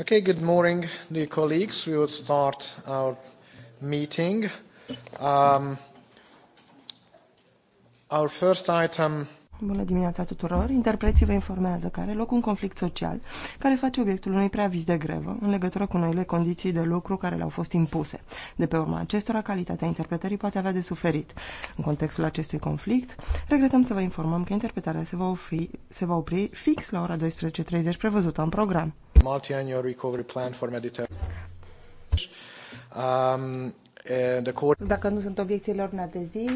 Okay, good morning, dear colleagues. We will start our meeting. Um, our first item Bună dimineața tuturor! Interpreții vă informează că are loc un conflict social care face obiectul unui preaviz de grevă în legătură cu noile condiții de lucru care le-au fost impuse. De pe urma acestora, calitatea interpretării poate avea de suferit. În contextul acestui conflict, regretăm să vă informăm că interpretarea se va, ofri, se va opri fix la ora 12.30 prevăzută în program multi-annual recovery plan for Mediterranean. Um, Dacă nu sunt obiecții la ordinea de zi,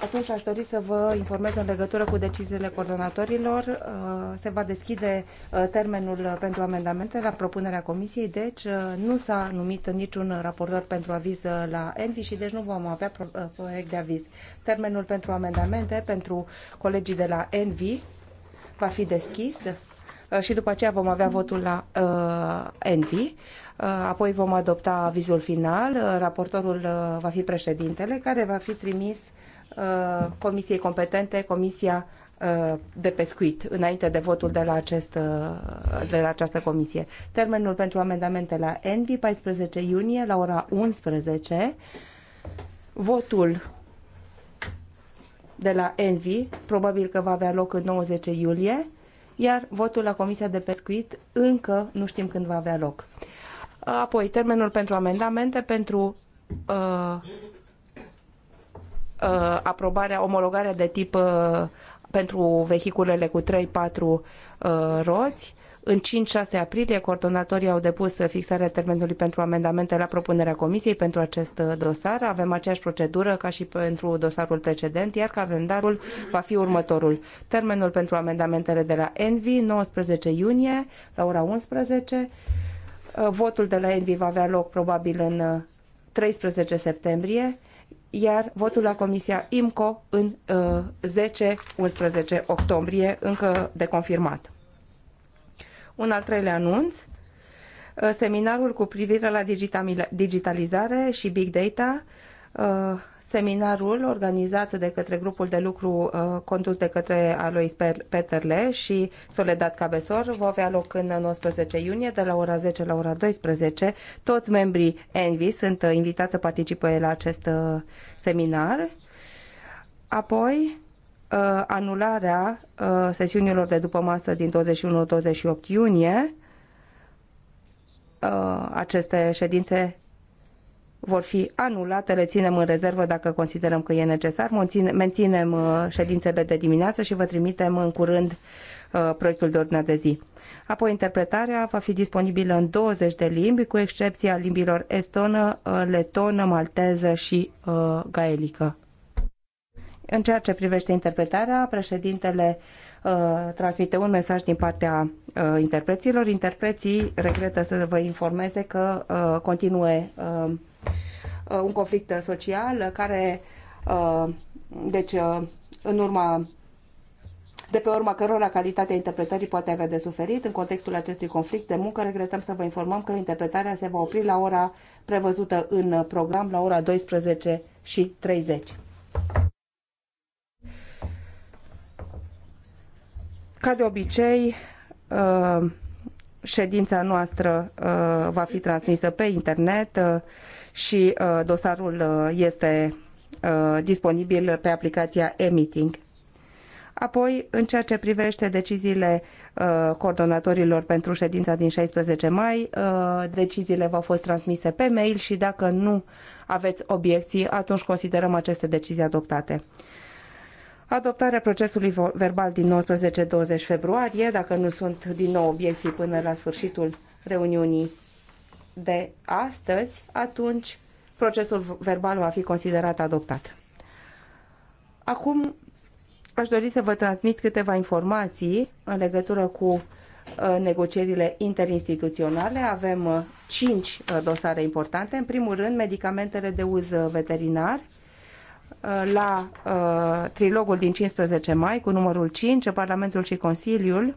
atunci aș dori să vă informez în legătură cu deciziile coordonatorilor. Uh, se va deschide uh, termenul pentru amendamente la propunerea comisiei, deci uh, nu s-a numit niciun raportor pentru aviz la ENVI și deci nu vom avea proiect de aviz. Termenul pentru amendamente pentru colegii de la ENVI va fi deschis Uh, și după aceea vom avea votul la uh, Envi. Uh, apoi vom adopta vizul final, uh, raportorul va fi președintele, care va fi trimis comisiei competente, Comisia de pescuit înainte de votul de la, acest, de la această comisie. Termenul pentru amendamente la ENVI 14 iunie la ora 11. Votul de la ENVI probabil că va avea loc în 90 iulie iar votul la Comisia de Pescuit încă nu știm când va avea loc. Apoi, termenul pentru amendamente pentru uh, uh, aprobarea, omologarea de tip uh, pentru vehiculele cu 3-4 uh, roți în 5-6 aprilie, coordonatorii au depus fixarea termenului pentru amendamente la propunerea Comisiei pentru acest uh, dosar. Avem aceeași procedură ca și pentru dosarul precedent, iar calendarul va fi următorul. Termenul pentru amendamentele de la ENVI, 19 iunie, la ora 11. Uh, votul de la ENVI va avea loc probabil în 13 uh, septembrie, iar votul la Comisia IMCO în 10-11 octombrie, încă de confirmat. Un al treilea anunț, uh, seminarul cu privire la digitalizare și big data, uh, seminarul organizat de către grupul de lucru uh, condus de către Alois Peterle și Soledad Cabesor va avea loc în 19 iunie de la ora 10 la ora 12. Toți membrii Envi sunt invitați să participe la acest seminar. Apoi, Uh, anularea uh, sesiunilor de după masă din 21-28 iunie. Uh, aceste ședințe vor fi anulate, le ținem în rezervă dacă considerăm că e necesar. Menținem ședințele de dimineață și vă trimitem în curând proiectul de ordine de zi. Apoi interpretarea va fi disponibilă în 20 de limbi, cu excepția limbilor estonă, letonă, malteză și uh, gaelică. În ceea ce privește interpretarea, președintele uh, transmite un mesaj din partea uh, interpreților. Interpreții regretă să vă informeze că uh, continue uh, uh, un conflict social care, uh, deci, uh, în urma de pe urma cărora calitatea interpretării poate avea de suferit. În contextul acestui conflict de muncă, regretăm să vă informăm că interpretarea se va opri la ora prevăzută în program, la ora 12 și 30. Ca de obicei, uh, ședința noastră uh, va fi transmisă pe internet uh, și dosarul este disponibil pe aplicația e-meeting. Apoi, în ceea ce privește deciziile coordonatorilor pentru ședința din 16 mai, deciziile v-au fost transmise pe mail și dacă nu aveți obiecții, atunci considerăm aceste decizii adoptate adoptarea procesului verbal din 19-20 februarie, dacă nu sunt din nou obiecții până la sfârșitul reuniunii de astăzi, atunci procesul verbal va fi considerat adoptat. Acum aș dori să vă transmit câteva informații în legătură cu uh, negocierile interinstituționale. Avem uh, cinci uh, dosare importante. În primul rând, medicamentele de uz veterinar, Uh, la uh, trilogul din 15 mai cu numărul 5, Parlamentul și Consiliul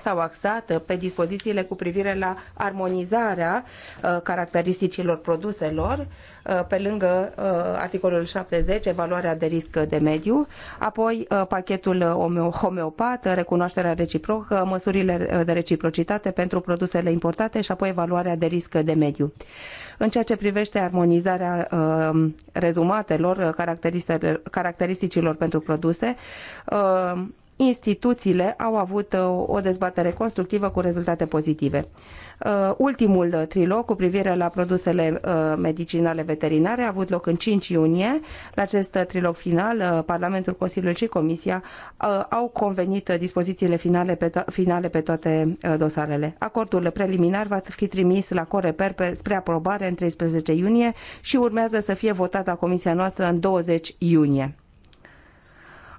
s-au axat uh, pe dispozițiile cu privire la armonizarea uh, caracteristicilor produselor, uh, pe lângă uh, articolul 70, evaluarea de risc de mediu, apoi uh, pachetul homeopat, recunoașterea reciprocă, măsurile de reciprocitate pentru produsele importate și apoi evaluarea de risc de mediu. Uh, în ceea ce privește armonizarea uh, rezumatelor uh, caracteristicilor pentru produse, uh, instituțiile au avut o dezbatere constructivă cu rezultate pozitive. Uh, ultimul trilog cu privire la produsele uh, medicinale veterinare a avut loc în 5 iunie. La acest trilog final, uh, Parlamentul, Consiliul și Comisia au convenit dispozițiile finale pe, to- finale pe toate dosarele. Acordul preliminar va fi trimis la Coreper pe, spre aprobare în 13 iunie și urmează să fie votat la Comisia noastră în 20 iunie.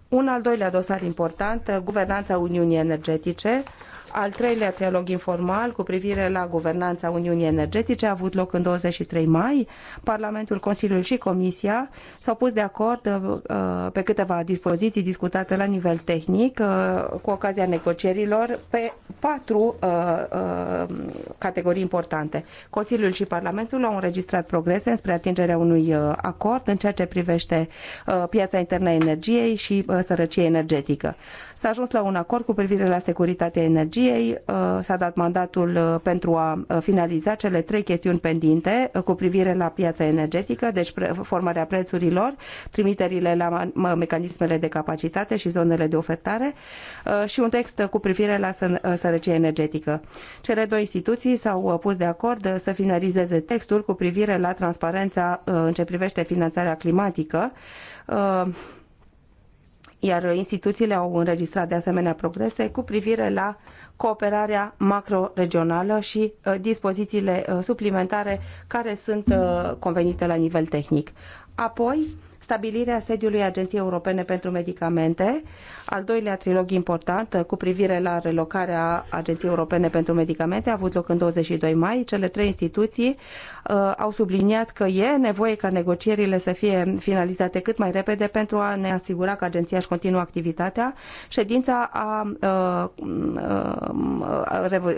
Un al doilea dosar important, guvernanța Uniunii Energetice, al treilea trialog informal cu privire la guvernanța Uniunii Energetice a avut loc în 23 mai. Parlamentul, Consiliul și Comisia s-au pus de acord uh, uh, pe câteva dispoziții discutate la nivel tehnic uh, cu ocazia negocierilor pe patru categorii importante. Consiliul și Parlamentul au înregistrat progrese spre atingerea unui acord în ceea ce privește piața internă a energiei și sărăcie energetică. S-a ajuns la un acord cu privire la securitatea energiei, uh, s-a dat mandatul uh, pentru a uh, finaliza cele trei chestiuni pendinte cu privire la piața energetică, deci formarea prețurilor, trimiterile la mecanismele de capacitate și zonele de ofertare și un text cu privire la sărăcie energetică. Cele două instituții s-au pus de acord să finalizeze textul cu privire la transparența în ce privește finanțarea climatică iar instituțiile au înregistrat de asemenea progrese cu privire la cooperarea macroregională și uh, dispozițiile uh, suplimentare care sunt uh, convenite la nivel tehnic. Apoi, stabilirea sediului Agenției Europene pentru Medicamente, al doilea trilog important uh, cu privire la relocarea Agenției Europene pentru Medicamente a avut loc în 22 mai. Cele trei instituții uh, au subliniat că e nevoie ca negocierile să fie finalizate cât mai repede pentru a ne asigura că agenția își continuă activitatea. Ședința a uh, uh, uh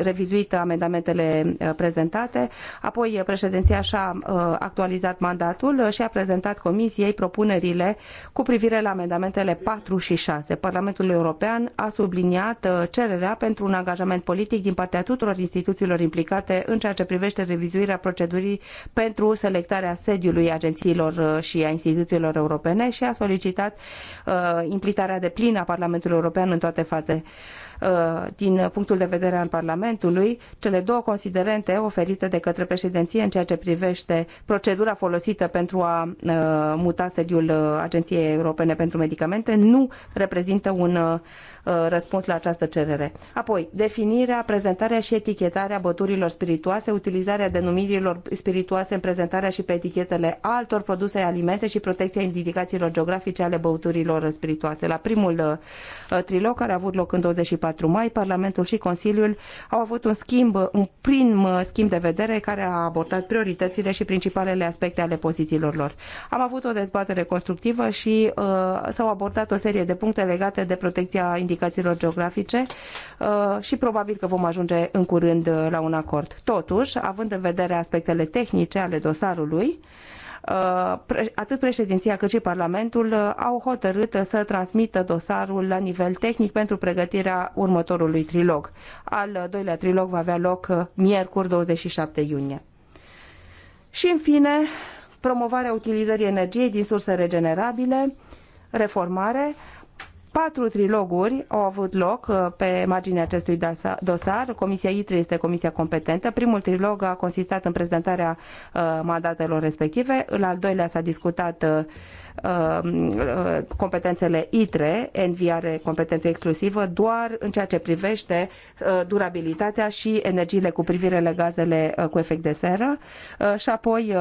revizuit amendamentele uh, prezentate, apoi președinția și-a actualizat mandatul și a prezentat comisiei propunerea propunerile cu privire la amendamentele 4 și 6. Parlamentul European a subliniat uh, cererea pentru un angajament politic din partea tuturor instituțiilor implicate în ceea ce privește revizuirea procedurii pentru selectarea sediului agențiilor uh, și a instituțiilor europene și a solicitat uh, implicarea de plină a Parlamentului European în toate faze. Uh, din punctul de vedere al Parlamentului, cele două considerente oferite de către președinție în ceea ce privește procedura folosită pentru a uh, muta sediul uh, Agenției Europene pentru Medicamente nu reprezintă un Uh, răspuns la această cerere. Apoi, definirea, prezentarea și etichetarea băuturilor spiritoase, utilizarea denumirilor spiritoase în prezentarea și pe etichetele altor produse alimente și protecția indicațiilor geografice ale băuturilor spiritoase. La primul uh, uh, trilog care a avut loc în 24 mai, Parlamentul și Consiliul au avut un schimb, un prim schimb de vedere care a abordat prioritățile și principalele aspecte ale pozițiilor lor. Am avut o dezbatere constructivă și uh, s-au abordat o serie de puncte legate de protecția indicațiilor indicațiilor geografice uh, și probabil că vom ajunge în curând uh, la un acord. Totuși, având în vedere aspectele tehnice ale dosarului, uh, atât președinția cât și Parlamentul au hotărât să transmită dosarul la nivel tehnic pentru pregătirea următorului trilog. Al doilea trilog va avea loc miercuri 27 iunie. Și în fine, promovarea utilizării energiei din surse regenerabile, reformare, Patru triloguri au avut loc uh, pe marginea acestui dosar. Comisia ITRE este comisia competentă. Primul trilog a consistat în prezentarea uh, mandatelor respective. În al doilea s-a discutat uh, Um, uh, competențele ITRE, ENVI are competență exclusivă doar în ceea ce privește uh, durabilitatea și energiile cu privire la gazele uh, cu efect de seră și apoi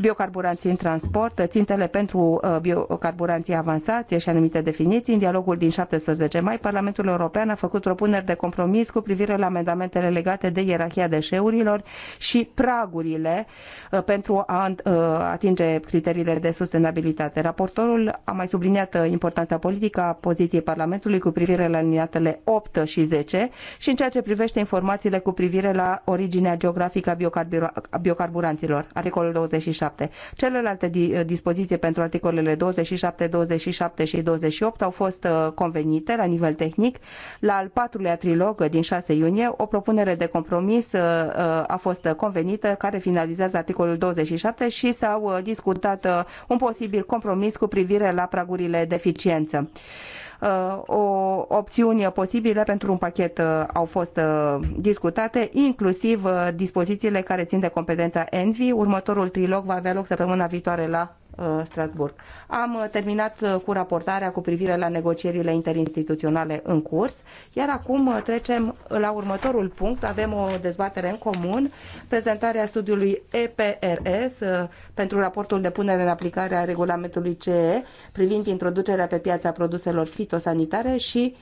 biocarburanții în transport, țintele pentru biocarburanții avansați și anumite definiții. În dialogul din 17 mai, Parlamentul European a făcut propuneri de compromis cu privire la amendamentele legate de ierarhia deșeurilor și pragurile pentru a atinge criteriile obiectivele de sustenabilitate. Raportorul a mai subliniat importanța politică a poziției Parlamentului cu privire la liniatele 8 și 10 și în ceea ce privește informațiile cu privire la originea geografică a biocarburanților, articolul 27. Celelalte dispoziții pentru articolele 27, 27 și 28 au fost uh, convenite la nivel tehnic. La al patrulea trilog din 6 iunie, o propunere de compromis uh, uh, a fost convenită care finalizează articolul 27 și s-au discutat Uh, un posibil compromis cu privire la pragurile de eficiență uh, o opțiune posibile pentru un pachet uh, au fost discutate, inclusiv dispozițiile care țin de competența ENVI. Următorul trilog va avea loc săptămâna viitoare la Uh, Strasburg. Am uh, terminat uh, cu raportarea cu privire la negocierile interinstituționale în curs, iar acum trecem la următorul punct. Avem o dezbatere în comun, prezentarea studiului EPRS pentru raportul de punere în aplicare a regulamentului CE privind introducerea pe piața produselor fitosanitare și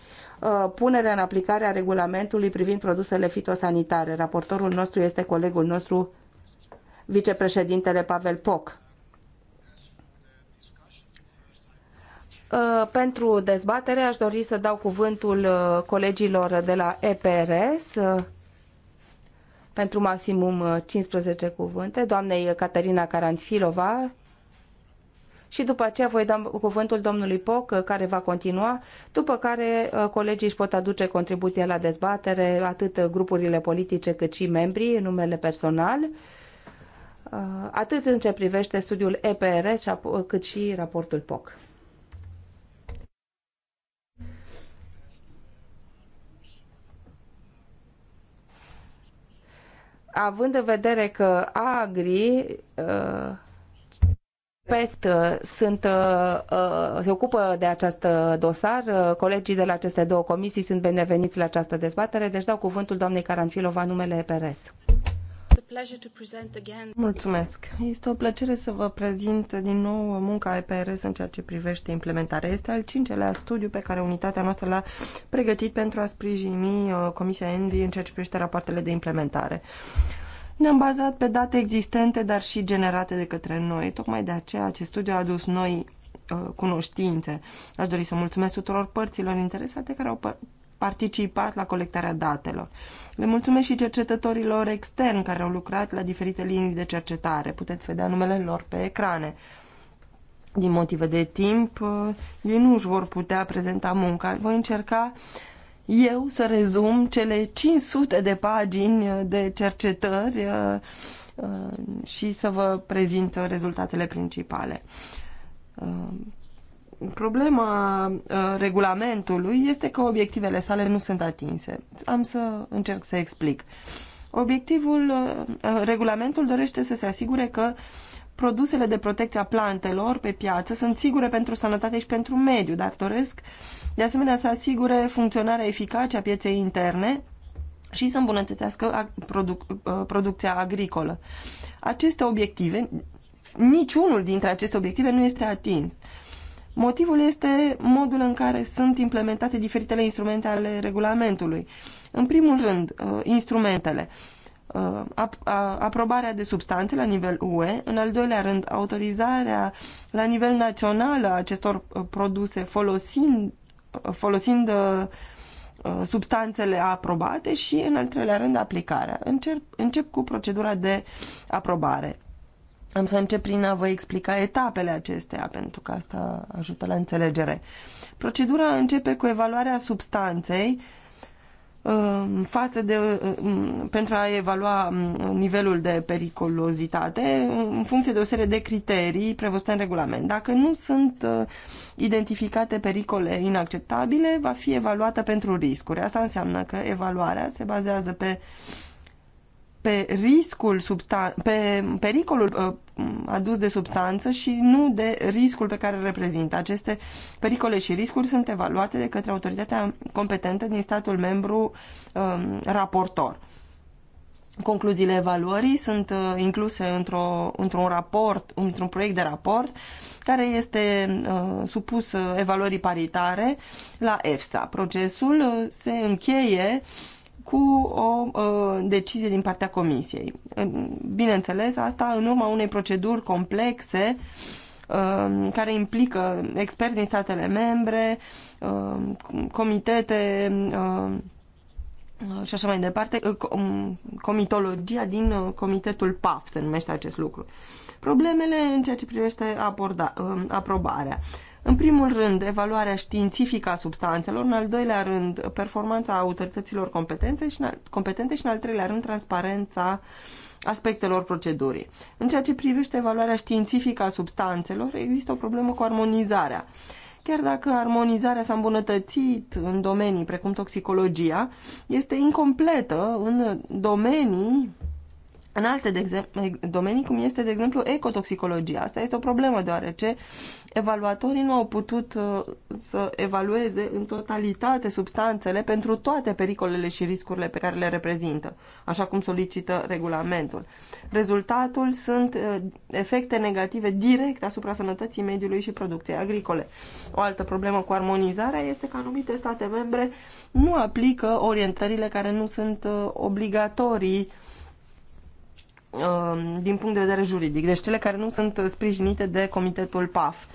punerea în aplicare a regulamentului privind produsele fitosanitare. Raportorul nostru este colegul nostru, vicepreședintele Pavel Poc. Uh, pentru dezbatere aș dori să dau cuvântul uh, colegilor de la EPRS uh, pentru maximum 15 cuvinte, doamnei Caterina Carantfilova și după aceea voi da cuvântul domnului Poc care va continua, după care colegii își pot aduce contribuția la dezbatere, atât grupurile politice cât și membrii, în numele personal atât în ce privește studiul EPRS cât și raportul POC. având în vedere că agri uh, PEST uh, sunt, uh, se ocupă de acest dosar. Colegii de la aceste două comisii sunt bineveniți la această dezbatere, deci dau cuvântul doamnei Caranfilova numele PRS. Mulțumesc. Este o plăcere să vă prezint din nou munca EPRS în ceea ce privește implementarea. Este al cincelea studiu pe care unitatea noastră l-a pregătit pentru a sprijini uh, Comisia ENVI în ceea ce privește rapoartele de implementare. Ne-am bazat pe date existente, dar și generate de către noi. Tocmai de aceea acest studiu a adus noi uh, cunoștințe. Aș dori să mulțumesc tuturor părților interesate care au participat la colectarea datelor. Le mulțumesc și cercetătorilor externi care au lucrat la diferite linii de cercetare. Puteți vedea numele lor pe ecrane. Din motive de timp, uh, ei nu își vor putea prezenta munca. Voi încerca eu să rezum cele 500 de pagini uh, de cercetări uh, și să vă prezint rezultatele principale. Problema ă, regulamentului este că obiectivele sale nu sunt atinse. Am să încerc să explic. Obiectivul, ă, ă, regulamentul dorește să se asigure că produsele de protecție a plantelor pe piață sunt sigure pentru sănătate și pentru mediu, dar doresc de asemenea să asigure funcționarea eficace a pieței interne și să îmbunătățească produc, producția agricolă. Aceste obiective, niciunul dintre aceste obiective nu este atins. Motivul este modul în care sunt implementate diferitele instrumente ale regulamentului. În primul rând, uh, instrumentele. Uh, aprobarea de substanțe la nivel UE, în al doilea rând, autorizarea la nivel național a acestor uh, produse folosind, folosind substanțele aprobate și, în al treilea rând, aplicarea. Încep, încep cu procedura de aprobare. Am să încep prin a vă explica etapele acestea, pentru că asta ajută la înțelegere. Procedura începe cu evaluarea substanței um, față de, um, pentru a evalua um, nivelul de periculozitate în funcție de o serie de criterii prevăzute în regulament. Dacă nu sunt uh, identificate pericole inacceptabile, va fi evaluată pentru riscuri. Asta înseamnă că evaluarea se bazează pe uh, pe riscul pe pericolul uh, adus de substanță și nu de riscul pe care îl reprezintă. Aceste pericole și riscuri sunt evaluate de către autoritatea competentă din statul membru um, raportor. Concluziile evaluării sunt uh, incluse într un într-un raport, într-un proiect de raport care este uh, supus uh, evaluării paritare la EFSA. Procesul uh, se încheie uh, cu o uh, decizie din partea comisiei. Bineînțeles, asta în urma unei proceduri complexe um, care implică experți din statele membre, um, comitete um, și așa mai departe, uh, comitologia din uh, comitetul PAF se numește acest lucru. Problemele în ceea ce privește aborda, aprobarea. În primul rând, evaluarea științifică a substanțelor, în al doilea rând, performanța autorităților competențe și, în al, competente și, în al treilea rând, transparența aspectelor procedurii. În ceea ce privește evaluarea științifică a substanțelor, există o problemă cu armonizarea. Chiar dacă armonizarea s-a îmbunătățit în domenii precum toxicologia, este incompletă în domenii în alte de domenii, cum este, de exemplu, ecotoxicologia. Asta este o problemă, deoarece uh, evaluatorii nu au putut uh, să evalueze în totalitate substanțele pentru toate pericolele și riscurile pe care le reprezintă, așa cum solicită regulamentul. Rezultatul sunt uh, efecte negative directe asupra sănătății mediului și producției agricole. O altă problemă cu armonizarea este că anumite state membre nu aplică orientările care nu sunt uh, obligatorii um, din punct de vedere juridic, deci cele care nu sunt sprijinite de comitetul PAF.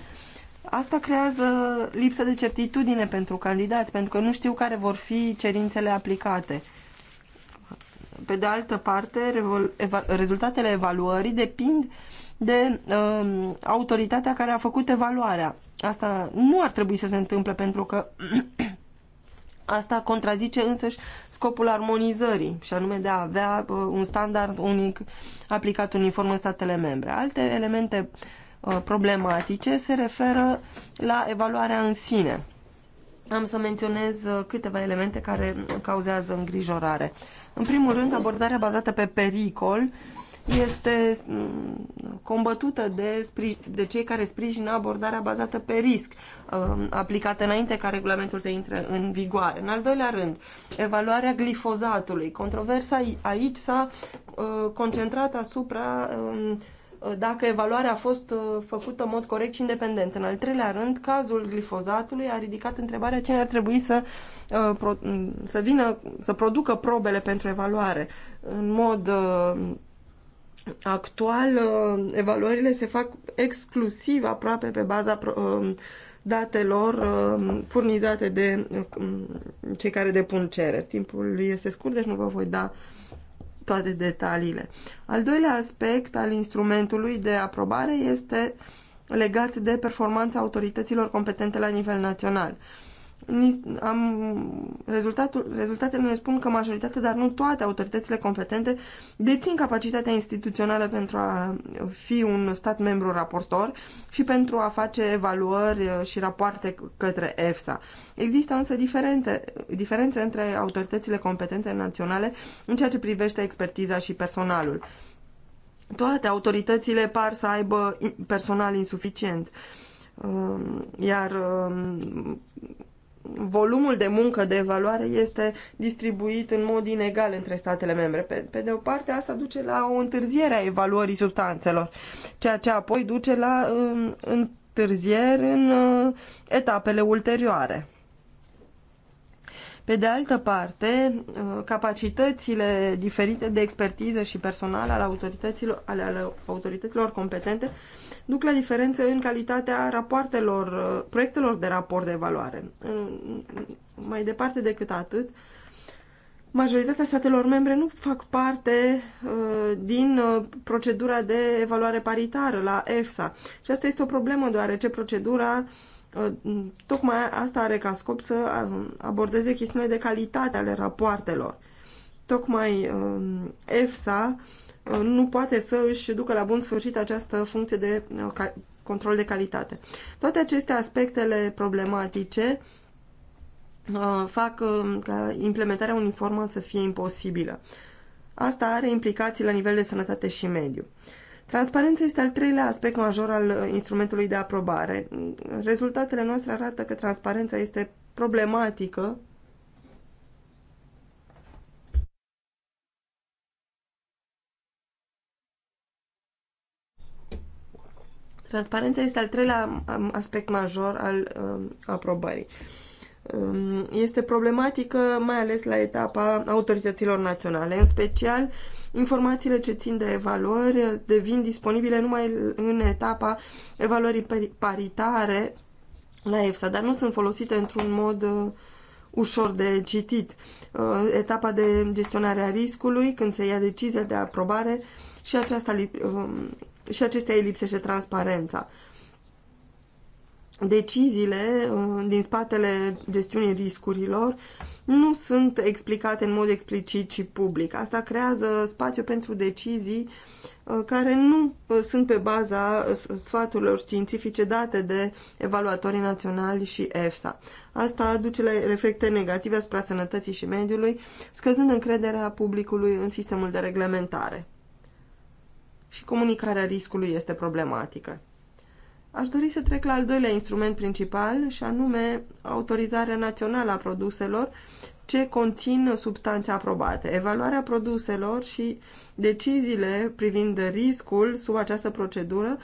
Asta creează lipsă de certitudine pentru candidați, pentru că nu știu care vor fi cerințele aplicate. Pe de altă parte, rezultatele evaluării depind de um, autoritatea care a făcut evaluarea. Asta nu ar trebui să se întâmple pentru că asta contrazice însăși scopul armonizării și anume de a avea uh, un standard unic aplicat uniform în statele membre. Alte elemente uh, Uh, problematice se referă la evaluarea în sine. Am să menționez uh, câteva elemente care cauzează îngrijorare. În primul rând, abordarea bazată pe pericol este mm, combătută de, de cei care sprijină abordarea bazată pe risc, uh, aplicată înainte ca regulamentul să intre în vigoare. În al doilea rând, evaluarea glifozatului. Controversa aici s-a concentrat asupra um, Uh, dacă evaluarea a fost uh, făcută în mod corect și independent. În al treilea rând, cazul glifozatului a ridicat întrebarea cine ar trebui să, uh, mm, să vină, să producă probele pentru evaluare. În mod actual, evaluările se fac exclusiv aproape pe baza datelor furnizate de cei care depun cereri. Timpul este scurt, deci nu vă voi da uh, toate detaliile. Al doilea aspect al instrumentului de aprobare este legat de performanța autorităților competente la nivel național. Am, rezultatul, rezultatele ne spun că majoritatea, dar nu toate autoritățile competente dețin capacitatea instituțională pentru a fi un stat membru raportor și pentru a face evaluări uh, și rapoarte către EFSA. Există însă diferente, diferențe între autoritățile competente naționale în ceea ce privește expertiza și personalul. Toate autoritățile par să aibă personal insuficient, um, iar um, volumul de muncă de evaluare este distribuit în mod inegal între statele membre. Pe, pe de o parte, asta duce la o întârziere a evaluării substanțelor, ceea ce apoi duce la um, întârzieri în uh, etapele ulterioare. Pe de altă parte, uh, capacitățile diferite de expertiză și personal al autorităților, ale, ale autorităților competente duc la diferențe în calitatea rapoartelor, uh, proiectelor de raport de evaluare. Mai departe decât atât, majoritatea statelor membre nu fac parte uh, din procedura de evaluare paritară la EFSA. Și asta este o problemă, deoarece procedura Uh, tocmai asta are ca scop să uh, abordeze chestiunile de calitate ale rapoartelor. Tocmai uh, EFSA nu poate să își ducă la bun sfârșit această funcție de control de calitate. Toate aceste aspectele problematice fac ca implementarea uniformă să fie imposibilă. Asta are implicații la nivel de sănătate și mediu. Uh, Transparența este al treilea aspect major al uh, instrumentului de aprobare. Rezultatele noastre arată că transparența este problematică Transparența este al treilea um, aspect major al um, aprobării. Um, este problematică, mai ales la etapa autorităților naționale. În special, informațiile ce țin de evaluări devin disponibile numai în etapa evaluării paritare la EFSA, dar nu sunt folosite într-un mod uh, ușor de citit. Uh, etapa de gestionare a riscului, când se ia decizia de aprobare și, aceasta, um, și acestea îi lipsește transparența deciziile uh, din spatele gestiunii riscurilor nu sunt explicate în mod explicit și public. Asta creează spațiu pentru decizii uh, care nu uh, sunt pe baza sfaturilor științifice date de evaluatorii naționali și EFSA. Asta aduce la efecte negative asupra sănătății și mediului, scăzând încrederea publicului în sistemul de reglementare. Și comunicarea riscului este problematică. Aș dori să trec la al doilea instrument principal și anume autorizarea națională a produselor ce conțin substanțe aprobate. Evaluarea produselor și deciziile privind riscul sub această procedură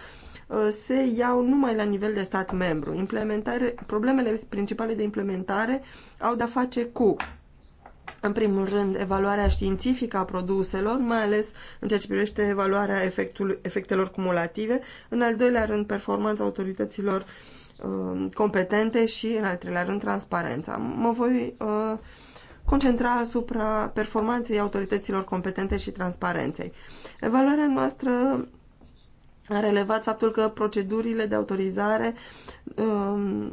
uh, se iau numai la nivel de stat membru. Implementare, problemele principale de implementare au de-a face cu în primul rând, evaluarea științifică a produselor, mai ales în ceea ce privește evaluarea efectul, efectelor cumulative, în al doilea rând, performanța autorităților um, competente și, în al treilea rând, transparența. Mă voi uh, concentra asupra performanței autorităților competente și transparenței. Evaluarea noastră a relevat faptul că procedurile de autorizare uh,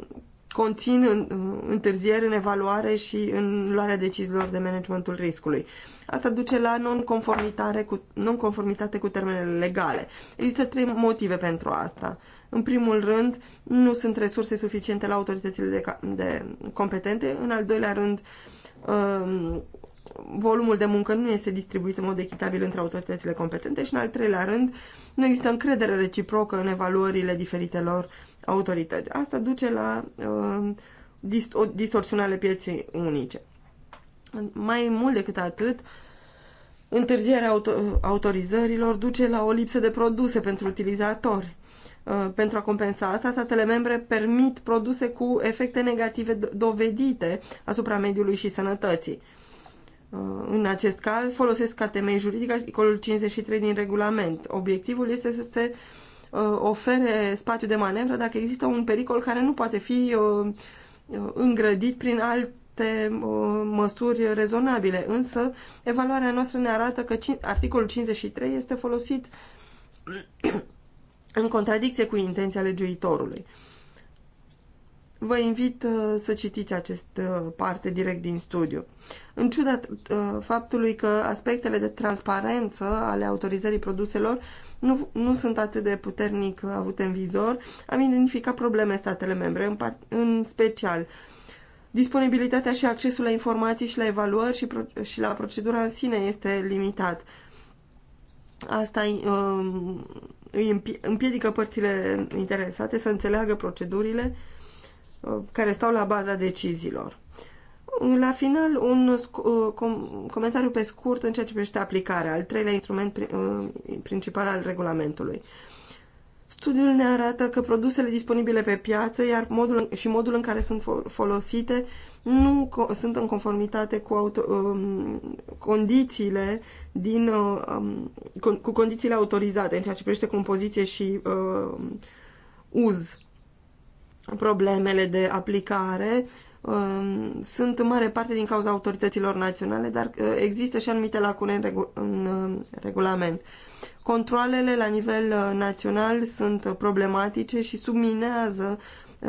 conțin întârzieri în evaluare și în luarea deciziilor de managementul riscului. Asta duce la nonconformitate cu, nonconformitate cu termenele legale. Există trei motive pentru asta. În primul rând, nu sunt resurse suficiente la autoritățile de, de competente. În al doilea rând, um, volumul de muncă nu este distribuit în mod echitabil între autoritățile competente și în al treilea rând, uh, nu există încredere reciprocă în evaluările diferitelor autorități. Asta duce la uh, o distorsiune ale pieței unice. Mai mult decât atât, întârzierea auto autorizărilor duce la o lipsă de produse pentru utilizatori. Uh, pentru a compensa asta, statele membre permit produse cu efecte negative dovedite asupra mediului și sănătății. Uh, Uh, în acest caz folosesc ca temei juridic articolul 53 din regulament. Obiectivul este să se uh, ofere spațiu de manevră dacă există un pericol care nu poate fi uh, îngrădit prin alte măsuri rezonabile. Însă, evaluarea noastră ne arată că articolul 53 este folosit în contradicție cu intenția legiuitorului. Vă invit uh, să citiți această uh, parte direct din studiu. În ciuda uh, faptului că aspectele de transparență ale autorizării produselor nu, nu sunt atât de puternic avute în vizor, am identificat probleme statele membre, în, part, în special disponibilitatea și accesul la informații și la evaluări și, pro, și la procedura în sine este limitat. Asta uh, îi împiedică părțile interesate să înțeleagă procedurile uh, care stau la baza deciziilor. La final, un uh, comentariu pe scurt în ceea ce privește aplicarea, al treilea instrument uh, principal al regulamentului. Studiul ne arată că produsele disponibile pe piață iar modul, și modul în care sunt folosite nu sunt în conformitate cu auto, um, condițiile din, uh, um, cu condițiile autorizate în ceea ce privește compoziție și um, uz problemele de aplicare um, sunt în mare parte din cauza autorităților naționale, dar uh, există și anumite lacune în, regu în um, regulament. Controlele la nivel uh, național sunt uh, problematice și subminează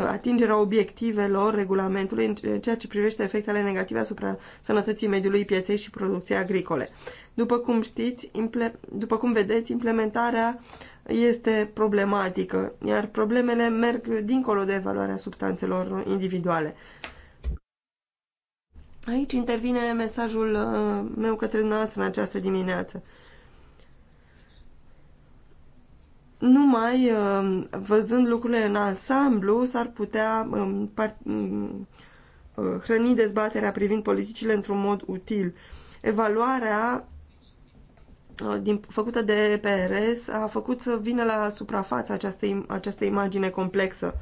atingerea obiectivelor regulamentului în ceea ce privește efectele negative asupra sănătății mediului, pieței și producției agricole. După cum știți, după cum vedeți, implementarea uh, este problematică, iar problemele merg dincolo de evaluarea substanțelor individuale. Aici intervine mesajul uh, meu către dumneavoastră în această dimineață. Numai uh, văzând lucrurile în ansamblu s-ar putea um, um, uh, hrăni dezbaterea privind politicile într-un mod util. Evaluarea Uh, din, făcută de PRS a făcut să vină la suprafață această, această imagine complexă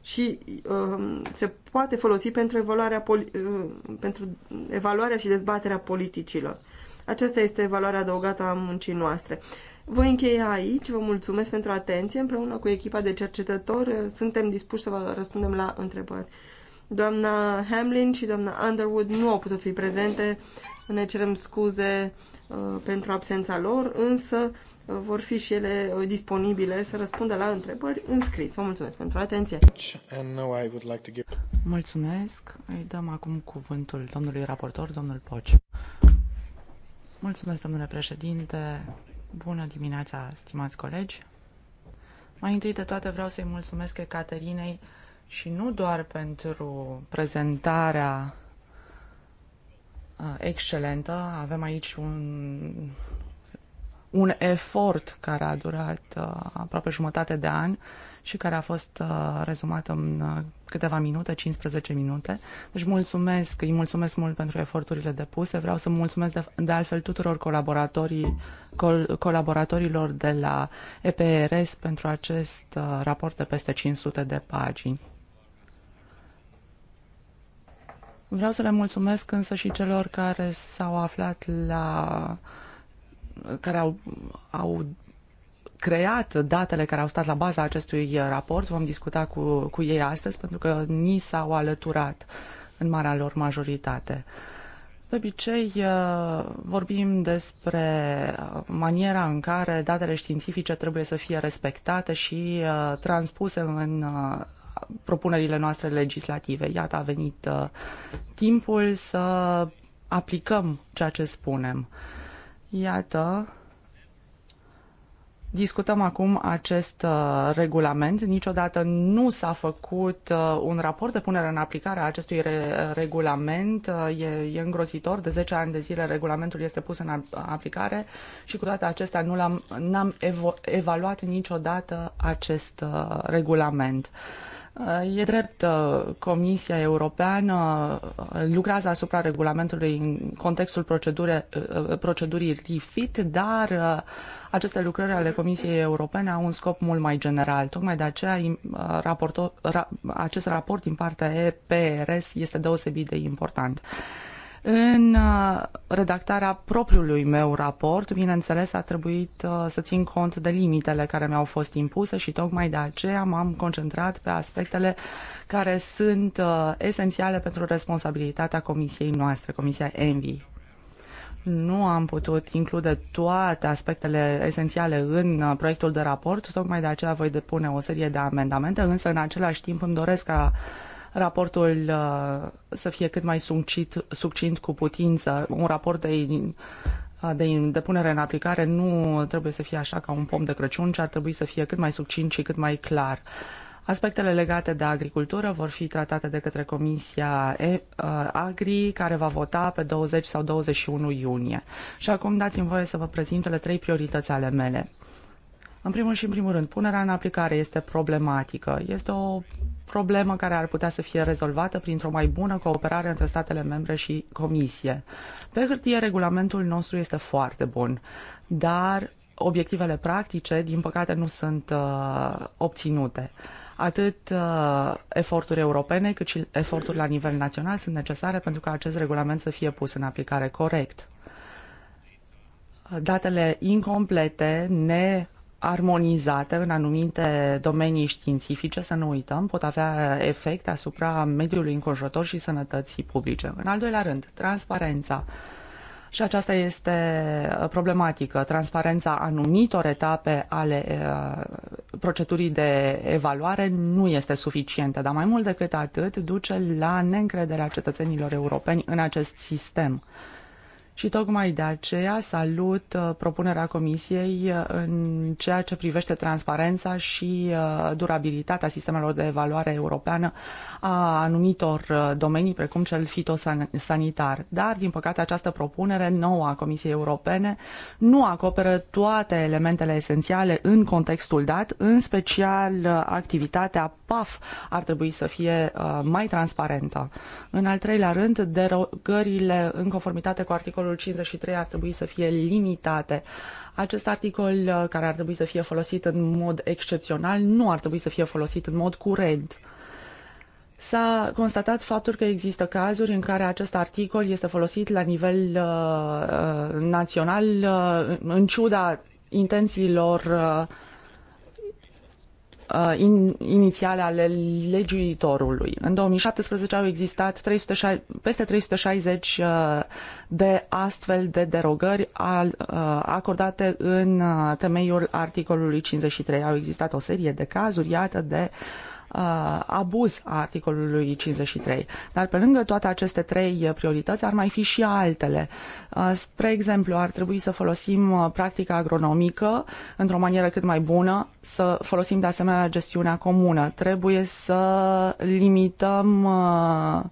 și uh, se poate folosi pentru, evaluarea poli, uh, pentru evaluarea și dezbaterea politicilor. Aceasta este evaluarea adăugată a muncii noastre. Voi încheia aici, vă mulțumesc pentru atenție. Împreună cu echipa de cercetători uh, suntem dispuși să vă răspundem la întrebări. Doamna Hamlin și doamna Underwood nu au putut fi prezente. Ne cerem scuze Uh, pentru absența lor, însă uh, vor fi și ele uh, disponibile să răspundă la întrebări în scris. Vă mulțumesc pentru atenție. Mulțumesc. Îi dăm acum cuvântul domnului raportor, domnul Poci. Mulțumesc, domnule președinte. Bună dimineața, stimați colegi. Mai întâi de toate vreau să-i mulțumesc Caterinei și nu doar pentru prezentarea Uh, excelentă. Avem aici un, un efort care a durat uh, aproape jumătate de an și care a fost uh, rezumat în câteva minute, 15 minute. Deci mulțumesc, îi mulțumesc mult pentru eforturile depuse. Vreau să mulțumesc de, de altfel tuturor colaboratorii, col, colaboratorilor de la EPRS pentru acest raport de peste 500 de pagini. Vreau să le mulțumesc însă și celor care s-au aflat la care au, au creat datele care au stat la baza acestui raport. Vom discuta cu, cu ei astăzi pentru că ni s-au alăturat în marea lor majoritate. De obicei uh, vorbim despre uh, maniera în care datele științifice trebuie să fie respectate și uh, transpuse în propunerile noastre legislative. Iată, a venit uh, timpul să aplicăm ceea ce spunem. Iată, discutăm acum acest uh, regulament. Niciodată nu s-a făcut uh, un raport de punere în aplicare a acestui re regulament. Uh, e, e îngrozitor. De 10 ani de zile regulamentul este pus în aplicare și cu toate acestea nu l-am, n-am evaluat niciodată acest uh, regulament. Uh, E drept, uh, Comisia Europeană uh, lucrează asupra regulamentului în contextul uh, procedurii RIFIT, dar aceste lucrări ale Comisiei Europene au un scop mult mai general. Tocmai de aceea acest raport din partea EPRS este deosebit de important. În uh, redactarea propriului meu raport, bineînțeles, a trebuit uh, să țin cont de limitele care mi-au fost impuse și tocmai de aceea m-am concentrat pe aspectele care sunt uh, esențiale pentru responsabilitatea comisiei noastre, Comisia ENVI. Nu am putut include toate aspectele esențiale în proiectul de raport, tocmai de aceea voi depune o serie de amendamente, însă în același timp îmi doresc ca raportul uh, să fie cât mai succint, succint cu putință. Un raport de, uh, de, de punere în aplicare nu trebuie să fie așa ca un pom de Crăciun, ci ar trebui să fie cât mai succint și cât mai clar. Aspectele legate de agricultură vor fi tratate de către Comisia uh, Agri, care va vota pe 20 sau 21 iunie. Și acum dați-mi voie să vă prezint cele trei priorități ale mele. În primul și în primul rând, punerea în aplicare este problematică. Este o problemă care ar putea să fie rezolvată printr-o mai bună cooperare între statele membre și Comisie. Pe hârtie, regulamentul nostru este foarte bun, dar obiectivele practice, din păcate, nu sunt uh, obținute. Atât uh, eforturi europene, cât și eforturi la nivel național sunt necesare pentru ca acest regulament să fie pus în aplicare corect datele incomplete, ne armonizate în anumite domenii științifice, să nu uităm, pot avea efect asupra mediului înconjurător și sănătății publice. În al doilea rând, transparența. Și aceasta este uh, problematică, transparența anumitor etape ale uh, procedurii de evaluare nu este suficientă, dar mai mult decât atât duce la neîncrederea cetățenilor europeni în acest sistem. Și tocmai de aceea salut uh, propunerea Comisiei uh, în ceea ce privește transparența și uh, durabilitatea sistemelor de evaluare europeană a anumitor domenii, precum cel fitosanitar. Dar, din păcate, această propunere nouă a Comisiei Europene nu acoperă toate elementele esențiale în contextul dat, în special activitatea PAF ar trebui să fie mai transparentă. În al treilea rând, derogările în conformitate cu articolul articolul 53 ar trebui să fie limitate. Acest articol, uh, care ar trebui să fie folosit în mod excepțional, nu ar trebui să fie folosit în mod curent. S-a constatat faptul că există cazuri în care acest articol este folosit la nivel uh, uh național uh, în ciuda intențiilor uh, Uh, in, inițiale ale legiuitorului. În 2017 au existat 360, peste 360 uh, de astfel de derogări al, uh, acordate în temeiul articolului 53. Au existat o serie de cazuri, iată, de uh, uh, abuz a articolului 53. Dar pe lângă toate aceste trei uh, priorități ar mai fi și altele. Uh, spre exemplu, ar trebui să folosim uh, practica agronomică într-o manieră cât mai bună, să folosim de asemenea gestiunea comună. Trebuie să limităm uh,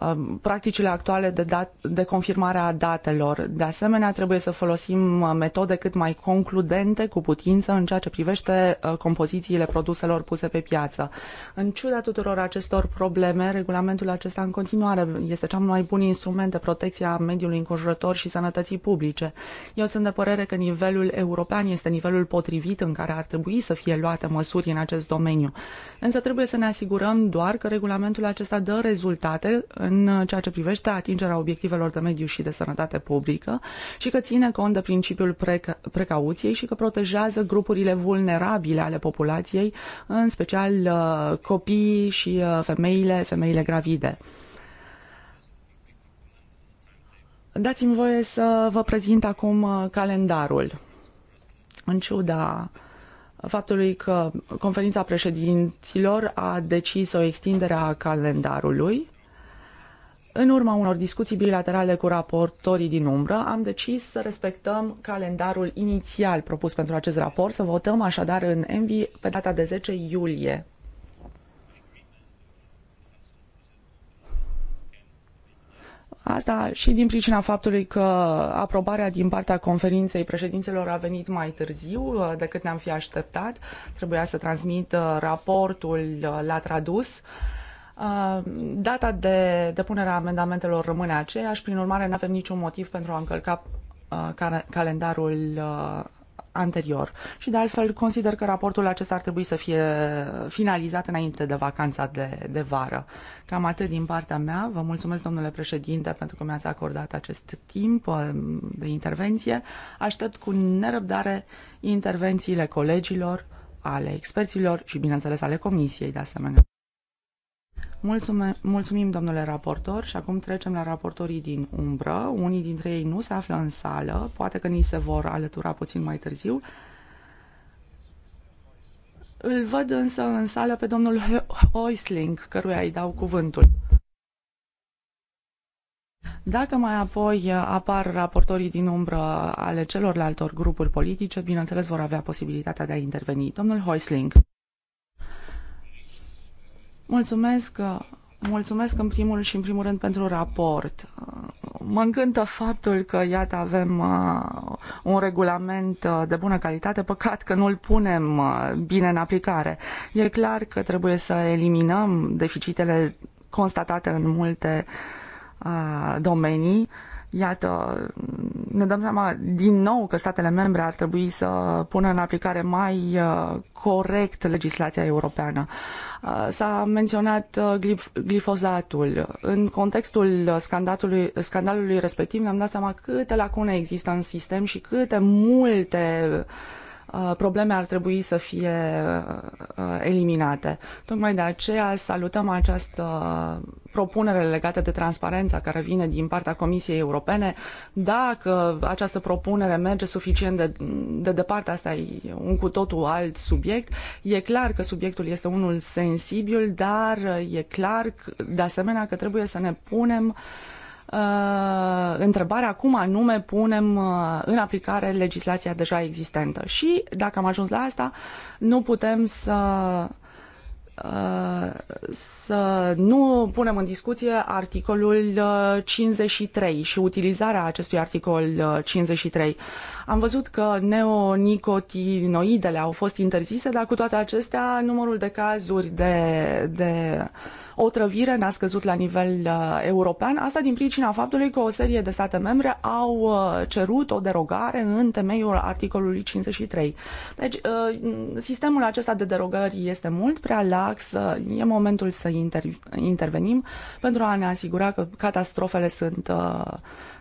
Um, practicile actuale de, dat, de confirmare a datelor. De asemenea, trebuie să folosim uh, metode cât mai concludente cu putință în ceea ce privește uh, compozițiile produselor puse pe piață. În ciuda tuturor acestor probleme, regulamentul acesta în continuare este cel mai bun instrument de protecție a mediului înconjurător și sănătății publice. Eu sunt de părere că nivelul european este nivelul potrivit în care ar trebui să fie luate măsuri în acest domeniu. Însă trebuie să ne asigurăm doar că regulamentul acesta dă rezultate în ceea ce privește atingerea obiectivelor de mediu și de sănătate publică și că ține cont de principiul preca- precauției și că protejează grupurile vulnerabile ale populației, în special uh, copiii și uh, femeile, femeile gravide. Dați-mi voie să vă prezint acum uh, calendarul. În ciuda faptului că conferința președinților a decis o extindere a calendarului, în urma unor discuții bilaterale cu raportorii din umbră, am decis să respectăm calendarul inițial propus pentru acest raport, să votăm așadar în Envi pe data de 10 iulie Asta și din pricina faptului că aprobarea din partea conferinței președinților a venit mai târziu uh, decât ne-am fi așteptat. Trebuia să transmit uh, raportul uh, la tradus. Uh, Uh, data de depunere a amendamentelor rămâne aceeași, prin urmare nu avem niciun motiv pentru a încălca uh, calendarul uh, anterior. Și de altfel consider că raportul acesta ar trebui să fie finalizat înainte de vacanța de, de vară. Cam atât din partea mea. Vă mulțumesc, domnule președinte, pentru că mi-ați acordat acest timp de intervenție. Aștept cu nerăbdare intervențiile colegilor, ale experților și, bineînțeles, ale comisiei de asemenea. Mulțume, mulțumim, domnule raportor, și acum trecem la raportorii din umbră. Unii dintre ei nu se află în sală, poate că ni se vor alătura puțin mai târziu. Îl văd însă în sală pe domnul Oisling, căruia îi dau cuvântul. Dacă mai apoi apar raportorii din umbră ale celorlalte grupuri politice, bineînțeles vor avea posibilitatea de a interveni. Domnul Hoisling. Mulțumesc, uh, mulțumesc în primul și în primul rând pentru raport. Uh, mă încântă faptul că, iată, avem uh, un regulament de bună calitate, păcat că nu-l punem bine în aplicare. E clar că trebuie să eliminăm deficitele constatate în multe domenii. Uh, Iată, ne dăm seama din nou că statele membre ar trebui să pună în aplicare mai uh, corect legislația europeană. Uh, s-a menționat uh, glif- glifozatul. În contextul scandalului, scandalului respectiv ne-am dat seama câte lacune există în sistem și câte multe uh, Uh, probleme ar trebui să fie uh, uh, eliminate. Tocmai de aceea salutăm această propunere legată de transparența care vine din partea Comisiei Europene. Dacă această propunere merge suficient de, de departe, asta e un cu totul alt subiect, e clar că subiectul este unul sensibil, dar e clar de asemenea că trebuie să ne punem uh, Uh, întrebarea cum anume punem uh, în aplicare legislația deja existentă. Și dacă am ajuns la asta, nu putem să uh, să nu punem în discuție articolul 53 și utilizarea acestui articol 53. Am văzut că neonicotinoidele au fost interzise, dar cu toate acestea numărul de cazuri de, de uh, otrăvire n-a scăzut la nivel uh, european, asta din pricina faptului că o serie de state membre au uh, cerut o derogare în temeiul articolului 53. Deci, uh, sistemul acesta de derogări este mult prea lax, e momentul să inter- intervenim pentru a ne asigura că catastrofele sunt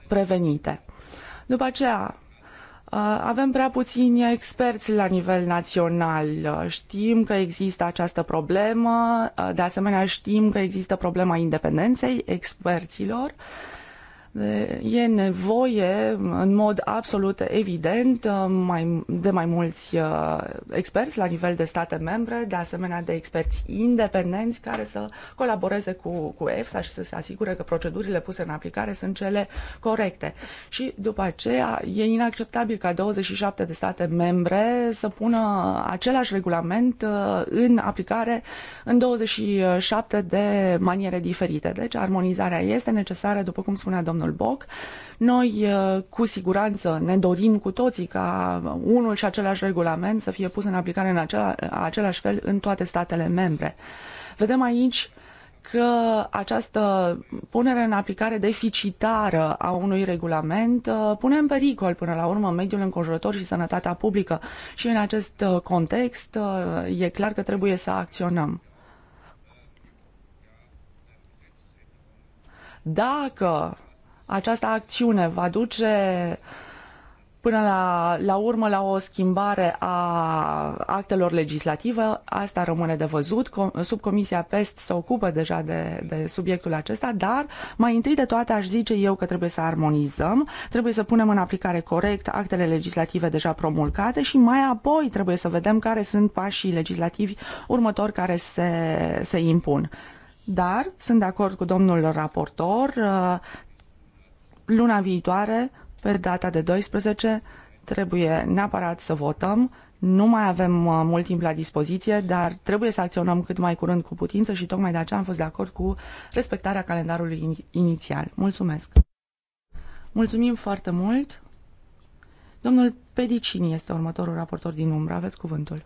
prevenite. După aceea, Uh, avem prea puțini experți la nivel național. Uh, știm că există această problemă, uh, de asemenea știm că există problema independenței experților. Uh, E nevoie, în mod absolut evident, uh, mai, de mai mulți uh, experți la nivel de state membre, de asemenea de experți independenți care să colaboreze cu, cu EFSA și să se asigure că procedurile puse în aplicare sunt cele corecte. Și după aceea e inacceptabil ca 27 de state membre să pună același regulament uh, în aplicare în 27 de maniere diferite. Deci armonizarea este necesară, după cum spunea domnul domnul Boc. Noi, uh, cu siguranță, ne dorim cu toții ca unul și același regulament să fie pus în aplicare în acela, același fel în toate statele membre. Vedem aici că această punere în aplicare deficitară a unui regulament uh, pune în pericol până la urmă mediul înconjurător și sănătatea publică și în acest uh, context e clar că trebuie să acționăm. Dacă această acțiune va duce până la, la urmă la o schimbare a actelor legislative, asta rămâne de văzut. Subcomisia PEST se ocupă deja de, de subiectul acesta, dar mai întâi de toate aș zice eu că trebuie să armonizăm, trebuie să punem în aplicare corect actele legislative deja promulgate și mai apoi trebuie să vedem care sunt pașii legislativi următori care se, se impun. Dar sunt de acord cu domnul raportor, luna viitoare, pe data de 12, trebuie neapărat să votăm. Nu mai avem uh, mult timp la dispoziție, dar trebuie să acționăm cât mai curând cu putință și tocmai de aceea am fost de acord cu respectarea calendarului inițial. Mulțumesc! Mulțumim foarte mult! Domnul Pedicini este următorul raportor din umbră. Aveți cuvântul.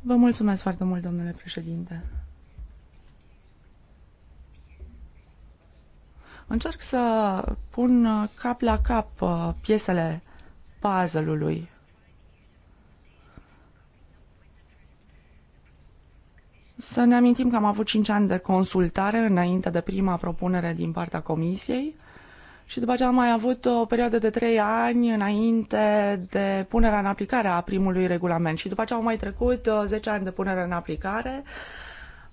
Vă mulțumesc foarte mult, domnule președinte. Încerc să pun cap la cap uh, piesele puzzle-ului. Să ne amintim că am avut 5 ani de consultare înainte de prima propunere din partea comisiei și după aceea am mai avut uh, o perioadă de 3 ani înainte de punerea în aplicare a primului regulament și după aceea au mai trecut 10 uh, ani de punere în aplicare. Uh,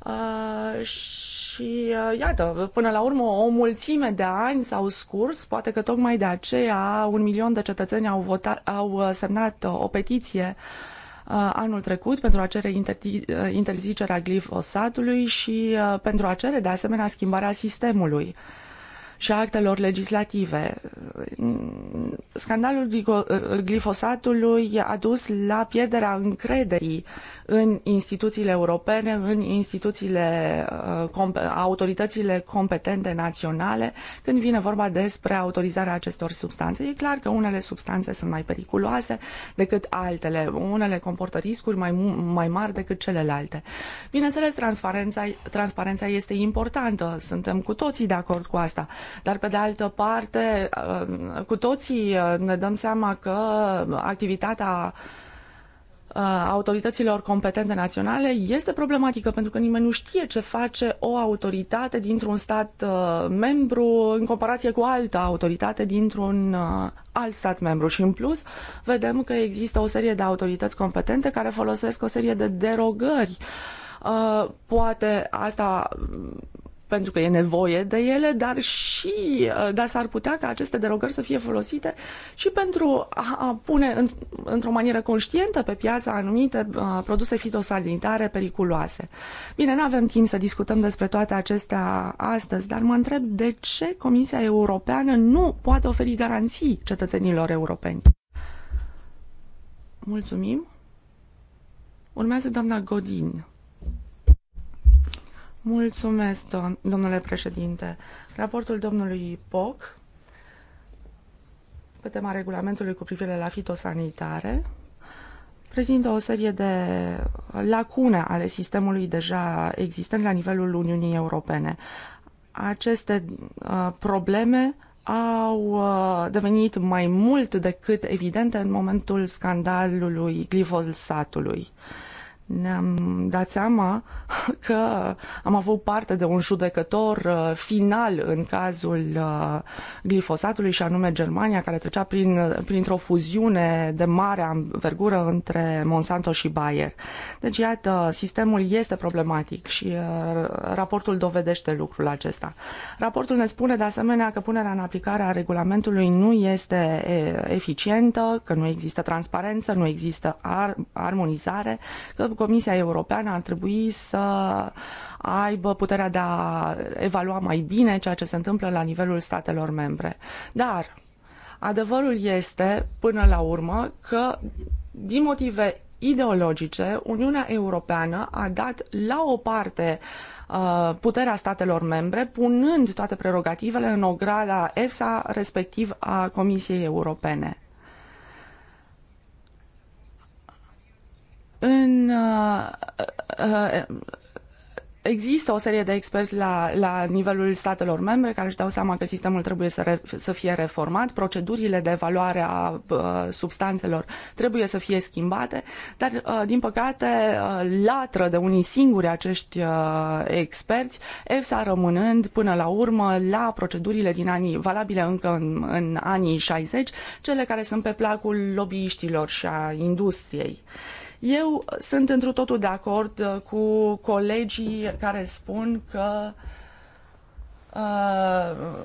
Uh, și uh, iată, până la urmă, o mulțime de ani s-au scurs, poate că tocmai de aceea un milion de cetățeni au, votat, au uh, semnat uh, o petiție uh, anul trecut pentru a cere interzicerea glifosatului și pentru a cere de asemenea schimbarea sistemului. Uh, și a actelor legislative. Scandalul glifosatului a dus la pierderea încrederii în instituțiile europene, în instituțiile, uh, autoritățile competente naționale, când vine vorba despre autorizarea acestor substanțe. E clar că unele substanțe sunt mai periculoase decât altele, unele comportă riscuri mai, mai mari decât celelalte. Bineînțeles, transparența, transparența este importantă, suntem cu toții de acord cu asta, dar pe de altă parte, um, cu toții uh, ne dăm seama că activitatea uh, autorităților competente naționale este problematică pentru că nimeni nu știe ce face o autoritate dintr-un stat uh, membru în comparație cu altă autoritate dintr-un alt stat membru și în plus vedem că există o serie de autorități competente care folosesc o serie de derogări poate asta pentru că e nevoie de ele, dar și uh, dar s-ar putea ca aceste derogări să fie folosite și pentru a pune în, într-o manieră conștientă pe piață anumite uh, produse fitosanitare periculoase. Bine, nu avem timp să discutăm despre toate acestea astăzi, dar mă întreb de ce Comisia Europeană nu poate oferi garanții cetățenilor europeni. Mulțumim. Urmează doamna Godin. Mulțumesc, domnule președinte. Raportul domnului Poc pe tema regulamentului cu privire la fitosanitare prezintă o serie de lacune ale sistemului deja existent la nivelul Uniunii Europene. Aceste uh, probleme au uh, devenit mai mult decât evidente în momentul scandalului glifosatului ne-am dat seama că am avut parte de un judecător uh, final în cazul uh, glifosatului și anume Germania, care trecea prin, printr-o fuziune de mare învergură între Monsanto și Bayer. Deci, iată, sistemul este problematic și uh, raportul dovedește lucrul acesta. Raportul ne spune de asemenea că punerea în aplicare a regulamentului nu este eficientă, că nu există transparență, nu există ar- armonizare, că Comisia Europeană ar trebui să aibă puterea de a evalua mai bine ceea ce se întâmplă la nivelul statelor membre. Dar adevărul este, până la urmă, că din motive ideologice, Uniunea Europeană a dat la o parte uh, puterea statelor membre, punând toate prerogativele în ograda EFSA, respectiv a Comisiei Europene. în uh, uh, Există o serie de experți la, la nivelul statelor membre care își dau seama că sistemul trebuie să, re, să fie reformat, procedurile de evaluare a uh, substanțelor trebuie să fie schimbate, dar, uh, din păcate, uh, latră de unii singuri acești uh, experți, EFSA rămânând până la urmă la procedurile din anii valabile încă în, în anii 60, cele care sunt pe placul lobbyiștilor și a industriei. Eu sunt întru totul de acord uh, cu colegii care spun că uh,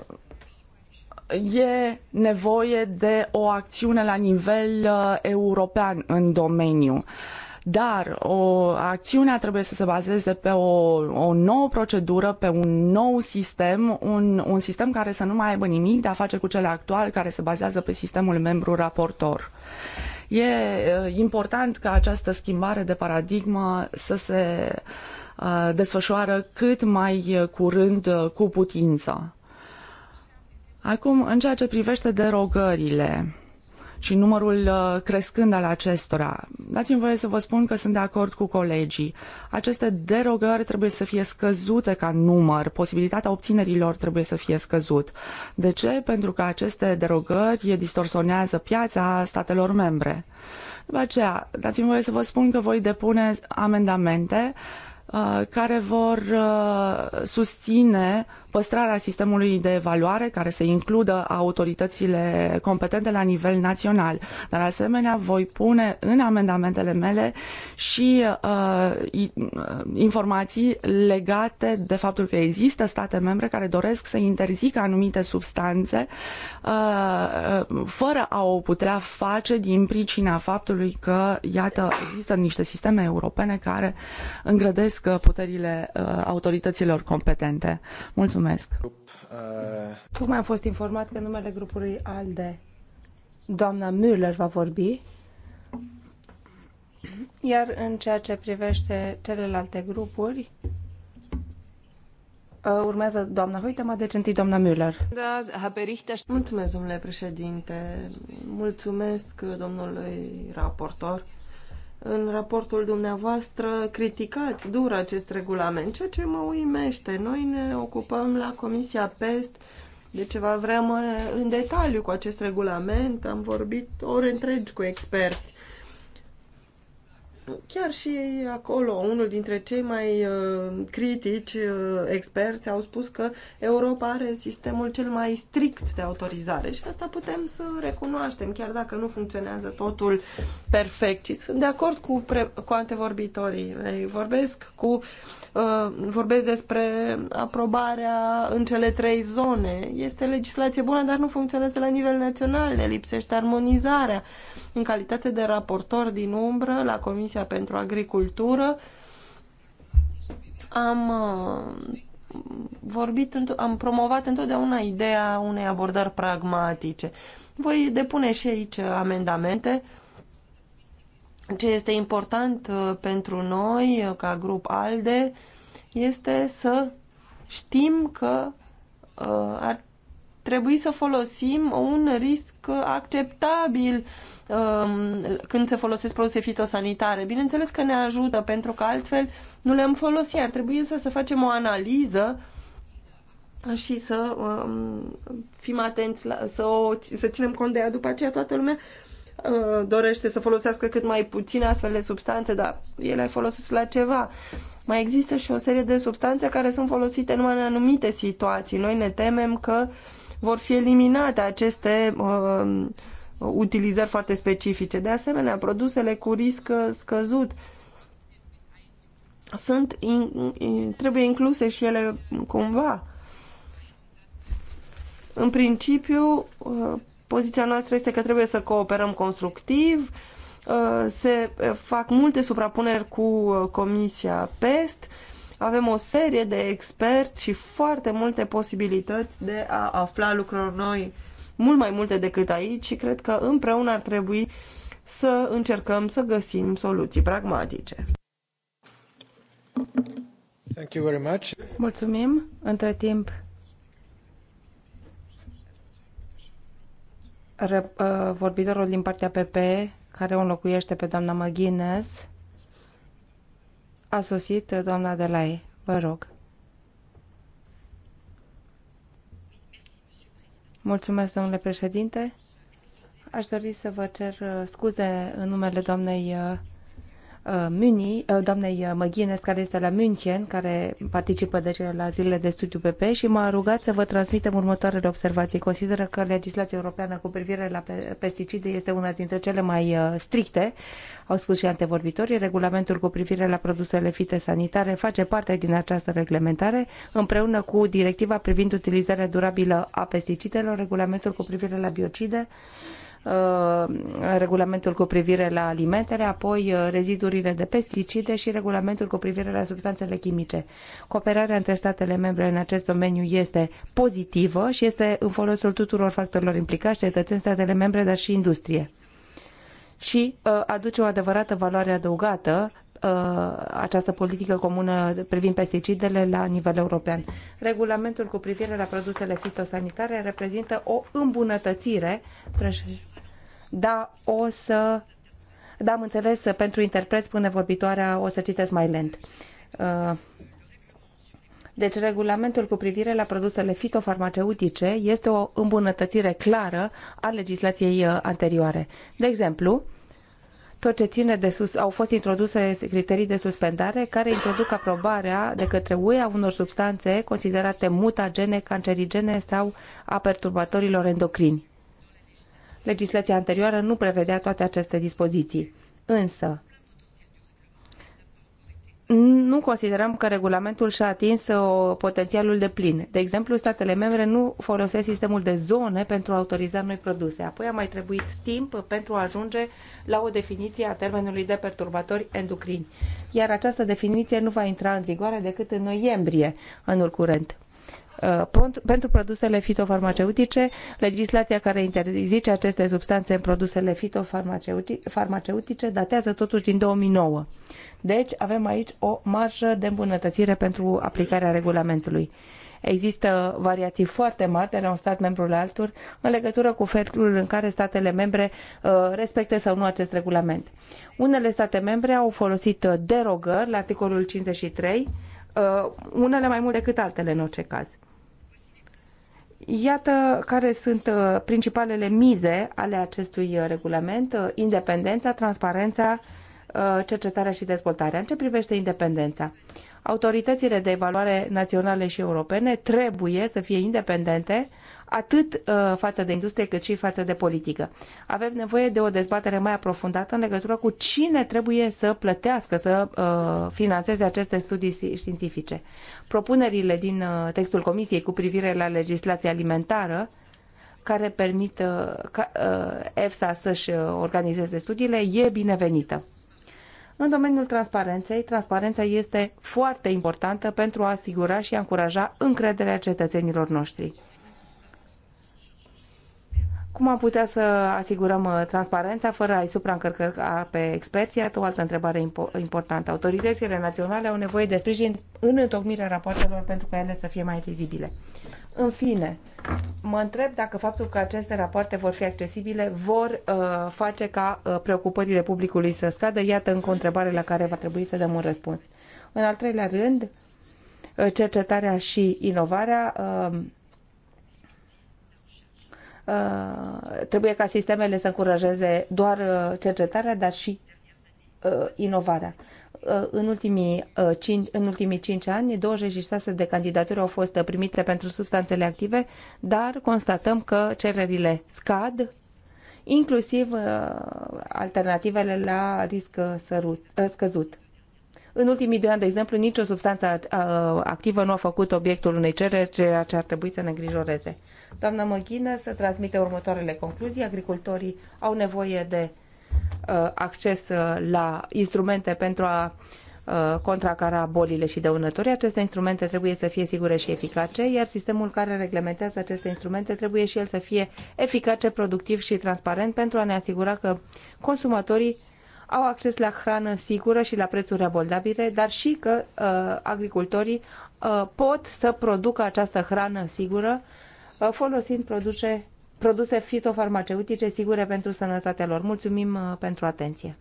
e nevoie de o acțiune la nivel uh, european în domeniu. Dar o acțiunea trebuie să se bazeze pe o, o nouă procedură, pe un nou sistem, un, un sistem care să nu mai aibă nimic de a face cu cel actual, care se bazează pe sistemul membru raportor. Uh, E uh, important ca această schimbare de paradigmă să se uh, desfășoară cât mai uh, curând cu putință. Acum, în ceea ce privește derogările, și numărul uh, crescând al acestora. Dați-mi voie să vă spun că sunt de acord cu colegii. Aceste derogări trebuie să fie scăzute ca număr, posibilitatea obținerii lor trebuie să fie scăzut. De ce? Pentru că aceste derogări distorsionează piața statelor membre. După aceea, dați-mi voie să vă spun că voi depune amendamente uh, care vor uh, susține păstrarea sistemului de evaluare care să includă autoritățile competente la nivel național. Dar asemenea voi pune în amendamentele mele și uh, uh, informații legate de faptul că există state membre care doresc să interzică anumite substanțe uh, uh, fără a o putea face din pricina faptului că, iată, există niște sisteme europene care îngrădesc puterile uh, autorităților competente. Mulțumesc! Mulțumesc. Grup, uh... Tocmai am fost informat că numele grupului ALDE, doamna Müller va vorbi, iar în ceea ce privește celelalte grupuri, uh, Urmează doamna Hoitema, deci întâi doamna Müller. Da, Mulțumesc, domnule președinte. Mulțumesc domnului raportor în raportul dumneavoastră criticați dur acest regulament, ceea ce mă uimește. Noi ne ocupăm la Comisia PEST de ceva vreme în detaliu cu acest regulament, am vorbit ore întregi cu experți. Chiar și acolo, unul dintre cei mai uh, critici uh, experți au spus că Europa are sistemul cel mai strict de autorizare și asta putem să recunoaștem, chiar dacă nu funcționează totul perfect. Și sunt de acord cu, pre- cu antevorbitorii. Vorbesc cu Uh, vorbesc despre aprobarea în cele trei zone. Este legislație bună, dar nu funcționează la nivel național, ne lipsește armonizarea. În calitate de raportor din umbră la Comisia pentru Agricultură, am uh, vorbit, am promovat întotdeauna ideea unei abordări pragmatice. Voi depune și aici amendamente ce este important uh, pentru noi, uh, ca grup ALDE, este să știm că uh, ar trebui să folosim un risc acceptabil um, când se folosesc produse fitosanitare. Bineînțeles că ne ajută, pentru că altfel nu le-am folosit. Ar trebui însă să facem o analiză și să um, fim atenți, la, să, o, să ținem cont de ea după aceea toată lumea Uh, dorește să folosească cât mai puțin astfel de substanțe, dar ele folosit la ceva. Mai există și o serie de substanțe care sunt folosite numai în anumite situații. Noi ne temem că vor fi eliminate aceste uh, utilizări foarte specifice. De asemenea, produsele cu risc uh, scăzut sunt in, in, trebuie incluse și ele cumva. În principiu, uh, Poziția noastră este că trebuie să cooperăm constructiv. Uh, se uh, fac multe suprapuneri cu uh, Comisia PEST. Avem o serie de experți și foarte multe posibilități de a afla lucruri noi, mult mai multe decât aici și cred că împreună ar trebui să încercăm să găsim soluții pragmatice. Mulțumim. Între timp, Uh, vorbitorul din partea PP, care o înlocuiește pe doamna McGuinness, a sosit uh, doamna de la ei. Vă rog. Mulțumesc, domnule președinte. Aș dori să vă cer uh, scuze în numele doamnei Uh, Muni, uh, doamnei uh, Măghines, care este la München, care participă de ce la zilele de studiu PP și m-a rugat să vă transmitem următoarele observații. Consideră că legislația europeană cu privire la pesticide este una dintre cele mai stricte, au spus și antevorbitorii. Regulamentul cu privire la produsele fitosanitare face parte din această reglementare, împreună cu directiva privind utilizarea durabilă a pesticidelor, regulamentul cu privire la biocide, Uh, regulamentul cu privire la alimentele, apoi uh, rezidurile de pesticide și regulamentul cu privire la substanțele chimice. Cooperarea între statele membre în acest domeniu este pozitivă și este în folosul tuturor factorilor implicați, cetățeni, statele membre, dar și industrie. Și uh, aduce o adevărată valoare adăugată această politică comună privind pesticidele la nivel european. Regulamentul cu privire la produsele fitosanitare reprezintă o îmbunătățire da, o să... Da, am înțeles, pentru interpreți, până vorbitoarea, o să citesc mai lent. Uh, deci, regulamentul cu privire la produsele fitofarmaceutice este o îmbunătățire clară a legislației uh, anterioare. De exemplu, tot ce ține de sus, au fost introduse criterii de suspendare care introduc aprobarea de către UE a unor substanțe considerate mutagene, cancerigene sau a perturbatorilor endocrini legislația anterioară nu prevedea toate aceste dispoziții. Însă, nu considerăm că regulamentul și-a atins uh, potențialul de plin. De exemplu, statele membre nu folosesc sistemul de zone pentru a autoriza noi produse. Apoi a mai trebuit timp pentru a ajunge la o definiție a termenului de perturbatori endocrini. Iar această definiție nu va intra în vigoare decât în noiembrie anul curent. Uh, pentru produsele fitofarmaceutice, legislația care interzice aceste substanțe în produsele fitofarmaceutice datează totuși din 2009. Deci avem aici o marjă de îmbunătățire pentru aplicarea regulamentului. Există variații foarte mari de la un stat membru la altul în legătură cu felul în care statele membre uh, respectă sau nu acest regulament. Unele state membre au folosit derogări la articolul 53 Uh, unele mai mult decât altele în orice caz. Iată care sunt uh, principalele mize ale acestui uh, regulament, independența, transparența, cercetarea și dezvoltarea. În ce privește independența? Autoritățile de evaluare naționale și europene trebuie să fie independente uh, atât uh, față de industrie cât și față de politică. Avem nevoie de o dezbatere mai aprofundată în legătură cu cine trebuie să plătească, să uh, financeze aceste studii științifice. Propunerile din uh, textul Comisiei cu privire la legislația alimentară care permit ca, EFSA să-și organizeze studiile e binevenită. În domeniul transparenței, transparența este foarte importantă pentru a asigura și a încuraja încrederea cetățenilor noștri. Cum am putea să asigurăm uh, transparența fără a-i supraîncărca pe experți? Iată o altă întrebare importantă. Autoritățile naționale au nevoie de sprijin în întocmirea rapoartelor pentru ca ele să fie mai vizibile. În fine, mă întreb dacă faptul că aceste rapoarte vor fi accesibile vor uh, face ca uh, preocupările publicului să scadă. Iată încă o întrebare la care va trebui să dăm un răspuns. În al treilea rând, uh, cercetarea și inovarea. Uh, Uh, trebuie ca sistemele să încurajeze doar uh, cercetarea, dar și uh, inovarea. În ultimii, cinci, în ultimii 5 ani, 26 de candidaturi au fost primite pentru substanțele active, dar constatăm că cererile scad, inclusiv alternativele la risc sărut, scăzut. În ultimii doi ani, de exemplu, nicio substanță activă nu a făcut obiectul unei cereri, ceea ce ar trebui să ne îngrijoreze. Doamna Măghină să transmite următoarele concluzii. Agricultorii au nevoie de uh, acces uh, la instrumente pentru a uh, contracara bolile și dăunătorii. Aceste instrumente trebuie să fie sigure și eficace, iar sistemul care reglementează aceste instrumente trebuie și el să fie eficace, productiv și transparent pentru a ne asigura că consumatorii au acces la hrană sigură și la prețuri abordabile, dar și că uh, agricultorii uh, pot să producă această hrană sigură uh, Uh, folosind produce, produse fitofarmaceutice sigure pentru sănătatea lor. Mulțumim uh, pentru atenție!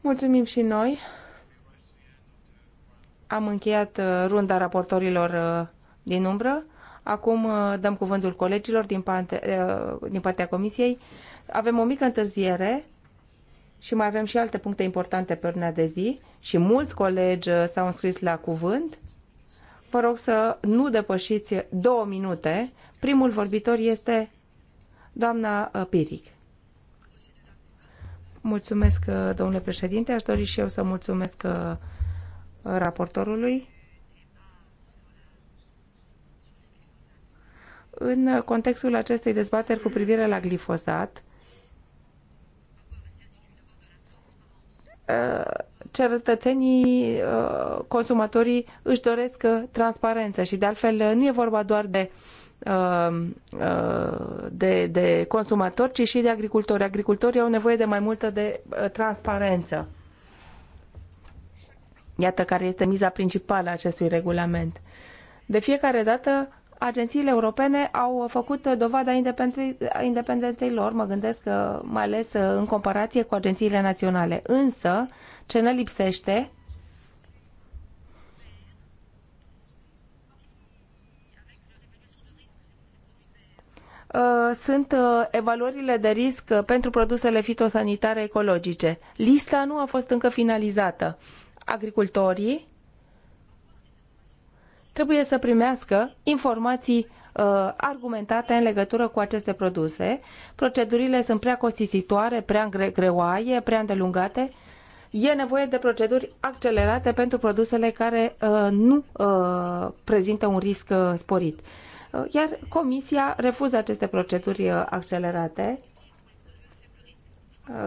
Mulțumim și noi! Am încheiat uh, runda raportorilor din umbră. Acum dăm cuvântul colegilor din, parte, din partea comisiei. Avem o mică întârziere și mai avem și alte puncte importante pe urmea de zi și mulți colegi s-au înscris la cuvânt vă rog să nu depășiți două minute. Primul vorbitor este doamna uh, Piric. Mulțumesc, uh, domnule președinte. Aș dori și eu să mulțumesc uh, raportorului. În contextul acestei dezbateri cu privire la glifosat, cetățenii, uh, consumatorii își doresc uh, transparență și de altfel uh, nu e vorba doar de de, de consumatori, ci și de agricultori. Agricultorii au nevoie de mai multă de transparență. Iată care este miza principală a acestui regulament. De fiecare dată agențiile europene au făcut dovada independenței lor, mă gândesc uh, mai ales uh, în comparație cu agențiile naționale. Însă, ce ne lipsește uh, sunt evaluările de risc pentru produsele fitosanitare ecologice. Lista nu a fost încă finalizată. Agricultorii trebuie să primească informații uh, argumentate în legătură cu aceste produse. Procedurile sunt prea costisitoare, prea greoaie, prea îndelungate. E nevoie de proceduri accelerate pentru produsele care uh, nu uh, prezintă un risc sporit. Iar Comisia refuză aceste proceduri accelerate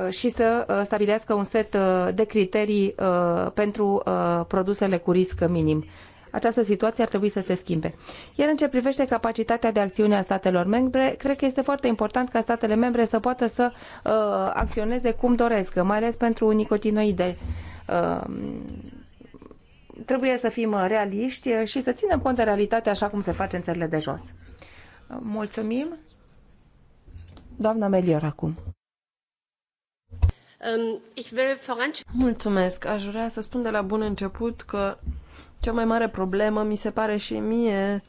și să stabilească un set de criterii pentru produsele cu risc minim. Această situație ar trebui să se schimbe. Iar în ce privește capacitatea de acțiune a statelor membre, cred că este foarte important ca statele membre să poată să uh, acționeze cum doresc, mai ales pentru nicotinoide. Uh, trebuie să fim realiști și să ținem cont de realitatea așa cum se face în țările de jos. Mulțumim. Doamna Melior acum. Um, Mulțumesc. Aș vrea să spun de la bun început că cea mai mare problemă mi se pare și mie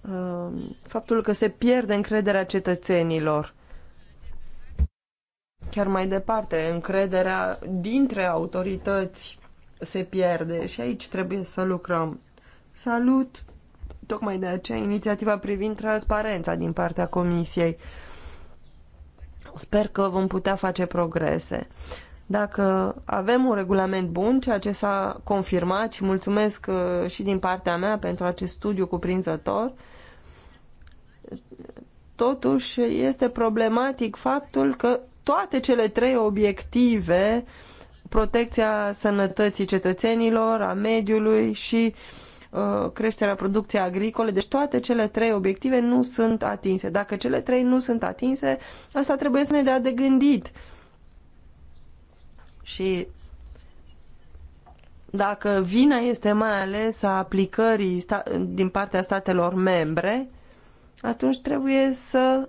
uh, faptul că se pierde încrederea cetățenilor. Chiar mai departe, încrederea dintre autorități se pierde și aici trebuie să lucrăm. Salut! Tocmai de aceea inițiativa privind transparența din partea Comisiei. Sper că vom putea face progrese. Dacă avem un regulament bun, ceea ce s-a confirmat și mulțumesc uh, și din partea mea pentru acest studiu cuprinzător, totuși este problematic faptul că toate cele trei obiective, protecția sănătății cetățenilor, a mediului și uh, creșterea producției agricole, deci toate cele trei obiective nu sunt atinse. Dacă cele trei nu sunt atinse, asta trebuie să ne dea de gândit. Uh, și dacă vina este mai ales a aplicării din partea statelor membre, atunci trebuie să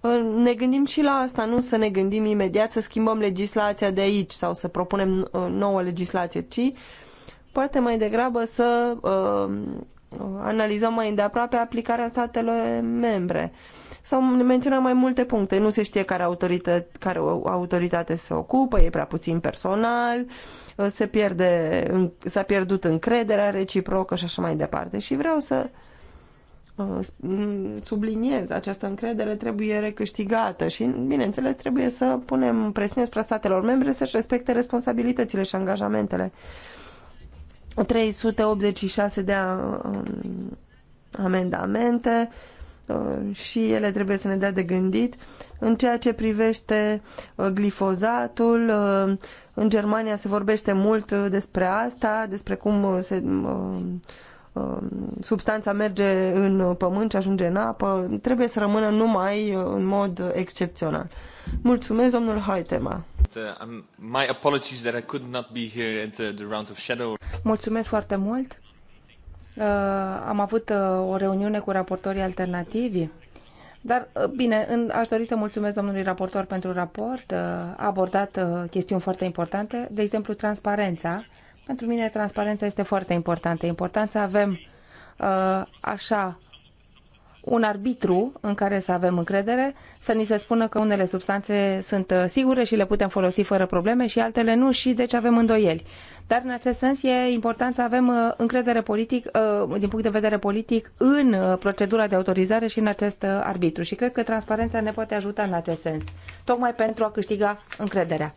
uh, ne gândim și la asta, nu să ne gândim imediat să schimbăm legislația de aici sau să propunem uh, nouă legislație, ci poate mai degrabă să uh, analizăm mai îndeaproape aplicarea statelor membre. Uh, S-au menționat mai multe puncte. Nu se știe care autoritate, care autoritate se ocupă, e prea puțin personal, uh, se pierde, s-a pierdut încrederea reciprocă și așa mai departe. Și vreau să uh, subliniez, această încredere trebuie recâștigată și, bineînțeles, trebuie să punem presiune spre statelor membre să-și respecte responsabilitățile și angajamentele. 386 de uh, um, amendamente, Uh, și ele trebuie să ne dea de gândit în ceea ce privește uh, glifozatul. Uh, în Germania se vorbește mult despre asta, despre cum se, substanța merge în pământ și ajunge în apă. Trebuie să rămână numai în mod excepțional. Mulțumesc, domnul Haitema. Um, Mulțumesc foarte mult. Uh, am avut uh, o reuniune cu raportorii alternativi. Dar, uh, bine, aș dori să mulțumesc domnului raportor pentru raport. A abordat chestiuni foarte importante, de exemplu, transparența. Pentru mine, transparența este foarte importantă. E important să avem așa un arbitru în care să avem încredere, să ni se spună că unele substanțe sunt sigure și le putem folosi fără probleme și altele nu și deci avem îndoieli. Dar în acest sens e important să avem uh, încredere politic, uh, din punct de vedere politic, în uh, procedura de autorizare și în acest arbitru. Și cred că transparența ne poate ajuta în acest sens, tocmai pentru a câștiga încrederea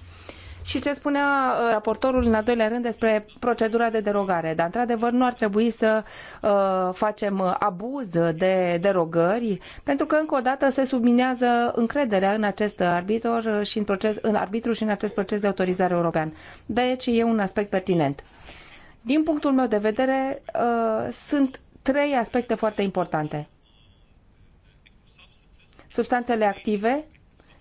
și ce spunea uh, raportorul în al doilea rând despre procedura de derogare. Dar, într-adevăr, nu ar trebui să uh, facem abuz de derogări, pentru că, încă o dată, se subminează încrederea în acest arbitru și în, proces, în arbitru și în acest proces de autorizare european. Deci, e un aspect pertinent. Din punctul meu de vedere, uh, sunt trei aspecte foarte importante. Substanțele active,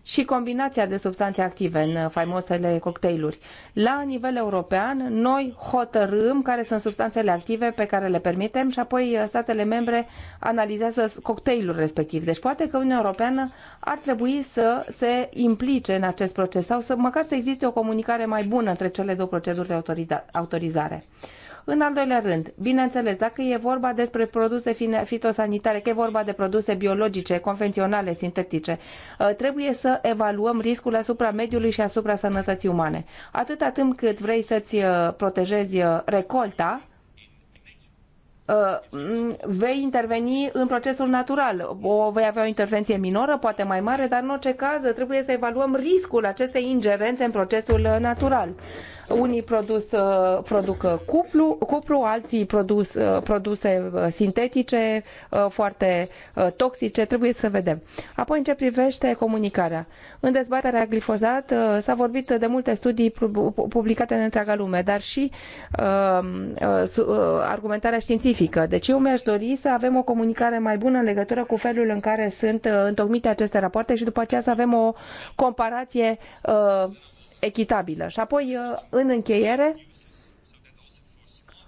și combinația de substanțe active în uh, faimosele cocktailuri. La nivel european, noi hotărâm care sunt substanțele active pe care le permitem și apoi uh, statele membre analizează cocktailul respectiv. Deci poate că Uniunea Europeană ar trebui să se implice în acest proces sau să măcar să existe o comunicare mai bună între cele două proceduri de autorizare. În al doilea rând, bineînțeles, dacă e vorba despre produse fitosanitare, că e vorba de produse biologice, convenționale, sintetice, ă, trebuie să evaluăm riscul asupra mediului și asupra sănătății umane. Atâta timp cât vrei să-ți ă, protejezi ă, recolta, vei interveni în procesul natural. O vei avea o intervenție minoră, poate mai mare, dar în orice caz trebuie să evaluăm riscul acestei ingerențe în procesul natural. Unii produs, uh, produc uh, cuplu, cuplu, alții produs, uh, produse sintetice foarte toxice, trebuie să vedem. Apoi în ce privește comunicarea. În dezbaterea glifozat s-a vorbit de multe studii publicate în întreaga lume, dar și argumentarea științifică. Deci eu mi-aș dori să avem o comunicare mai bună în legătură cu felul în care sunt întocmite aceste rapoarte și după aceea să avem o comparație echitabilă. Și apoi, uh, în încheiere,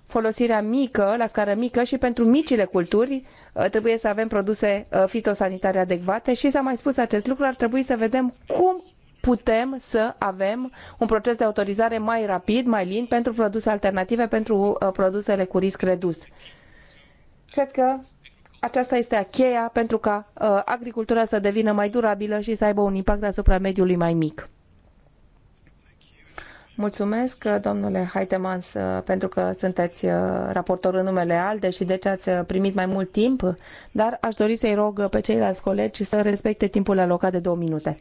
folosirea mică, la scară mică și pentru micile culturi uh, trebuie să avem produse uh, fitosanitare adecvate și s-a mai spus acest lucru, ar trebui să vedem cum putem să avem un proces de autorizare mai rapid, mai lin pentru produse alternative, pentru produsele cu risc redus. Cred că aceasta este cheia pentru ca agricultura să devină mai durabilă și să aibă un impact asupra mediului mai mic. Mulțumesc, domnule Haitemans, pentru că sunteți uh, raportor în numele ALDE și deci ați uh, primit mai mult timp, dar aș dori să-i rog pe ceilalți colegi să respecte timpul alocat de două minute.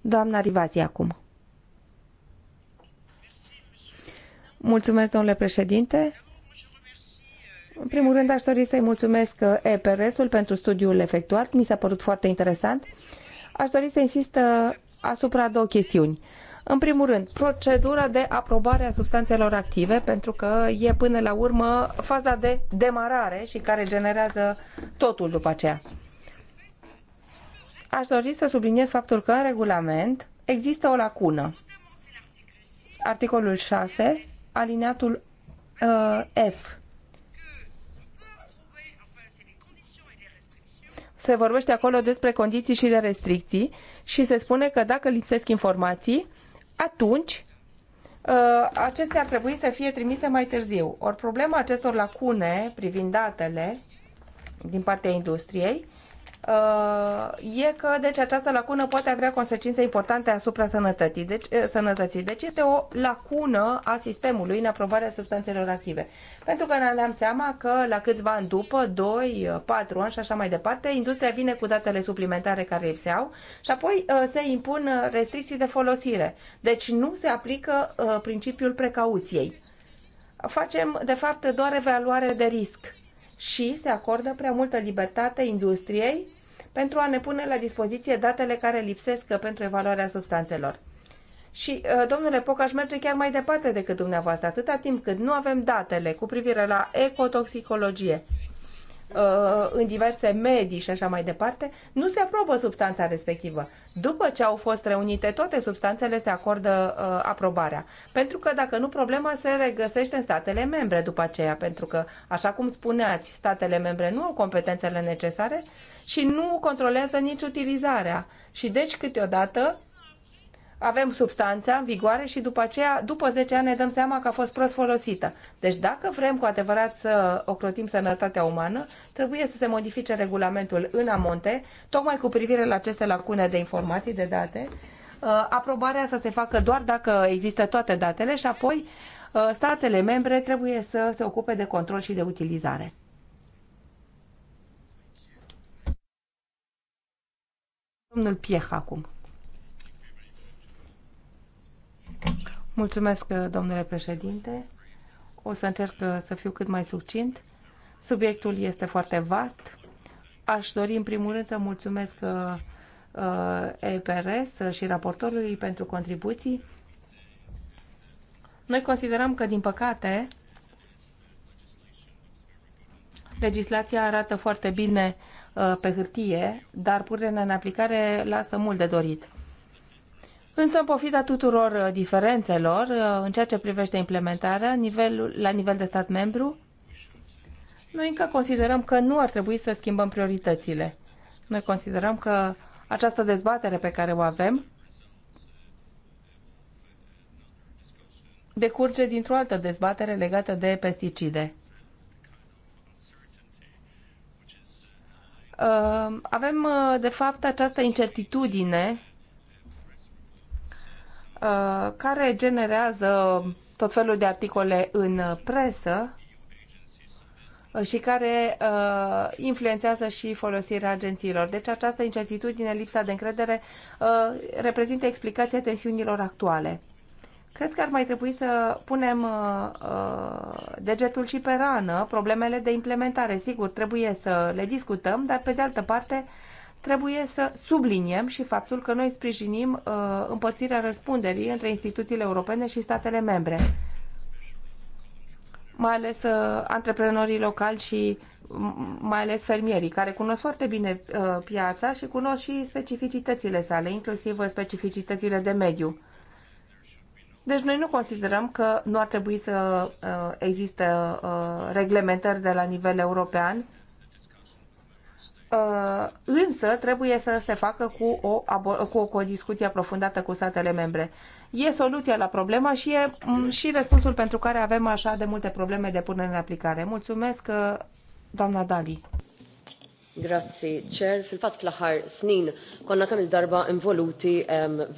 Doamna Rivazi, acum. Mulțumesc, domnule președinte. În primul rând, aș dori să-i mulțumesc uh, EPRS-ul pentru studiul efectuat. Mi s-a părut foarte interesant. Aș dori să insist asupra două chestiuni. În primul rând, procedura de aprobare a substanțelor active, pentru că e până la urmă faza de demarare și care generează totul după aceea. Aș dori să subliniez faptul că în regulament există o lacună. Articolul 6, alineatul uh, F, se vorbește acolo despre condiții și de restricții și se spune că dacă lipsesc informații, atunci ă, acestea ar trebui să fie trimise mai târziu. Ori problema acestor lacune privind datele din partea industriei Uh, e că deci, această lacună poate avea consecințe importante asupra sănătății. Deci, uh, sănătății. deci este o lacună a sistemului în aprobarea substanțelor active. Pentru că ne dăm seama că la câțiva ani după, 2, 4 uh, ani și așa mai departe, industria vine cu datele suplimentare care lipseau și apoi se impun restricții de folosire. Deci nu se aplică principiul precauției. Facem, de fapt, doar evaluare de risc și se acordă prea multă libertate industriei pentru a ne pune la dispoziție datele care lipsesc pentru evaluarea substanțelor. Și, uh, domnule Poc, aș merge chiar mai departe decât dumneavoastră, atâta timp cât nu avem datele cu privire la ecotoxicologie, Uh, în diverse medii și așa mai departe, nu se aprobă substanța respectivă. După ce au fost reunite toate substanțele, se acordă uh, aprobarea. Pentru că, dacă nu, problema se regăsește în statele membre după aceea, pentru că, așa cum spuneați, statele membre nu au competențele necesare și nu controlează nici utilizarea. Și deci, câteodată, avem substanța în vigoare și după aceea, după 10 ani, ne dăm seama că a fost prost folosită. Deci dacă vrem cu adevărat să ocrotim sănătatea umană, trebuie să se modifice regulamentul în amonte, tocmai cu privire la aceste lacune de informații, de date, uh, aprobarea să se facă doar dacă există toate datele și apoi uh, statele membre trebuie să se ocupe de control și de utilizare. Domnul Pieh acum. Mulțumesc, uh, domnule președinte. O să încerc uh, să fiu cât mai succint. Subiectul este foarte vast. Aș dori, în primul rând, să mulțumesc uh, EPRS și raportorului pentru contribuții. Noi considerăm că, din păcate, legislația arată foarte bine pe hârtie, dar punerea în aplicare lasă mult de dorit. Însă, în pofida tuturor uh, diferențelor, uh, în ceea ce privește implementarea nivelul, la nivel de stat membru, noi încă considerăm că nu ar trebui să schimbăm prioritățile. Noi considerăm că această dezbatere pe care o avem decurge dintr-o altă dezbatere legată de pesticide. Uh, avem, de fapt, această incertitudine Uh, care generează tot felul de articole în presă uh, și care uh, influențează și folosirea agențiilor. Deci această incertitudine, lipsa de încredere, uh, reprezintă explicația tensiunilor actuale. Cred că ar mai trebui să punem uh, uh degetul și pe rană problemele de implementare. Sigur, trebuie să le discutăm, dar pe de altă parte uh, trebuie să subliniem și faptul că noi sprijinim uh, împărțirea răspunderii între instituțiile europene și statele membre, mai ales uh, antreprenorii locali și mai ales fermierii, care cunosc foarte bine uh, piața și cunosc și specificitățile sale, inclusiv specificitățile de mediu. Deci noi nu considerăm că nu ar trebui să uh, există uh, reglementări de la nivel european Uh, însă trebuie să se facă cu o, cu o, cu o discuție aprofundată cu statele membre. E soluția la problema și e mm, și răspunsul pentru care avem așa de multe probleme de punere în aplicare. Mulțumesc, uh, doamna Dali. Fil-fat snin konna il-darba involuti ehm,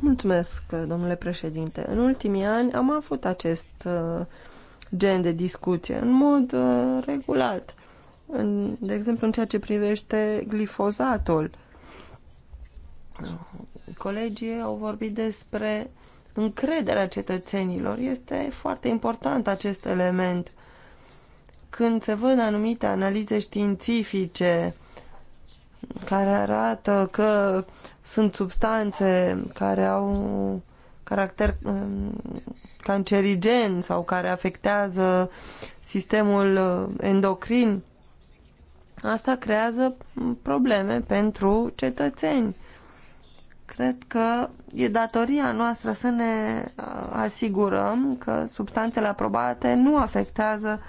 Mulțumesc, domnule președinte. În ultimii ani am avut acest uh, gen de discuție în mod regulat în, de exemplu în ceea ce privește glifozatul. Colegii au vorbit despre încrederea cetățenilor. Este foarte important acest element. Când se văd anumite analize științifice care arată că sunt substanțe care au caracter um, cancerigen sau care afectează sistemul uh, endocrin, Asta creează probleme pentru cetățeni. Cred că e datoria noastră să ne uh, asigurăm că substanțele aprobate nu afectează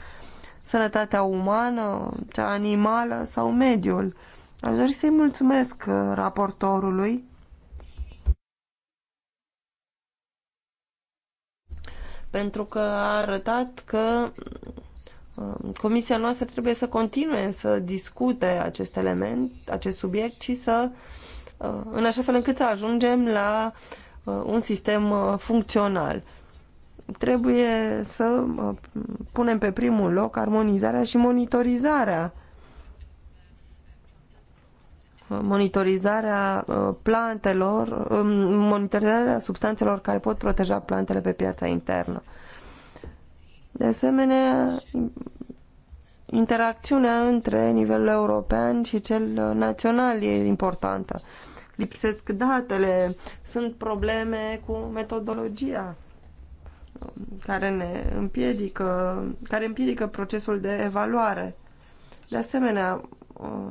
sănătatea umană, cea animală sau mediul. Aș dori să-i mulțumesc uh, raportorului pentru că a arătat că Um, comisia noastră trebuie să continue să discute acest element, acest subiect și să, uh, în așa fel încât să ajungem la uh, un sistem uh, funcțional. Trebuie să punem pe primul loc armonizarea și monitorizarea monitorizarea plantelor, um, monitorizarea substanțelor care pot proteja plantele pe piața internă. De asemenea, interacțiunea între nivelul european și cel național e importantă. Lipsesc datele, sunt probleme cu metodologia care ne împiedică, care împiedică procesul de evaluare. De asemenea,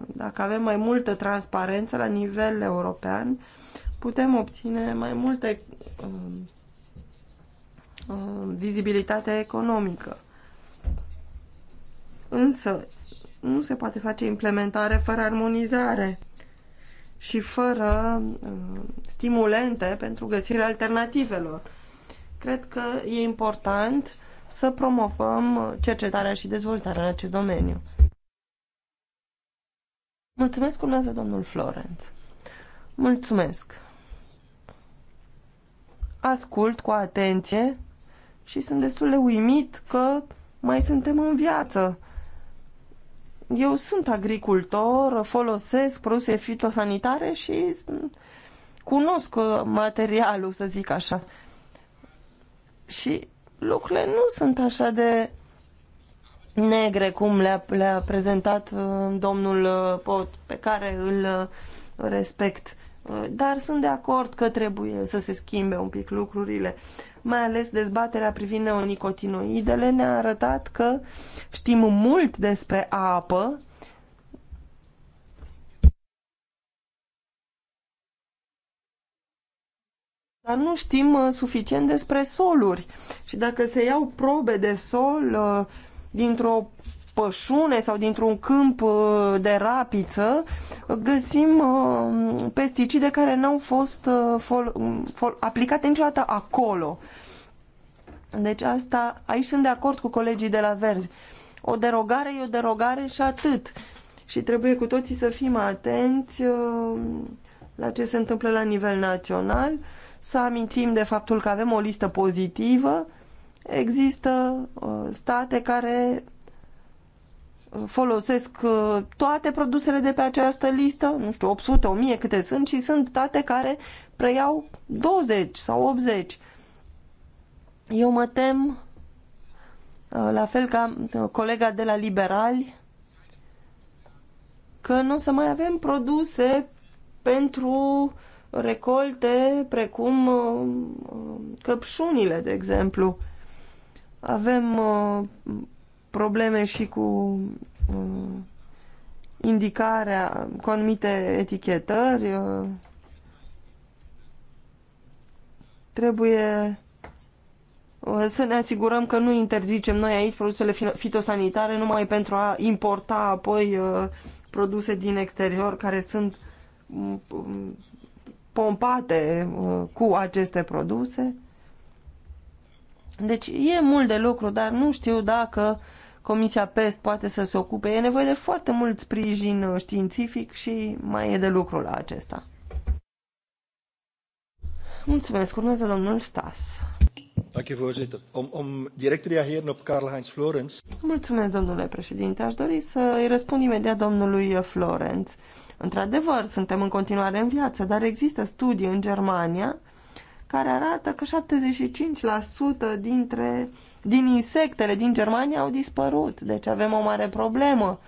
dacă avem mai multă transparență la nivel european, putem obține mai multe um, Um, vizibilitatea economică. Însă, nu se poate face implementare fără armonizare și fără uh, stimulente pentru găsirea alternativelor. Cred că e important să promovăm cercetarea și dezvoltarea în acest domeniu. Mulțumesc, urmează domnul Florent. Mulțumesc. Ascult cu atenție și sunt destul de uimit că mai suntem în viață. Eu sunt agricultor, folosesc produse fitosanitare și cunosc materialul, să zic așa. Și lucrurile nu sunt așa de negre cum le-a, le, prezentat uh, domnul uh, Pot, pe care îl uh, respect. Dar sunt de acord că trebuie să se schimbe un pic lucrurile mai ales dezbaterea privind neonicotinoidele, ne-a arătat că știm mult despre apă, dar nu știm uh, suficient despre soluri. Și dacă se iau probe de sol uh, dintr-o pășune sau dintr-un câmp uh, de rapiță găsim uh, pesticide care n-au fost uh, aplicate niciodată acolo. Deci asta, aici sunt de acord cu colegii de la Verzi. O derogare e o derogare și atât. Și trebuie cu toții să fim atenți la ce se întâmplă la nivel național, să amintim de faptul că avem o listă pozitivă, există state care folosesc uh, toate produsele de pe această listă, nu știu, 800, 1000 câte sunt și sunt date care preiau 20 sau 80. Eu mă tem, uh, la fel ca uh, colega de la Liberali, că nu o să mai avem produse pentru recolte precum căpșunile, de exemplu. Avem probleme și cu uh, indicarea, cu anumite etichetări. Uh, trebuie uh, să ne asigurăm că nu interzicem noi aici produsele fitosanitare numai pentru a importa apoi produse din exterior care sunt mm, pompate cu aceste produse. Deci e mult de lucru, dar nu știu dacă uh, Comisia PEST poate să se ocupe. E nevoie de foarte mult sprijin uh, științific și mai e de lucru la acesta. Mulțumesc. Urmează domnul Stas. Mulțumesc, domnule președinte. Aș dori să îi răspund imediat domnului uh, Florence. Într-adevăr, suntem în continuare în viață, dar există studii în Germania care arată că 75% dintre din insectele din Germania au dispărut. Deci avem o mare problemă.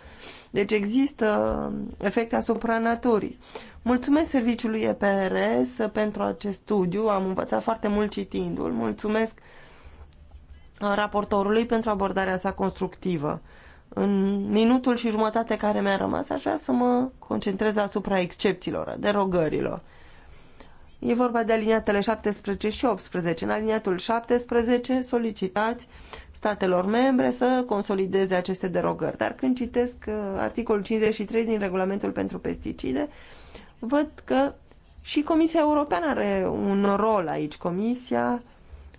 Deci există efecte asupra naturii. Mulțumesc serviciului EPRS pentru acest studiu. Am învățat foarte mult citindu-l. Mulțumesc raportorului pentru abordarea sa constructivă. În minutul și jumătate care mi-a rămas, aș vrea să mă concentrez asupra excepțiilor, derogărilor. E vorba de aliniatele 17 și 18. În aliniatul 17 solicitați statelor membre să consolideze aceste derogări. Dar când citesc uh, articolul 53 din regulamentul pentru pesticide, văd că și Comisia Europeană are un rol aici. Comisia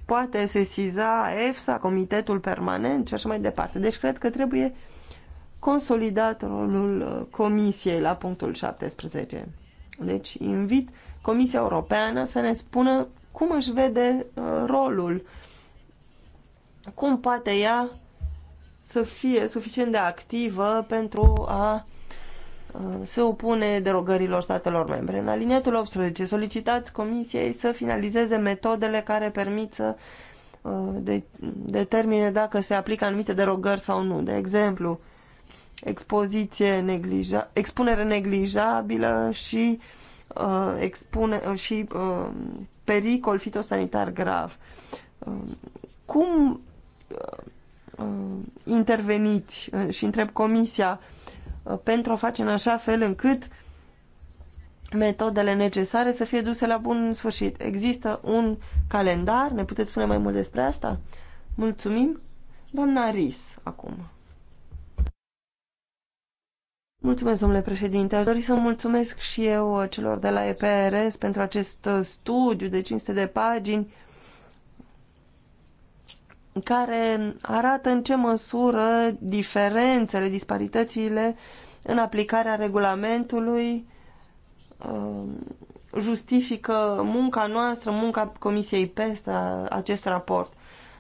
poate sesiza EFSA, Comitetul Permanent și așa mai departe. Deci cred că trebuie consolidat rolul uh, Comisiei la punctul 17. Deci invit Comisia Europeană să ne spună cum își vede uh, rolul, cum poate ea să fie suficient de activă pentru a uh, se opune derogărilor statelor membre. În aliniatul 18 solicitați Comisiei să finalizeze metodele care permit să uh, de, determine dacă se aplică anumite derogări sau nu. De exemplu, expoziție neglija, expunere neglijabilă și uh, uh, expune, uh, și uh, pericol fitosanitar grav. Uh, cum uh, uh, interveniți uh, și întreb Comisia uh, pentru a face în așa fel încât metodele necesare să fie duse la bun sfârșit. Există un calendar? Ne puteți spune mai mult despre asta? Mulțumim! Doamna Ris, acum. Mulțumesc, domnule președinte. Aș dori să mulțumesc și eu uh, celor de la EPRS pentru acest uh, studiu de 500 de pagini care arată în ce măsură diferențele, disparitățile în aplicarea regulamentului uh, justifică munca noastră, munca Comisiei PESTA, acest raport.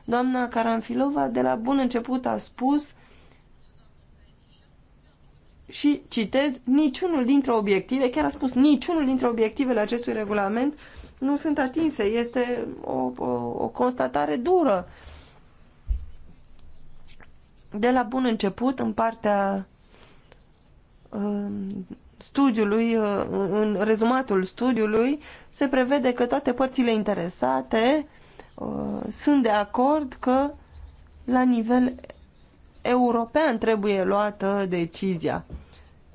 Doamna Caranfilova de la bun început a spus și citez, niciunul dintre obiective, chiar a spus, niciunul dintre obiectivele acestui regulament nu sunt atinse. Este o, o, o constatare dură. De la bun început, în partea uh, studiului, uh, în rezumatul studiului, se prevede că toate părțile interesate uh, sunt de acord că la nivel european trebuie luată decizia.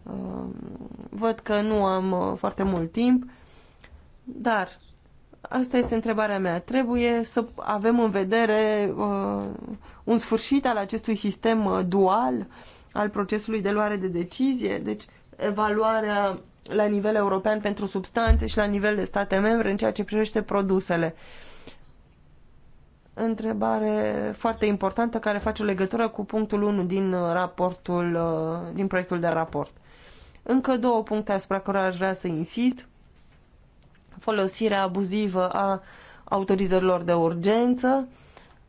Um, văd că nu am uh, foarte mult timp, dar asta este întrebarea mea. Trebuie să avem în vedere uh, un sfârșit al acestui sistem uh, dual al procesului de luare de decizie, deci evaluarea la nivel european pentru substanțe și la nivel de state membre în ceea ce privește produsele. Uh, întrebare foarte importantă care face o legătură cu punctul 1 din uh, raportul, uh, din proiectul de raport. Încă două puncte asupra care aș vrea să insist. Folosirea abuzivă a autorizărilor de urgență.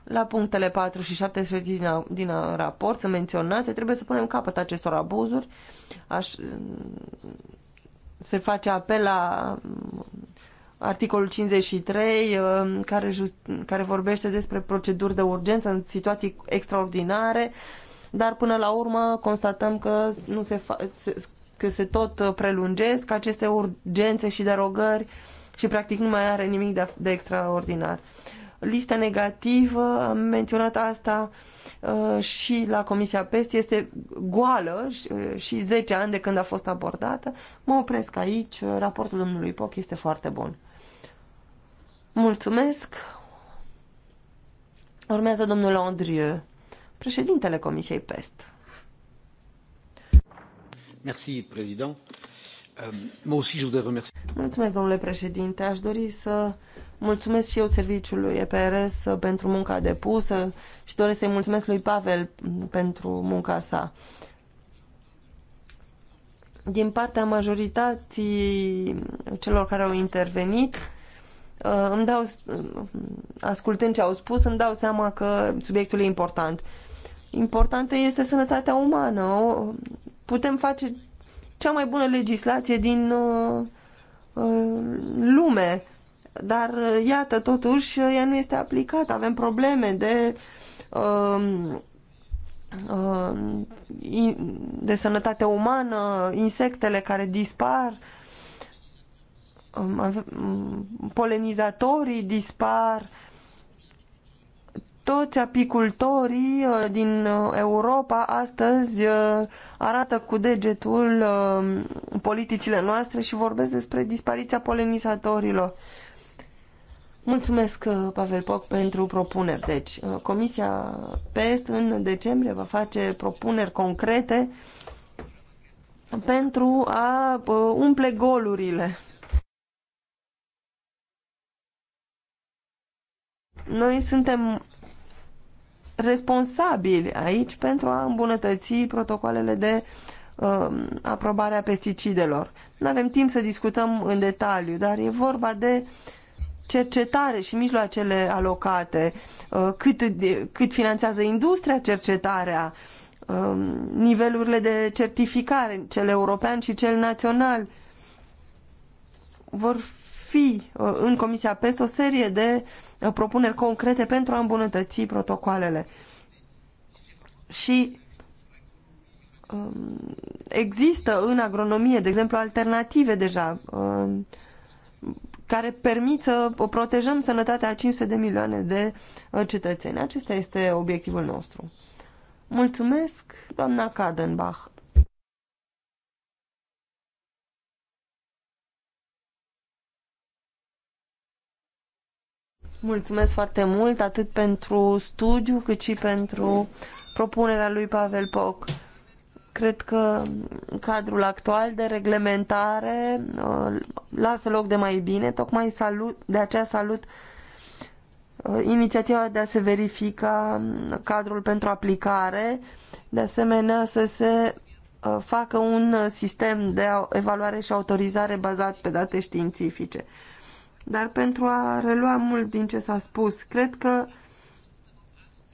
La punctele 4 și 7 din, uh, din raport sunt menționate. Trebuie să punem capăt acestor abuzuri. Aș, se face apel la articolul 53 uh, care, just, care vorbește despre proceduri de urgență în situații extraordinare, dar până la urmă constatăm că, nu se, fa- că se tot prelungesc aceste urgențe și derogări și practic nu mai are nimic de, de extraordinar. Lista negativă, am menționat asta uh, și la Comisia PEST, este goală și 10 uh, ani de când a fost abordată. Mă opresc aici, raportul domnului Poc este foarte bun. Mulțumesc. Urmează domnul Andrieu, președintele Comisiei PEST. Merci, président. Euh, mulțumesc, domnule președinte. Aș dori să mulțumesc și eu serviciului EPRS pentru munca depusă și doresc să-i mulțumesc lui Pavel pentru munca sa. Din partea majorității celor care au intervenit, Uh, îmi dau, ascultând ce au spus, îmi dau seama că subiectul e important. Importantă este sănătatea umană. Putem face cea mai bună legislație din uh, uh, lume, dar iată, totuși, ea nu este aplicată. Avem probleme de um, um, de sănătate umană, insectele care dispar, Um, um, polenizatorii dispar, toți apicultorii uh, din uh, Europa astăzi uh, arată cu degetul politicile noastre și vorbesc despre dispariția polenizatorilor. Mulțumesc, Pavel Poc, pentru propuneri. Deci, Comisia PEST în decembrie va face propuneri concrete pentru a umple golurile Noi suntem responsabili aici pentru a îmbunătăți protocoalele de uh, aprobare a pesticidelor. Nu avem timp să discutăm în detaliu, dar e vorba de cercetare și mijloacele alocate, uh, cât, de, cât finanțează industria cercetarea, uh, nivelurile de certificare, cel european și cel național. Vor fi uh, în Comisia PEST o serie de uh, Uh, propuneri concrete pentru a îmbunătăți protocoalele. Și um, există în agronomie, de exemplu, alternative deja um, care permit să protejăm sănătatea a 500 de milioane de uh, cetățeni. Acesta este obiectivul nostru. Mulțumesc, doamna Kadenbach. Mulțumesc foarte mult atât pentru studiu cât și pentru propunerea lui Pavel Poc. Cred că cadrul actual de reglementare uh, lasă loc de mai bine, tocmai salut, de aceea salut uh, inițiativa de a se verifica mm, cadrul pentru aplicare, de asemenea să se uh, facă un sistem de evaluare și autorizare bazat pe date științifice. Dar pentru a relua mult din ce s-a spus, cred că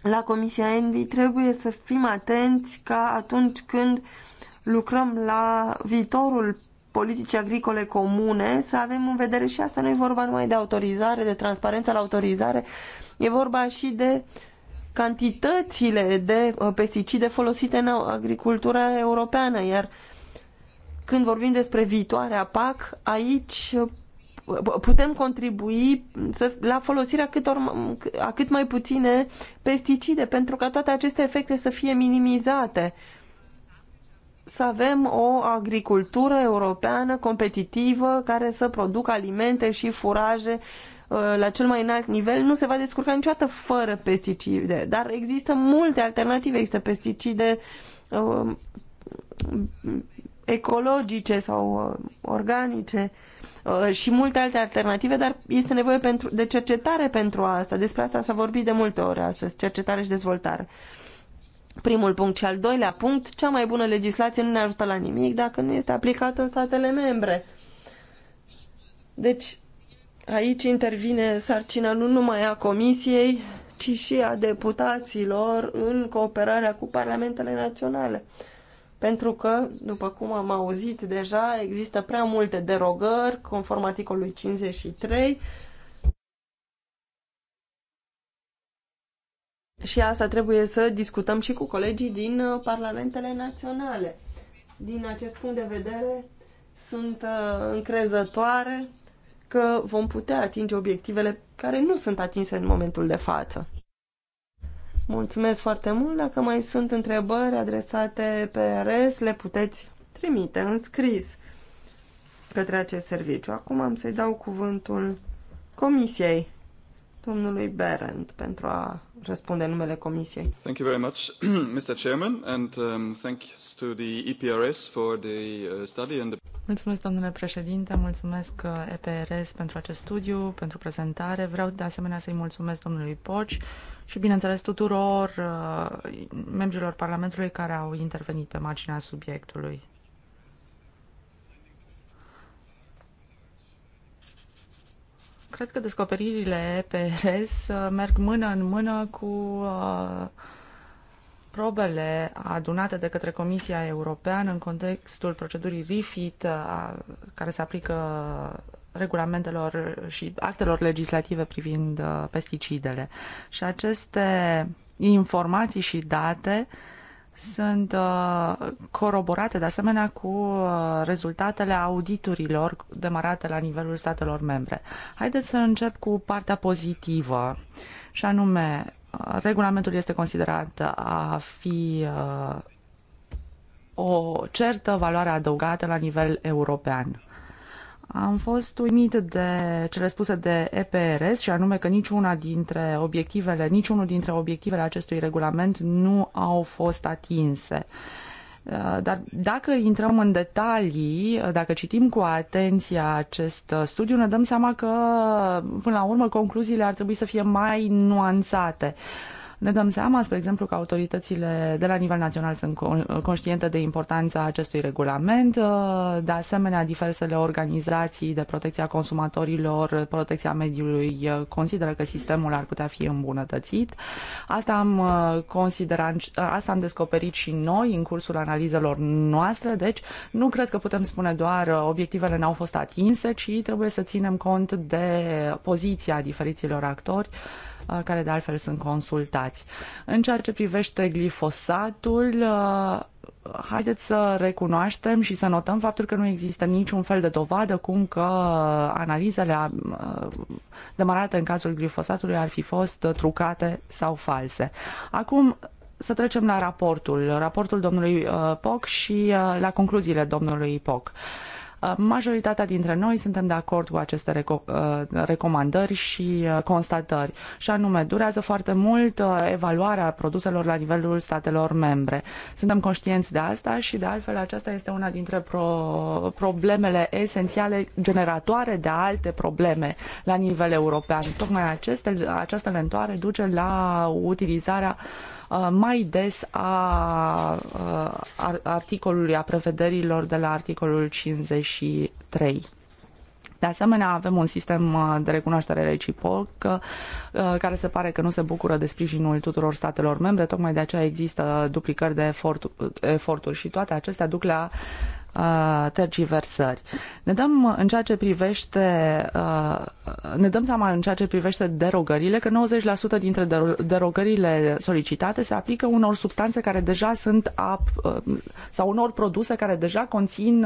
la Comisia Envy trebuie să fim atenți ca atunci când lucrăm la viitorul politicii agricole comune, să avem în vedere și asta nu e vorba numai de autorizare, de transparență la autorizare, e vorba și de cantitățile de uh, pesticide folosite în agricultura europeană, iar când vorbim despre viitoarea PAC, aici uh, putem contribui să, la folosirea cât, or, a cât mai puține pesticide pentru ca toate aceste efecte să fie minimizate. Să avem o agricultură europeană competitivă care să producă alimente și furaje uh, la cel mai înalt nivel nu se va descurca niciodată fără pesticide, dar există multe alternative, există pesticide uh, ecologice sau uh, organice uh, și multe alte alternative, dar este nevoie pentru, de cercetare pentru asta. Despre asta s-a vorbit de multe ori astăzi, cercetare și dezvoltare. Primul punct și al doilea punct, cea mai bună legislație nu ne ajută la nimic dacă nu este aplicată în statele membre. Deci, aici intervine sarcina nu numai a Comisiei, ci și a deputaților în cooperarea cu parlamentele naționale pentru că, după cum am auzit deja, există prea multe derogări conform articolului 53 și asta trebuie să discutăm și cu colegii din uh, parlamentele naționale. Din acest punct de vedere, sunt uh, încrezătoare că vom putea atinge obiectivele care nu sunt atinse în momentul de față. Mulțumesc foarte mult. Dacă mai sunt întrebări adresate pe RS, le puteți trimite în scris către acest serviciu. Acum am să-i dau cuvântul Comisiei domnului Berend pentru a răspunde numele Comisiei. Thank you very much, Mr. Chairman, and um, thanks to the EPRS for the uh, study and the... Mulțumesc, domnule președinte, mulțumesc uh, EPRS pentru acest studiu, pentru prezentare. Vreau de asemenea să-i mulțumesc domnului Poci și, bineînțeles, tuturor uh, membrilor Parlamentului care au intervenit pe marginea subiectului. Cred că descoperirile pe RES uh, merg mână în mână cu uh, probele adunate de către Comisia Europeană în contextul procedurii RIFIT, care se aplică regulamentelor și actelor legislative privind uh, pesticidele. Și aceste informații și date sunt uh, coroborate de asemenea cu uh, rezultatele auditurilor demarate la nivelul statelor membre. Haideți să încep cu partea pozitivă și anume regulamentul este considerat a fi o certă valoare adăugată la nivel european. Am fost uimit de cele spuse de EPRS și anume că niciuna dintre obiectivele, niciunul dintre obiectivele acestui regulament nu au fost atinse. Uh, dar dacă intrăm în detalii, uh, dacă citim cu atenție acest uh, studiu, ne dăm seama că, până la urmă, concluziile ar trebui să fie mai nuanțate. Ne dăm seama, spre exemplu, că autoritățile de la nivel național sunt conștiente de importanța acestui regulament, de asemenea diversele organizații de protecție a consumatorilor, protecția mediului consideră că sistemul ar putea fi îmbunătățit. Asta am uh, considerat, uh, asta am descoperit și noi în cursul analizelor noastre, deci nu cred că putem spune doar uh, obiectivele n-au fost atinse, ci trebuie să ținem cont de poziția diferiților actori care de altfel sunt consultați. În ceea ce privește glifosatul, haideți să recunoaștem și să notăm faptul că nu există niciun fel de dovadă cum că analizele demarate în cazul glifosatului ar fi fost trucate sau false. Acum să trecem la raportul, raportul domnului Poc și la concluziile domnului Poc. Uh, majoritatea dintre noi suntem de acord cu aceste reco- uh, recomandări și uh, constatări. Și anume, durează foarte mult evaluarea produselor la nivelul statelor membre. Suntem conștienți de asta și, de altfel, aceasta este una dintre pro- problemele esențiale generatoare de alte probleme la nivel european. Tocmai aceste, această lentoare duce la utilizarea Uh, mai des a uh, articolului, a prevederilor de la articolul 53. De asemenea, avem un sistem uh, de recunoaștere reciprocă care se pare că nu se bucură de sprijinul tuturor statelor membre, tocmai de aceea există duplicări de efort, eforturi și toate acestea duc la Uh, tergiversări. Ne dăm în ceea ce privește uh, ne dăm seama în ceea ce privește derogările că 90% dintre derogările solicitate se aplică unor substanțe care deja sunt ap, uh, sau unor produse care deja conțin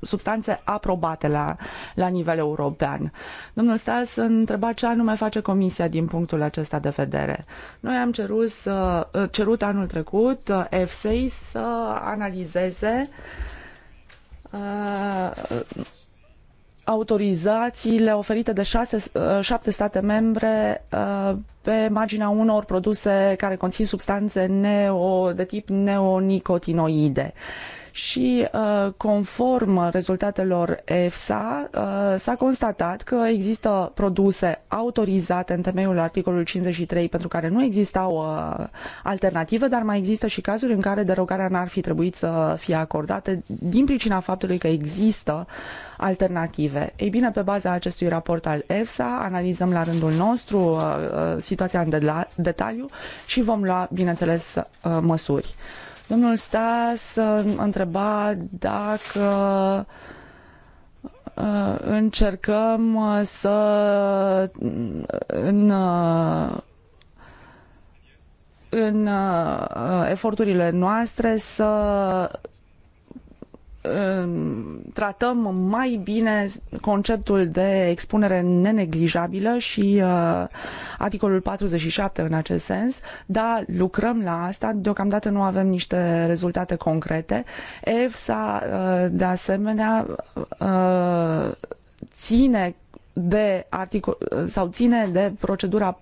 substanțe aprobate la, la nivel european. Domnul Stas întreba ce anume face Comisia din punctul acesta de vedere. Noi am cerut, să, cerut anul trecut EFSEI uh, să analizeze uh, autorizațiile oferite de șase, uh, șapte state membre pe marginea unor produse care conțin substanțe neo, de tip neonicotinoide și uh, conform rezultatelor EFSA uh, s-a constatat că există produse autorizate în temeiul articolului 53 pentru care nu existau uh, alternative, dar mai există și cazuri în care derogarea n-ar fi trebuit să fie acordată. din pricina faptului că există alternative. Ei bine, pe baza acestui raport al EFSA analizăm la rândul nostru situația în detaliu și vom lua, bineînțeles, măsuri. Domnul Stas uh, întreba dacă uh, încercăm uh, să în în eforturile noastre să tratăm mai bine conceptul de expunere neneglijabilă și uh, articolul 47 în acest sens, dar lucrăm la asta, deocamdată nu avem niște rezultate concrete. EFSA, uh, de asemenea, uh, ține de articol sau ține de procedura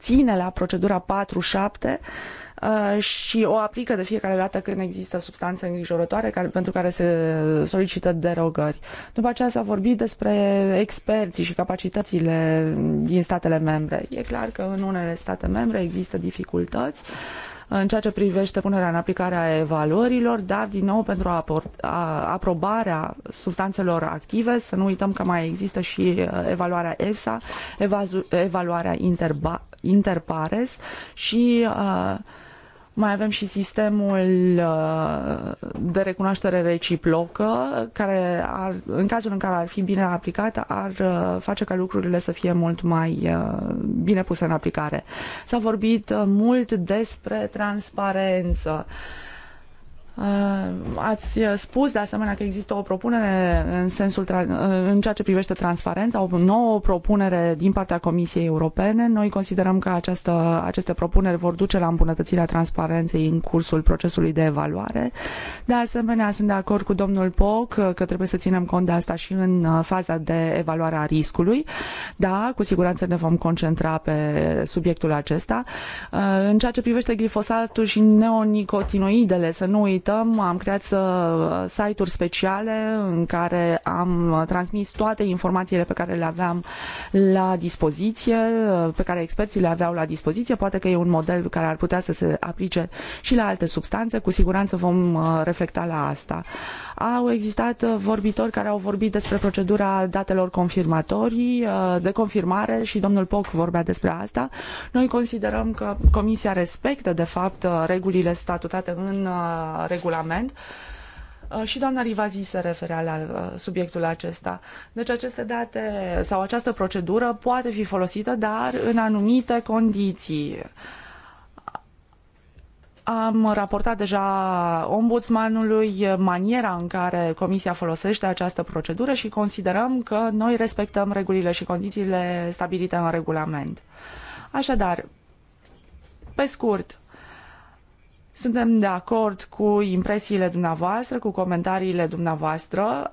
ține la procedura 47 Uh, și o aplică de fiecare dată când există substanțe îngrijorătoare care, pentru care se solicită derogări. După aceea s-a vorbit despre experții și capacitățile din statele membre. E clar că în unele state membre există dificultăți în ceea ce privește punerea în aplicare a evaluărilor, dar, din nou, pentru aprobarea substanțelor active, să nu uităm că mai există și uh, evaluarea EFSA, evaluarea interba, Interpares și uh, mai avem și sistemul uh, de recunoaștere reciprocă, care ar, în cazul în care ar fi bine aplicat, ar uh, face ca lucrurile să fie mult mai uh, bine puse în aplicare. S-a vorbit mult despre transparență. Uh, ați spus de asemenea că există o propunere în, sensul, uh, în ceea ce privește transparența, o nouă propunere din partea Comisiei Europene. Noi considerăm că această, aceste propuneri vor duce la îmbunătățirea transparenței în cursul procesului de evaluare. De asemenea, sunt de acord cu domnul Poc că trebuie să ținem cont de asta și în uh, faza de evaluare a riscului. Da, cu siguranță ne vom concentra pe subiectul acesta. În ceea ce privește glifosatul și neonicotinoidele, să nu uităm uităm, am creat uh, site-uri speciale în care am uh, transmis toate informațiile pe care le aveam la dispoziție, uh, pe care experții le aveau la dispoziție. Poate că e un model care ar putea să se aplice și la alte substanțe. Cu siguranță vom reflecta la asta. Au existat uh, vorbitori care au vorbit despre procedura datelor confirmatorii, uh, de confirmare și domnul Poc vorbea despre asta. Noi considerăm că Comisia respectă, de fapt, uh, regulile statutate în regulament. Și doamna Rivazi se referea la subiectul acesta. Deci aceste date sau această procedură poate fi folosită, dar în anumite condiții. Uh, am raportat deja ombudsmanului maniera în care Comisia folosește această procedură și considerăm că noi respectăm regulile și condițiile stabilite în regulament. Așadar, pe scurt, suntem de acord cu impresiile dumneavoastră, cu comentariile dumneavoastră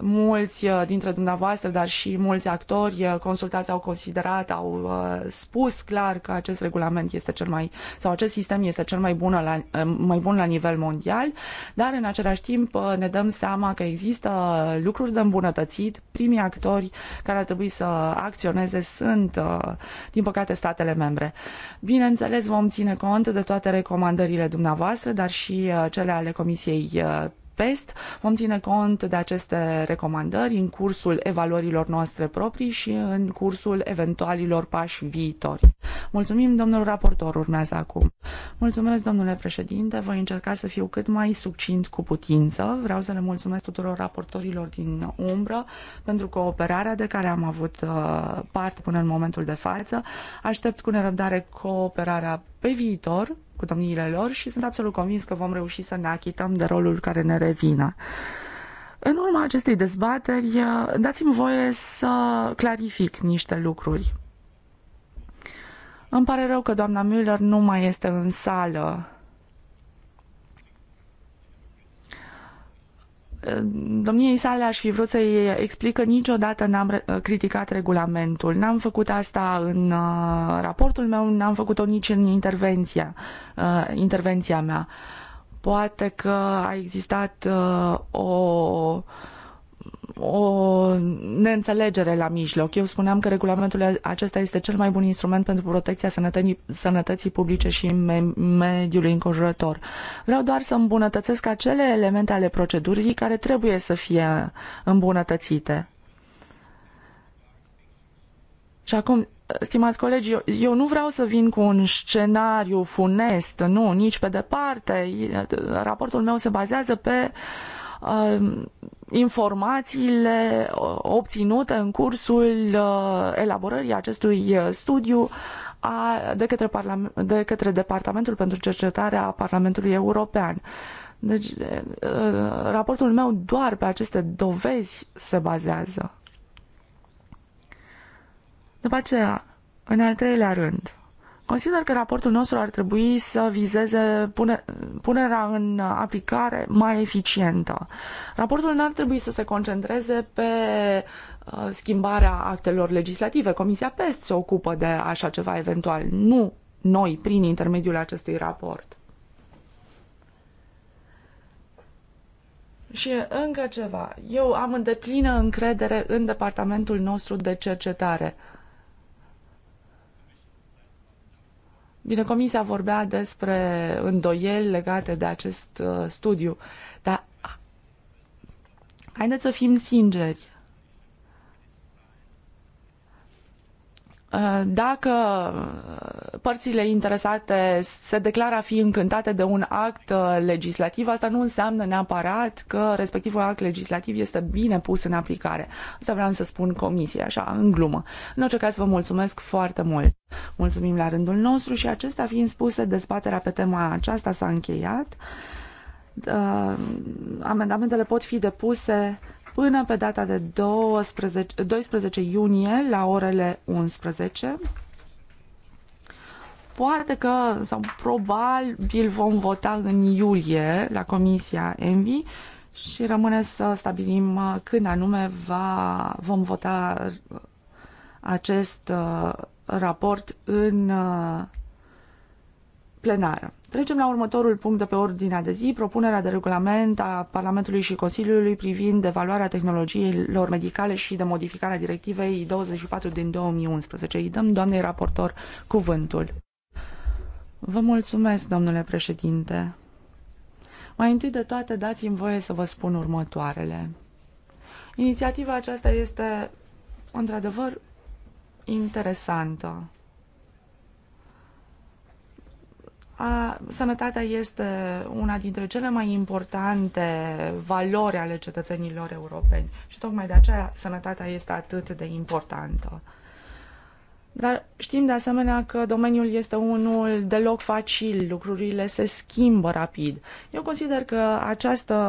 mulți uh, dintre dumneavoastră, dar și mulți actori uh, consultați au considerat, au uh, spus clar că acest regulament este cel mai, sau acest sistem este cel mai bun la, mai bun la nivel mondial, dar în același timp ne dăm seama că există lucruri de îmbunătățit. Primii actori care ar trebui să acționeze sunt, din păcate, statele membre. Bineînțeles, vom ține cont de toate recomandările dumneavoastră, dar și cele ale Comisiei PEST. Vom ține cont de aceste recomandări în cursul evaluărilor noastre proprii și în cursul eventualilor pași viitori. Mulțumim, domnul raportor, urmează acum. Mulțumesc, domnule președinte, voi încerca să fiu cât mai succint cu putință. Vreau să le mulțumesc tuturor raportorilor din umbră pentru cooperarea de care am avut uh, parte până în momentul de față. Aștept cu nerăbdare cooperarea pe viitor cu domniile lor și sunt absolut convins că vom reuși să ne achităm de rolul care ne revine. În urma acestei dezbateri, dați-mi voie să clarific niște lucruri. Îmi pare rău că doamna Müller nu mai este în sală domniei sale aș fi vrut să-i explic că niciodată n-am criticat regulamentul. N-am făcut asta în uh, raportul meu, n-am făcut-o nici în intervenția, uh, intervenția mea. Poate că a existat uh, o o neînțelegere la mijloc. Eu spuneam că regulamentul acesta este cel mai bun instrument pentru protecția sănătății, sănătății publice și me- mediului înconjurător. Vreau doar să îmbunătățesc acele elemente ale procedurii care trebuie să fie îmbunătățite. Și acum, stimați colegi, eu, eu nu vreau să vin cu un scenariu funest, nu, nici pe departe. Raportul meu se bazează pe uh, Um, informațiile obținute în cursul uh, elaborării acestui uh, studiu a, de, către de către Departamentul pentru Cercetare a Parlamentului European. Deci, uh, raportul meu doar pe aceste dovezi se bazează. După aceea, în al treilea rând, Consider că raportul nostru ar trebui să vizeze pune, punerea în aplicare mai eficientă. Raportul nu ar trebui să se concentreze pe uh, schimbarea actelor legislative. Comisia PEST se ocupă de așa ceva eventual, nu noi prin intermediul acestui raport. Și încă ceva. Eu am îndeplină încredere în departamentul nostru de cercetare. Bine, comisia vorbea despre îndoieli legate de acest uh, studiu, dar haideți să fim sinceri. Dacă uh, părțile interesate se declară a fi încântate de un act uh, legislativ, asta nu înseamnă neapărat că respectivul act legislativ este bine pus în aplicare. Asta vreau să spun comisie, așa, în glumă. În orice caz, vă mulțumesc foarte mult. Mulțumim la rândul nostru și acestea fiind spuse, dezbaterea pe tema aceasta s-a încheiat. Uh, amendamentele pot fi depuse până pe data de 12, 12 iunie la orele 11. Poate că, sau probabil, vom vota în iulie la Comisia ENVI și rămâne să stabilim uh, când anume va, vom vota uh, acest uh, raport în uh, plenară. Trecem la următorul punct de pe ordinea de zi, propunerea de regulament a Parlamentului și Consiliului privind evaluarea tehnologiilor medicale și de modificarea directivei 24 din 2011. Îi dăm doamnei raportor cuvântul. Vă mulțumesc, domnule președinte. Mai întâi de toate, dați-mi voie să vă spun următoarele. Inițiativa aceasta este, într-adevăr, interesantă. a, sănătatea este una dintre cele mai importante valori ale cetățenilor europeni și tocmai de aceea sănătatea este atât de importantă. Dar știm de asemenea că domeniul este unul deloc facil, lucrurile se schimbă rapid. Eu consider că această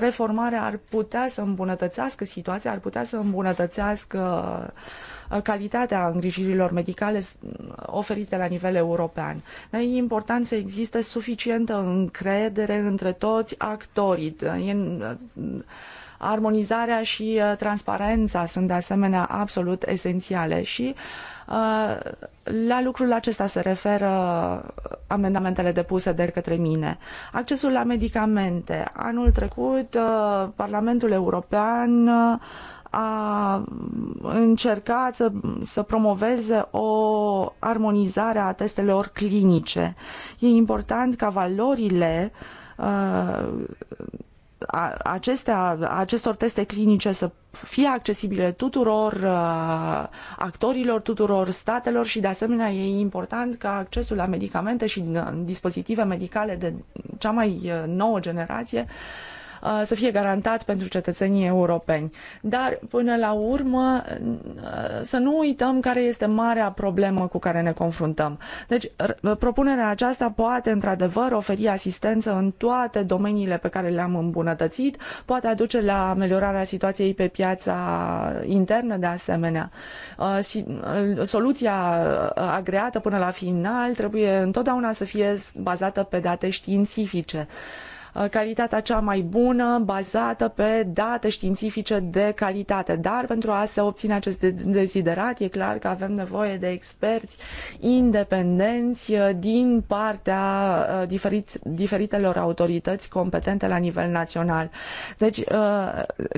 reformare ar putea să îmbunătățească situația, ar putea să îmbunătățească uh, calitatea îngrijirilor medicale oferite la nivel european. E important să existe suficientă încredere între toți actorii. armonizarea și uh, transparența sunt de asemenea absolut esențiale și uh, la lucrul acesta se referă amendamentele depuse de către mine. Accesul la medicamente. Anul trecut, uh, Parlamentul European a încerca să, să promoveze o armonizare a testelor clinice. E important ca valorile uh, acestea, acestor teste clinice să fie accesibile tuturor uh, actorilor, tuturor statelor și de asemenea e important ca accesul la medicamente și uh, dispozitive medicale de cea mai uh, nouă generație uh, Uh, să fie garantat pentru cetățenii europeni. Dar, până la urmă, uh, să nu uităm care este marea problemă cu care ne confruntăm. Deci, uh, propunerea aceasta poate, într-adevăr, oferi asistență în toate domeniile pe care le-am îmbunătățit, poate aduce la ameliorarea situației pe piața internă, de asemenea. Soluția agreată până la final trebuie întotdeauna să fie bazată pe date științifice. Uh, calitatea cea mai bună, bazată pe date științifice de calitate. Dar pentru a se obține acest deziderat, e clar că avem nevoie de experți independenți uh, din partea uh, diferiți, diferitelor autorități competente la nivel național. Deci,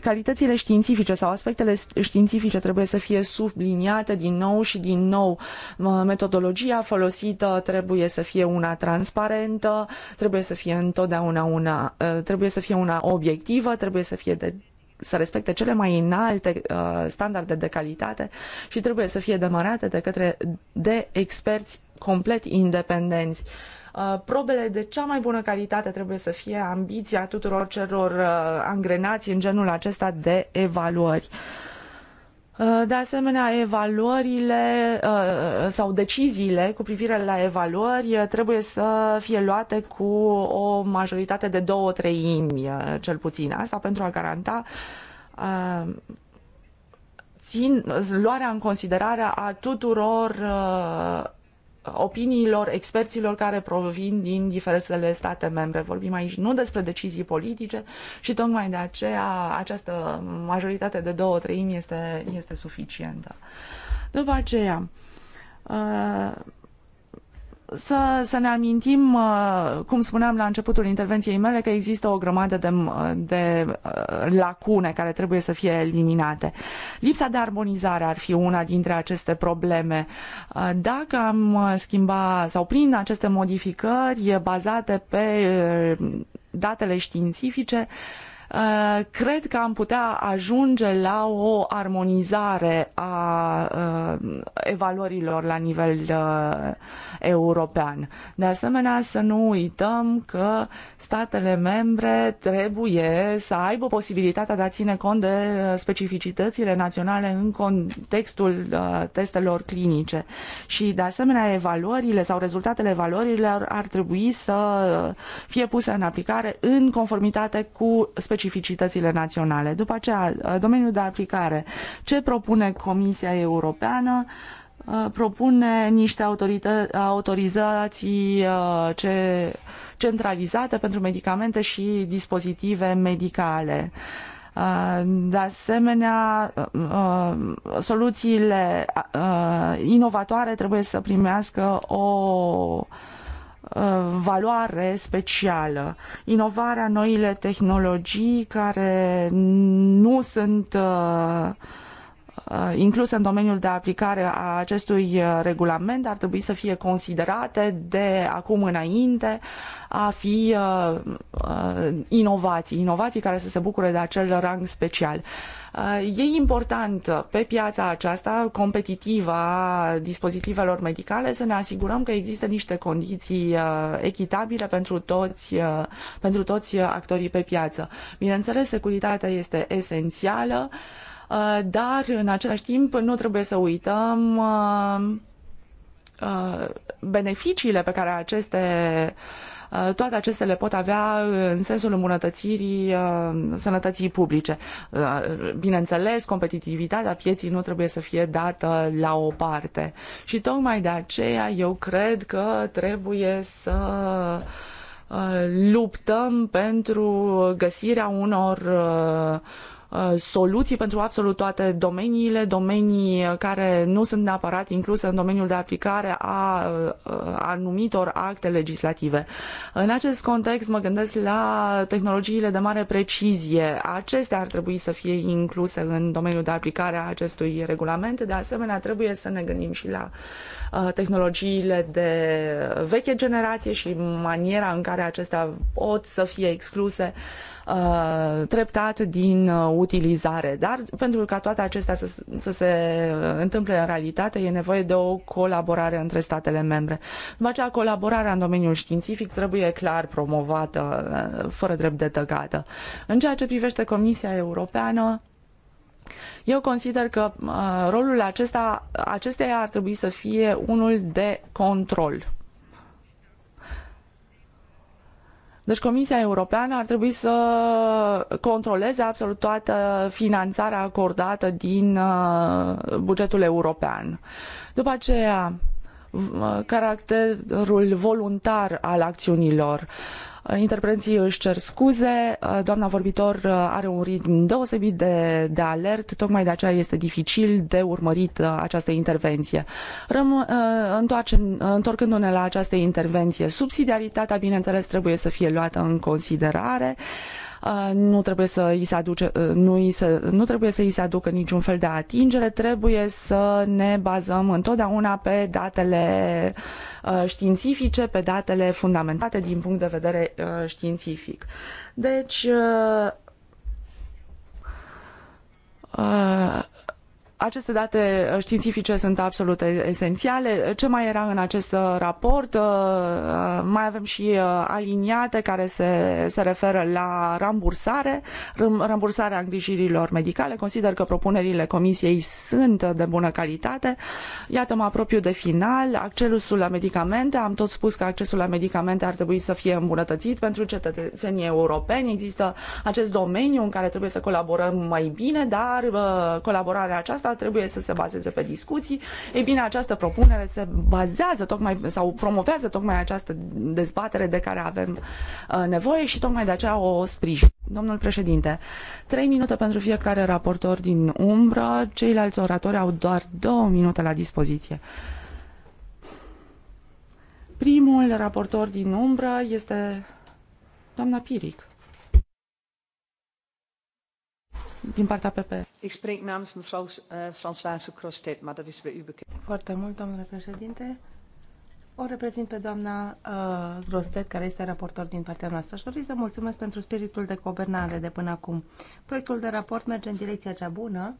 calitățile științifice sau aspectele științifice trebuie să fie subliniate din nou și din nou. Metodologia folosită trebuie să fie una transparentă, trebuie să fie întotdeauna una una, uh, trebuie să fie una obiectivă, trebuie să fie de să respecte cele mai înalte uh, standarde de calitate și trebuie să fie demarate de către de experți complet independenți. Uh, probele de cea mai bună calitate trebuie să fie ambiția tuturor celor uh, angrenați în genul acesta de evaluări. Uh, Uh, de asemenea, evaluările uh, sau deciziile cu privire la evaluări uh, trebuie să fie luate cu o majoritate de două treimi, cel puțin. Asta pentru a garanta țin, luarea în considerare a tuturor opiniilor experților care provin din diversele state membre. Vorbim aici nu despre decizii politice și tocmai de aceea această majoritate de două treimi este, este suficientă. După aceea, uh, să, să ne amintim, uh, cum spuneam la începutul intervenției mele, că există o grămadă de, uh, de uh, lacune care trebuie să fie eliminate. Lipsa de armonizare ar fi una dintre aceste probleme. Dacă am schimba sau prin aceste modificări bazate pe datele științifice, Uh, cred că am putea ajunge la o armonizare a uh, evaluărilor la nivel uh, european. De asemenea, să nu uităm că statele membre trebuie să aibă posibilitatea de a ține cont de specificitățile naționale în contextul testelor clinice. Și, de asemenea, evaluările sau rezultatele evaluărilor ar trebui să fie puse în aplicare în conformitate cu specificitățile specificitățile naționale. După aceea, domeniul de aplicare. Ce propune Comisia Europeană? Uh, propune niște autorită- autorizații uh, ce, centralizate pentru medicamente și dispozitive medicale. Uh, de asemenea, soluțiile inovatoare trebuie să primească o Uh, valoare specială. Inovarea, noile tehnologii care nu sunt uh, Uh, incluse în domeniul de aplicare a acestui uh, regulament ar trebui să fie considerate de acum înainte a fi uh, inovații, inovații care să se bucure de acel rang special. E important pe piața aceasta competitivă a dispozitivelor medicale să ne asigurăm că există niște condiții echitabile pentru toți, pentru toți actorii pe piață. Bineînțeles, securitatea este esențială. Uh, dar în același timp nu trebuie să uităm uh, uh, beneficiile pe care aceste toate acestea le pot avea în sensul îmbunătățirii sănătății publice. Bineînțeles, competitivitatea pieții nu trebuie să fie dată la o parte. Și tocmai de aceea eu cred că trebuie să luptăm pentru găsirea unor uh, Uh, soluții pentru absolut toate domeniile, domenii care nu sunt neapărat incluse în domeniul de aplicare a uh, anumitor acte legislative. În acest context mă gândesc la tehnologiile de mare precizie. Acestea ar trebui să fie incluse în domeniul de aplicare a acestui regulament. De asemenea, trebuie să ne gândim și la uh, tehnologiile de veche generație și maniera în care acestea pot să fie excluse Uh, treptat din uh, utilizare. Dar pentru ca toate acestea să, să se uh, întâmple în realitate, e nevoie de o colaborare între statele membre. După aceea, colaborarea în domeniul științific trebuie clar promovată, fără drept de tăgată. În ceea ce privește Comisia Europeană, eu consider că uh, rolul acesta, acesteia ar trebui să fie unul de control. Deci Comisia Europeană ar trebui să controleze absolut toată finanțarea acordată din uh, bugetul european. După aceea, uh, caracterul voluntar al acțiunilor interpreții își cer scuze, doamna vorbitor are un ritm deosebit de, de alert, tocmai de aceea este dificil de urmărit uh, această intervenție. Răm, uh, întorcându-ne la această intervenție, subsidiaritatea, bineînțeles, trebuie să fie luată în considerare. Uh, nu trebuie să i se aduce, uh, nu, i se, nu trebuie să i se aducă niciun fel de atingere, trebuie să ne bazăm întotdeauna pe datele uh, științifice, pe datele fundamentate din punct de vedere științific. Deci, aceste date uh, științifice sunt absolut esențiale. Ce mai era în acest uh, raport? Uh, mai avem și aliniate care se, se referă la rambursare, rambursarea îngrijirilor medicale. Consider că propunerile Comisiei sunt de bună calitate. Iată, mă apropiu de final. Accesul la medicamente. Am tot spus că accesul la medicamente ar trebui să fie îmbunătățit pentru cetățenii europeni. Există acest domeniu în care trebuie să colaborăm mai bine, dar colaborarea aceasta asta trebuie să se bazeze pe discuții. Ei bine, această propunere se bazează tocmai sau promovează tocmai această dezbatere de care avem uh, nevoie și tocmai de aceea o sprijin. Domnul președinte, trei minute pentru fiecare raportor din umbră, ceilalți oratori au doar două minute la dispoziție. Primul raportor din umbră este doamna Piric. din partea eh, Françoise Foarte domnule președinte. O reprezint pe doamna uh, eh, Grostet, care este raportor din partea noastră. Aș dori să mulțumesc pentru spiritul de guvernare de până acum. Proiectul de raport merge în direcția cea bună,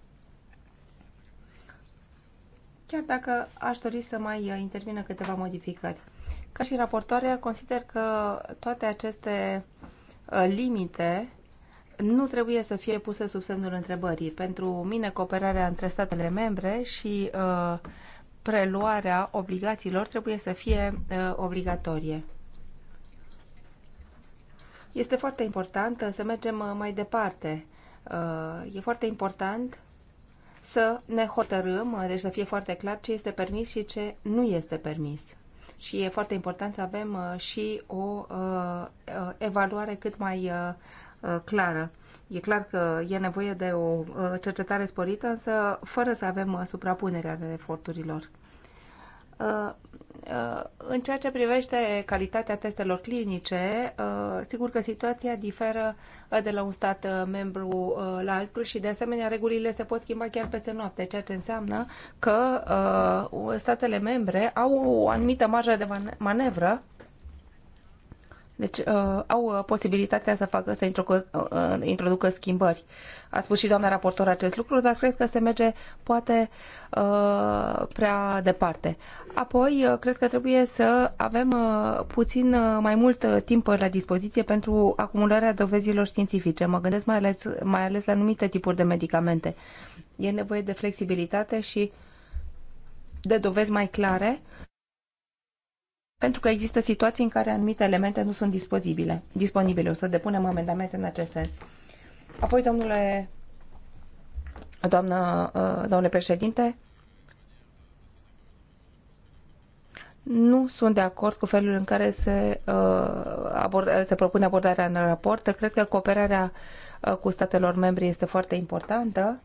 chiar dacă aș dori să mai eh, intervină câteva modificări. Ca și raportoare, consider că toate aceste limite nu trebuie să fie pusă sub semnul întrebării. Pentru mine, cooperarea între statele membre și uh, preluarea obligațiilor trebuie să fie uh, obligatorie. Este foarte important să mergem uh, mai departe. Uh, e foarte important să ne hotărâm, uh, deci să fie foarte clar ce este permis și ce nu este permis și e foarte important să avem uh, și o evaluare cât mai Uh, clară. E clar că e nevoie de o uh, cercetare sporită, însă fără să avem uh, suprapunerea ale eforturilor. În ceea ce privește calitatea testelor clinice, sigur că situația diferă de la un stat membru la altul și, de asemenea, regulile se pot schimba chiar peste noapte, ceea ce înseamnă că statele membre au o anumită marjă de manevră deci uh, au uh, posibilitatea să facă, să introducă, uh, uh, introducă schimbări. A spus și doamna raportor acest lucru, dar cred că se merge poate uh, prea departe. Apoi, uh, cred că trebuie să avem uh, puțin uh, mai mult uh, timp la dispoziție pentru acumularea dovezilor științifice. Mă gândesc mai ales, mai ales la anumite tipuri de medicamente. E nevoie de flexibilitate și de dovezi mai clare pentru că există situații în care anumite elemente nu sunt disponibile. disponibile. O să depunem amendamente în acest sens. Apoi, domnule, doamnă, uh, domnule președinte, nu sunt de acord cu felul în care se, uh, se propune abordarea în raport. Cred că cooperarea uh, cu statelor membri este foarte importantă.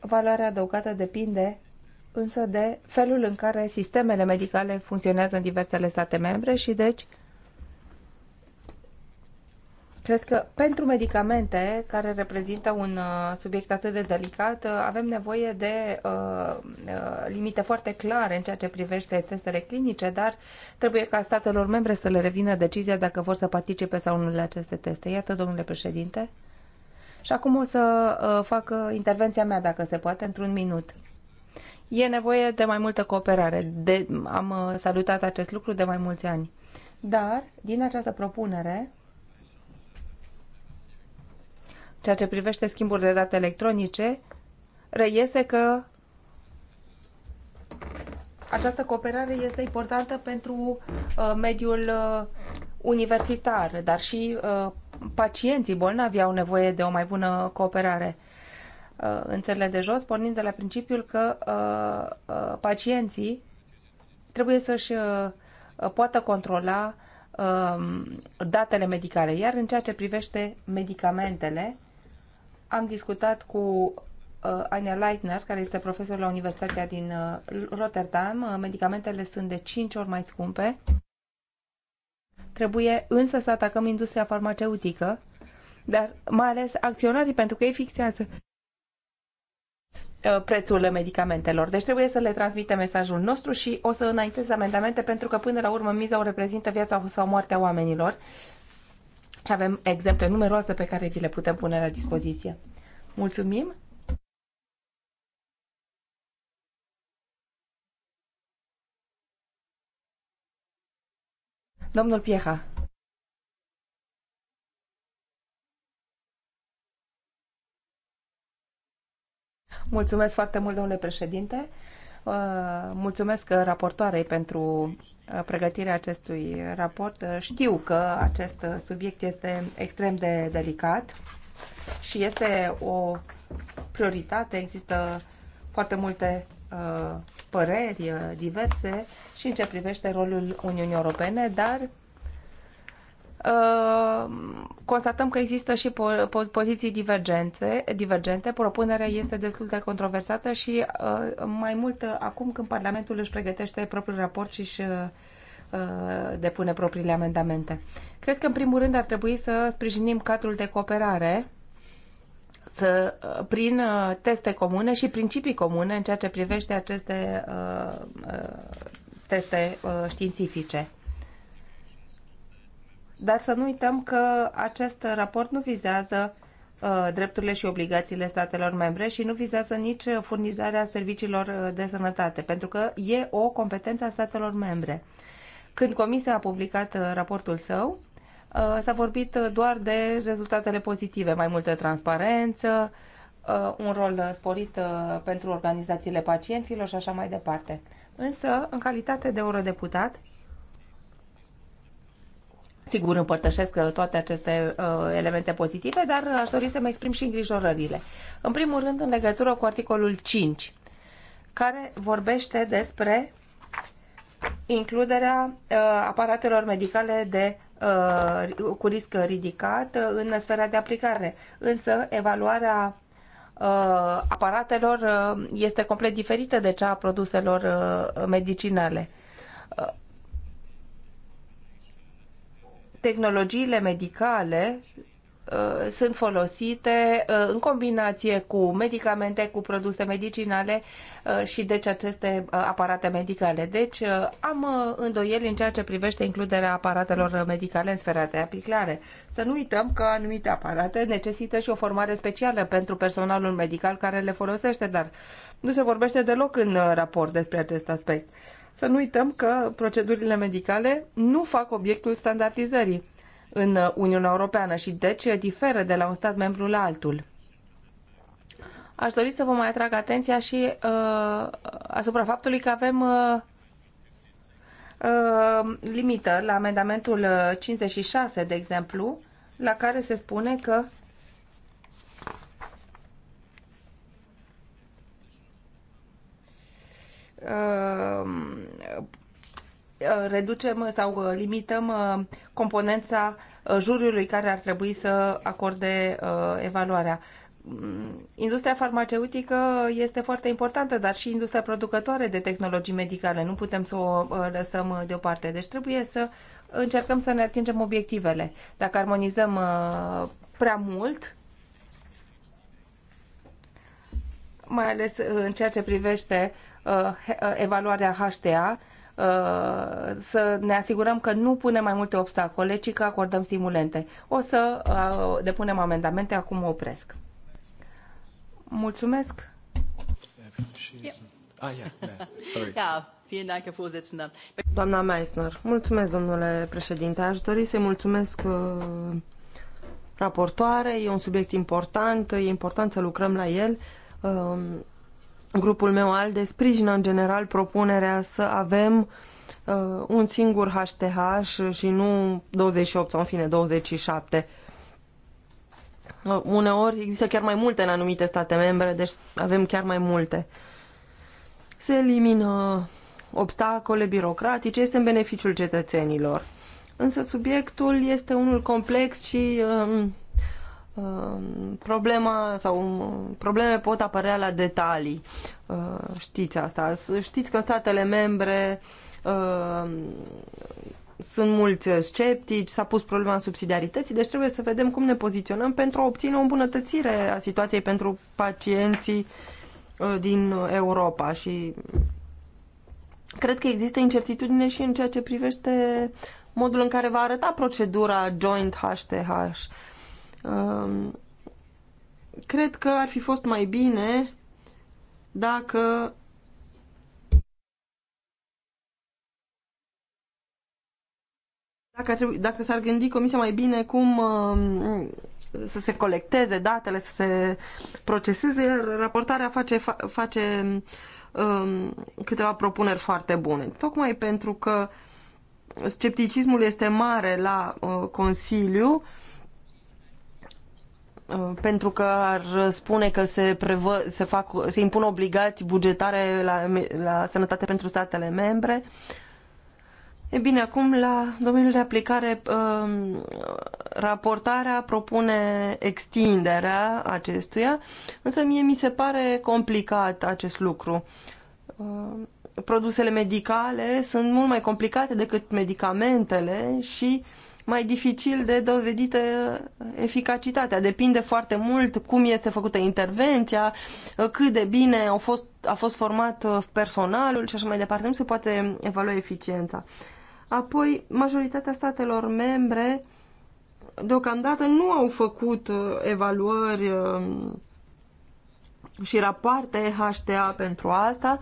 Valoarea adăugată depinde însă de felul în care sistemele medicale funcționează în diversele state membre și deci Cred că pentru medicamente, care reprezintă un uh, subiect atât de delicat, uh, avem nevoie de uh, uh, limite foarte clare în ceea ce privește testele clinice, dar trebuie ca statelor membre să le revină decizia dacă vor să participe sau nu la aceste teste. Iată, domnule președinte. Și acum o să fac intervenția mea, dacă se poate, într-un minut e nevoie de mai multă cooperare. De, am uh, salutat acest lucru de mai mulți ani. Dar, din această propunere, ceea ce privește schimburi de date electronice, reiese că această cooperare este importantă pentru uh, mediul uh, universitar, dar și uh, pacienții bolnavi au nevoie de o mai bună cooperare. Uh, în țările de jos, pornind de la principiul că uh, uh, pacienții trebuie să-și poată controla um, datele medicale. Iar în ceea ce privește medicamentele, am discutat cu Anja Leitner, care este profesor la Universitatea din Rotterdam. Medicamentele sunt de 5 ori mai scumpe. Trebuie însă să atacăm industria farmaceutică, dar mai ales acționarii, pentru că ei fixează Uh, prețul medicamentelor. Deci trebuie să le transmite mesajul nostru și o să înaintez amendamente pentru că până la urmă miza o reprezintă viața sau moartea oamenilor. Și avem exemple numeroase pe care vi le putem pune la dispoziție. Mulțumim! Domnul Pieha. Mulțumesc foarte mult, domnule președinte. Uh, mulțumesc raportoarei pentru uh, pregătirea acestui raport. Uh, știu că acest subiect este extrem de delicat și este o prioritate. Există foarte multe păreri diverse și în ce privește rolul Uniunii Europene, dar Ehm, constatăm că există și poziții divergente, divergente. Propunerea este destul de controversată și ehm, mai mult acum când Parlamentul își pregătește propriul raport și își ehm, depune propriile amendamente. Cred că, în primul rând, ar trebui să sprijinim cadrul de cooperare să, prin teste comune și principii comune în ceea ce privește aceste uh, teste uh, științifice. Dar să nu uităm că acest raport nu vizează uh, drepturile și obligațiile statelor membre și nu vizează nici furnizarea serviciilor uh, de sănătate, pentru că e o competență a statelor membre. Când Comisia a publicat uh, raportul său, s-a vorbit doar de rezultatele pozitive, mai multă transparență, un rol sporit pentru organizațiile pacienților și așa mai departe. Însă, în calitate de eurodeputat, Sigur, împărtășesc uh, toate aceste uh, elemente pozitive, dar uh, aș dori să mă exprim și îngrijorările. În primul rând, în legătură cu articolul 5, care vorbește despre includerea uh, aparatelor medicale de uh, cu risc ridicat uh, în sfera de aplicare. Însă, evaluarea uh, aparatelor uh, este complet diferită de cea a produselor uh, medicinale. Uh, tehnologiile medicale uh, sunt folosite uh, în combinație cu medicamente, cu produse medicinale uh, și deci aceste aparate medicale. Deci am îndoieli în ceea ce privește includerea aparatelor medicale în sfera de aplicare. Să nu uităm că anumite aparate necesită și o formare specială pentru personalul medical care le folosește, dar nu se vorbește deloc în raport despre acest aspect. Să nu uităm că procedurile medicale nu fac obiectul standardizării în Uniunea Europeană și deci diferă de la un stat membru la altul. Aș dori să vă mai atrag atenția și uh, asupra faptului că avem uh, uh, limită la amendamentul 56, uh, de exemplu, la care se spune că Uh, reducem sau limităm uh, componența uh, juriului care ar trebui să acorde evaluarea. Mm, industria farmaceutică este foarte importantă, dar și industria producătoare de tehnologii medicale. Nu putem să o lăsăm deoparte. Deci trebuie să încercăm să ne atingem obiectivele. Dacă armonizăm prea mult, mai ales în ceea ce privește uh, Uh, uh, evaluarea HTA, uh, să ne asigurăm că nu punem mai multe obstacole, ci că acordăm stimulente. O să depunem amendamente, acum mă opresc. Mulțumesc. Ah, Doamna Meissner, mulțumesc, domnule președinte. Aș dori să-i mulțumesc raportoare. E un subiect important, e important să lucrăm la el. Um, Grupul meu ALDE sprijină în general propunerea să avem uh, un singur HTH și nu 28 sau în fine 27. Uh, uneori există chiar mai multe în anumite state membre, deci avem chiar mai multe. Se elimină obstacole birocratice, este în beneficiul cetățenilor. Însă subiectul este unul complex și Uh, Um, problema sau um, probleme pot apărea la detalii. Uh, știți asta. Știți că statele membre um, sunt mulți sceptici, s-a pus problema subsidiarității, deci trebuie să vedem cum ne poziționăm pentru a obține o îmbunătățire a situației pentru pacienții uh, din Europa și cred că există incertitudine și în ceea ce privește modul în care va arăta procedura joint HTH Um, cred că ar fi fost mai bine dacă dacă, dacă s-ar gândi comisia mai bine cum um, să se colecteze datele, să se proceseze, iar raportarea face, face um, câteva propuneri foarte bune. Tocmai pentru că scepticismul este mare la uh, Consiliu, Uh, pentru că ar spune că se, prevă, se, fac, se impun obligații bugetare la, la sănătate pentru statele membre. E bine, acum la domeniul de aplicare, uh, raportarea propune extinderea acestuia, însă mie mi se pare complicat acest lucru. Uh, produsele medicale sunt mult mai complicate decât medicamentele și uh, mai dificil de dovedită eficacitatea. Depinde foarte mult cum este făcută intervenția, cât de bine au fost, a fost format uh, personalul și așa mai departe. Nu se poate evalua eficiența. Apoi, majoritatea statelor membre deocamdată nu au făcut uh, evaluări um, și rapoarte HTA pentru asta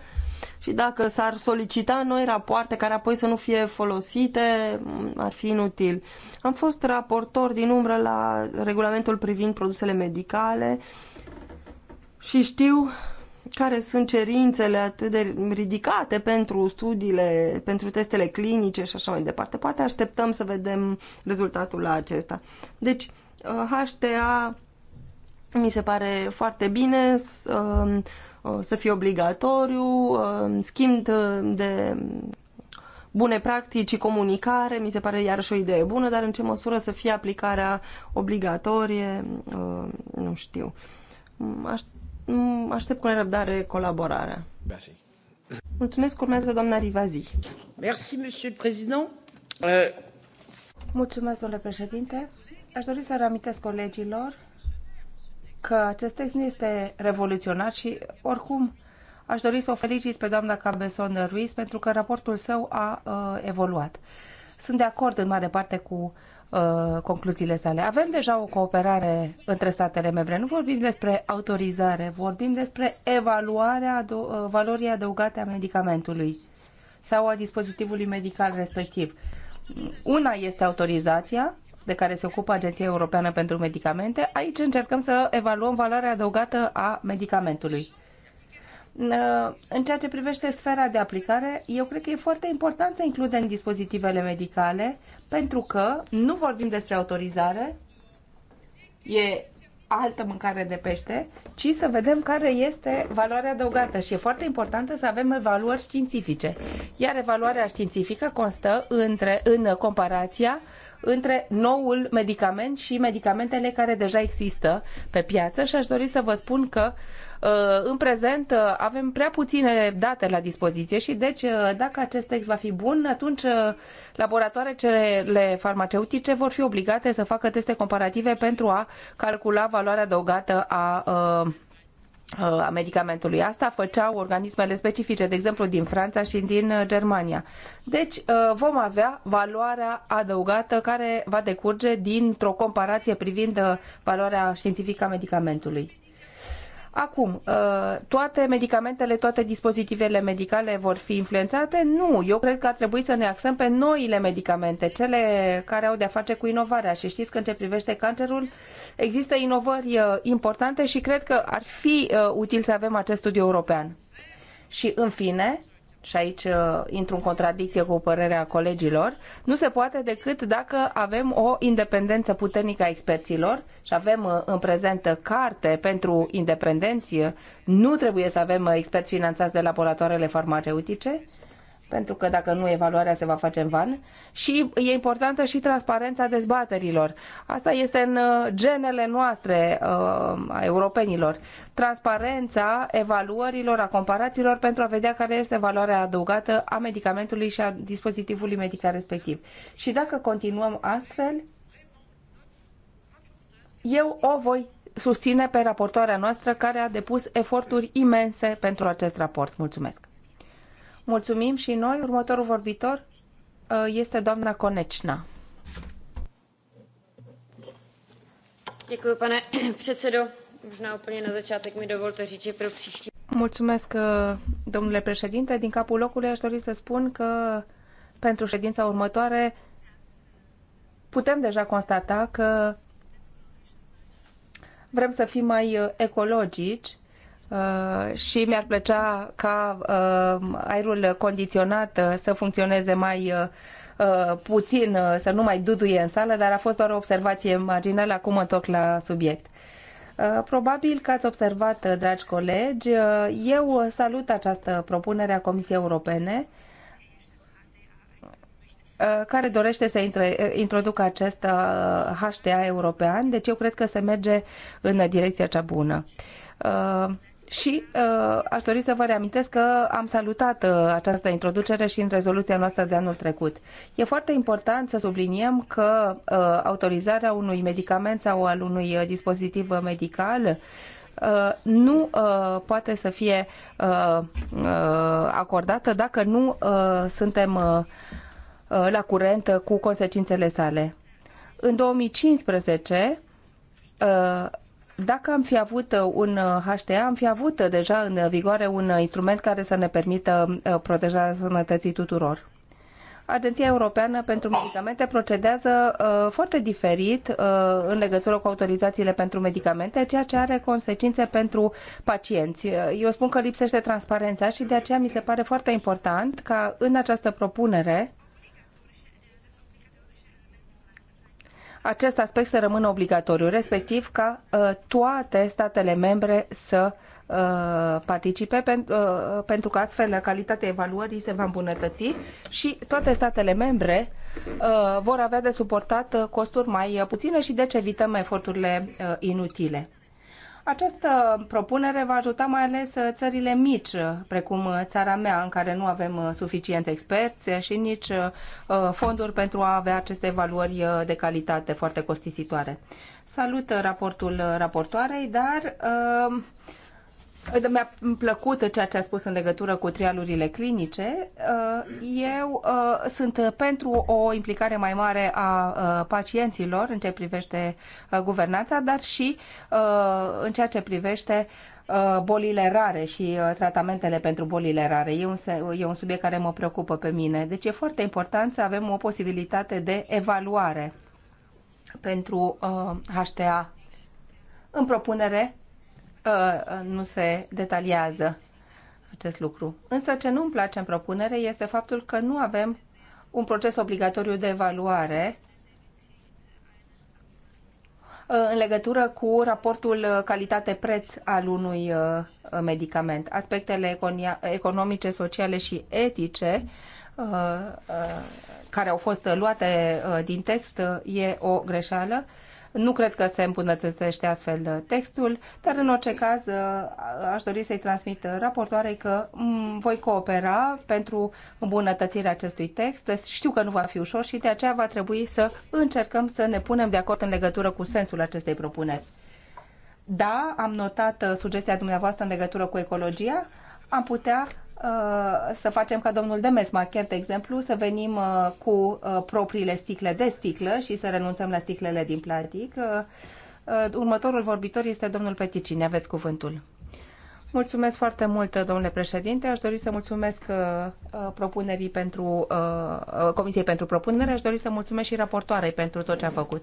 și dacă s-ar solicita noi rapoarte care apoi să nu fie folosite, ar fi inutil. Am fost raportor din umbră la regulamentul privind produsele medicale și știu care sunt cerințele atât de ridicate pentru studiile, pentru testele clinice și așa mai departe. Poate așteptăm să vedem rezultatul la acesta. Deci, HTA mi se pare foarte bine să, um, uh, să fie obligatoriu, um, schimb de bune practici comunicare, mi se pare iarăși o idee bună, dar în ce măsură să fie aplicarea obligatorie, uh, nu știu. Aș, aștept cu nerăbdare colaborarea. Merci. Mulțumesc, urmează doamna Rivazi. Merci, monsieur le président. Uh. Mulțumesc, domnule președinte. Aș dori să reamintesc colegilor că acest text nu este revoluționar și oricum aș dori să o felicit pe doamna Cabeson Ruiz pentru că raportul său a uh, evoluat. Sunt de acord în mare parte cu uh, concluziile sale. Avem deja o cooperare între statele membre. Nu vorbim despre autorizare, vorbim despre evaluarea ado- uh, valorii adăugate a medicamentului sau a dispozitivului medical respectiv. Una este autorizația de care se ocupă Agenția Europeană pentru Medicamente, aici încercăm să evaluăm valoarea adăugată a medicamentului. În ceea ce privește sfera de aplicare, eu cred că e foarte important să includem dispozitivele medicale, pentru că nu vorbim despre autorizare, e altă mâncare de pește, ci să vedem care este valoarea adăugată. Și e foarte importantă să avem evaluări științifice. Iar evaluarea științifică constă între, în comparația între noul medicament și medicamentele care deja există pe piață și aș dori să vă spun că uh, în prezent uh, avem prea puține date la dispoziție și deci uh, dacă acest text va fi bun, atunci laboratoarele farmaceutice vor fi obligate să facă teste comparative pentru a calcula valoarea adăugată a Uh, a medicamentului. Asta făceau organismele specifice, de exemplu din Franța și din uh, Germania. Deci uh, vom avea valoarea adăugată care va decurge dintr-o comparație privind valoarea științifică a medicamentului. Acum, uh, toate medicamentele, toate dispozitivele medicale vor fi influențate? Nu, eu cred că ar trebui să ne axăm pe noile medicamente, cele care au de-a face cu inovarea. Și știți că în ce privește cancerul există inovări uh, importante și cred că ar fi uh, util să avem acest studiu european. Și în fine, și aici uh, intru în contradicție cu părerea colegilor, nu se poate decât dacă avem o independență puternică a experților și avem uh, în prezent carte pentru independenție, nu trebuie să avem uh, experți finanțați de laboratoarele farmaceutice, pentru că dacă nu, evaluarea se va face în van. Și e importantă și transparența dezbaterilor. Asta este în uh, genele noastre uh, a europenilor. Transparența evaluărilor, a comparațiilor pentru a vedea care este valoarea adăugată a medicamentului și a dispozitivului medical respectiv. Și dacă continuăm astfel, eu o voi susține pe raportoarea noastră care a depus eforturi imense pentru acest raport. Mulțumesc! Mulțumim și noi. Următorul vorbitor uh, este doamna Conecna. Děkuji, pane předsedo. Možná úplně na začátek mi dovolte říct, že pro příští... Mulțumesc, uh, domnule președinte. Din capul locului aș dori să spun că pentru ședința următoare putem deja constata că vrem să fim mai uh, ecologici Uh, și mi-ar plăcea ca uh, aerul condiționat uh, să funcționeze mai puțin, să nu mai duduie în sală, dar a fost doar o observație marginală, acum mă întorc la subiect. Probabil că ați observat, dragi colegi, eu salut această propunere a Comisiei Europene care dorește să introducă acest HTA european, deci eu cred că se merge în direcția cea bună. Și uh, aș dori să vă reamintesc că am salutat uh, această introducere și în rezoluția noastră de anul trecut. E foarte important să subliniem că uh, autorizarea unui medicament sau al unui uh, dispozitiv uh, medical nu uh, poate să fie uh, uh, acordată dacă nu uh, suntem uh, uh, la curent cu consecințele sale. În 2015, dacă am fi avut uh, un HTA, uh, am fi avut uh, deja în vigoare un instrument care să ne permită protejarea sănătății tuturor. Agenția Europeană pentru Medicamente procedează uh, foarte diferit uh, în legătură cu autorizațiile pentru medicamente, ceea ce are consecințe pentru pacienți. Eu spun că lipsește transparența și de aceea mi se pare foarte important ca în această propunere acest aspect să rămână obligatoriu, respectiv ca uh, toate statele membre să uh, participe uh, pentru că astfel calitatea evaluării se va îmbunătăți și toate statele membre vor avea de suportat costuri mai puține și deci evităm eforturile inutile. Această propunere va ajuta mai ales uh, țările mici, uh, precum uh, țara mea, în care nu avem suficienți experți și nici fonduri pentru a avea aceste evaluări de calitate foarte costisitoare. Salut raportul raportoarei, dar mi-a plăcut ceea ce a spus în legătură cu trialurile clinice. Uh, eu uh, sunt pentru o implicare mai mare a uh, pacienților în ce privește guvernanța, dar și în ceea ce privește bolile rare și tratamentele pentru bolile rare. E un, e un subiect care mă preocupă pe mine. Deci e foarte important să avem o posibilitate de evaluare pentru HTA. În propunere, Uh, nu se detaliază acest lucru. Însă ce nu-mi place în propunere este faptul că nu avem un proces obligatoriu de evaluare uh, în legătură cu raportul calitate-preț al unui uh, medicament. Aspectele economice, sociale și etice care au fost luate din text e o greșeală nu cred că se îmbunătățește astfel uh, textul, dar în orice caz uh, aș dori să-i transmit uh, raportoarei că mm, voi coopera pentru îmbunătățirea acestui text. Știu că nu va fi ușor și de aceea va trebui să încercăm să ne punem de acord în legătură cu sensul acestei propuneri. Da, am notat sugestia dumneavoastră în legătură cu ecologia. Am putea Uh, să facem ca domnul Demesmacher, de exemplu, să venim uh, cu uh, propriile sticle de sticlă și să renunțăm la sticlele din plastic. Următorul vorbitor este domnul Peticini. Aveți cuvântul. Mulțumesc foarte mult, domnule președinte. Aș dori să mulțumesc uh, uh, propunerii pentru, uh, Comisiei pentru propunere. Aș dori să mulțumesc și raportoarei pentru tot ce a făcut.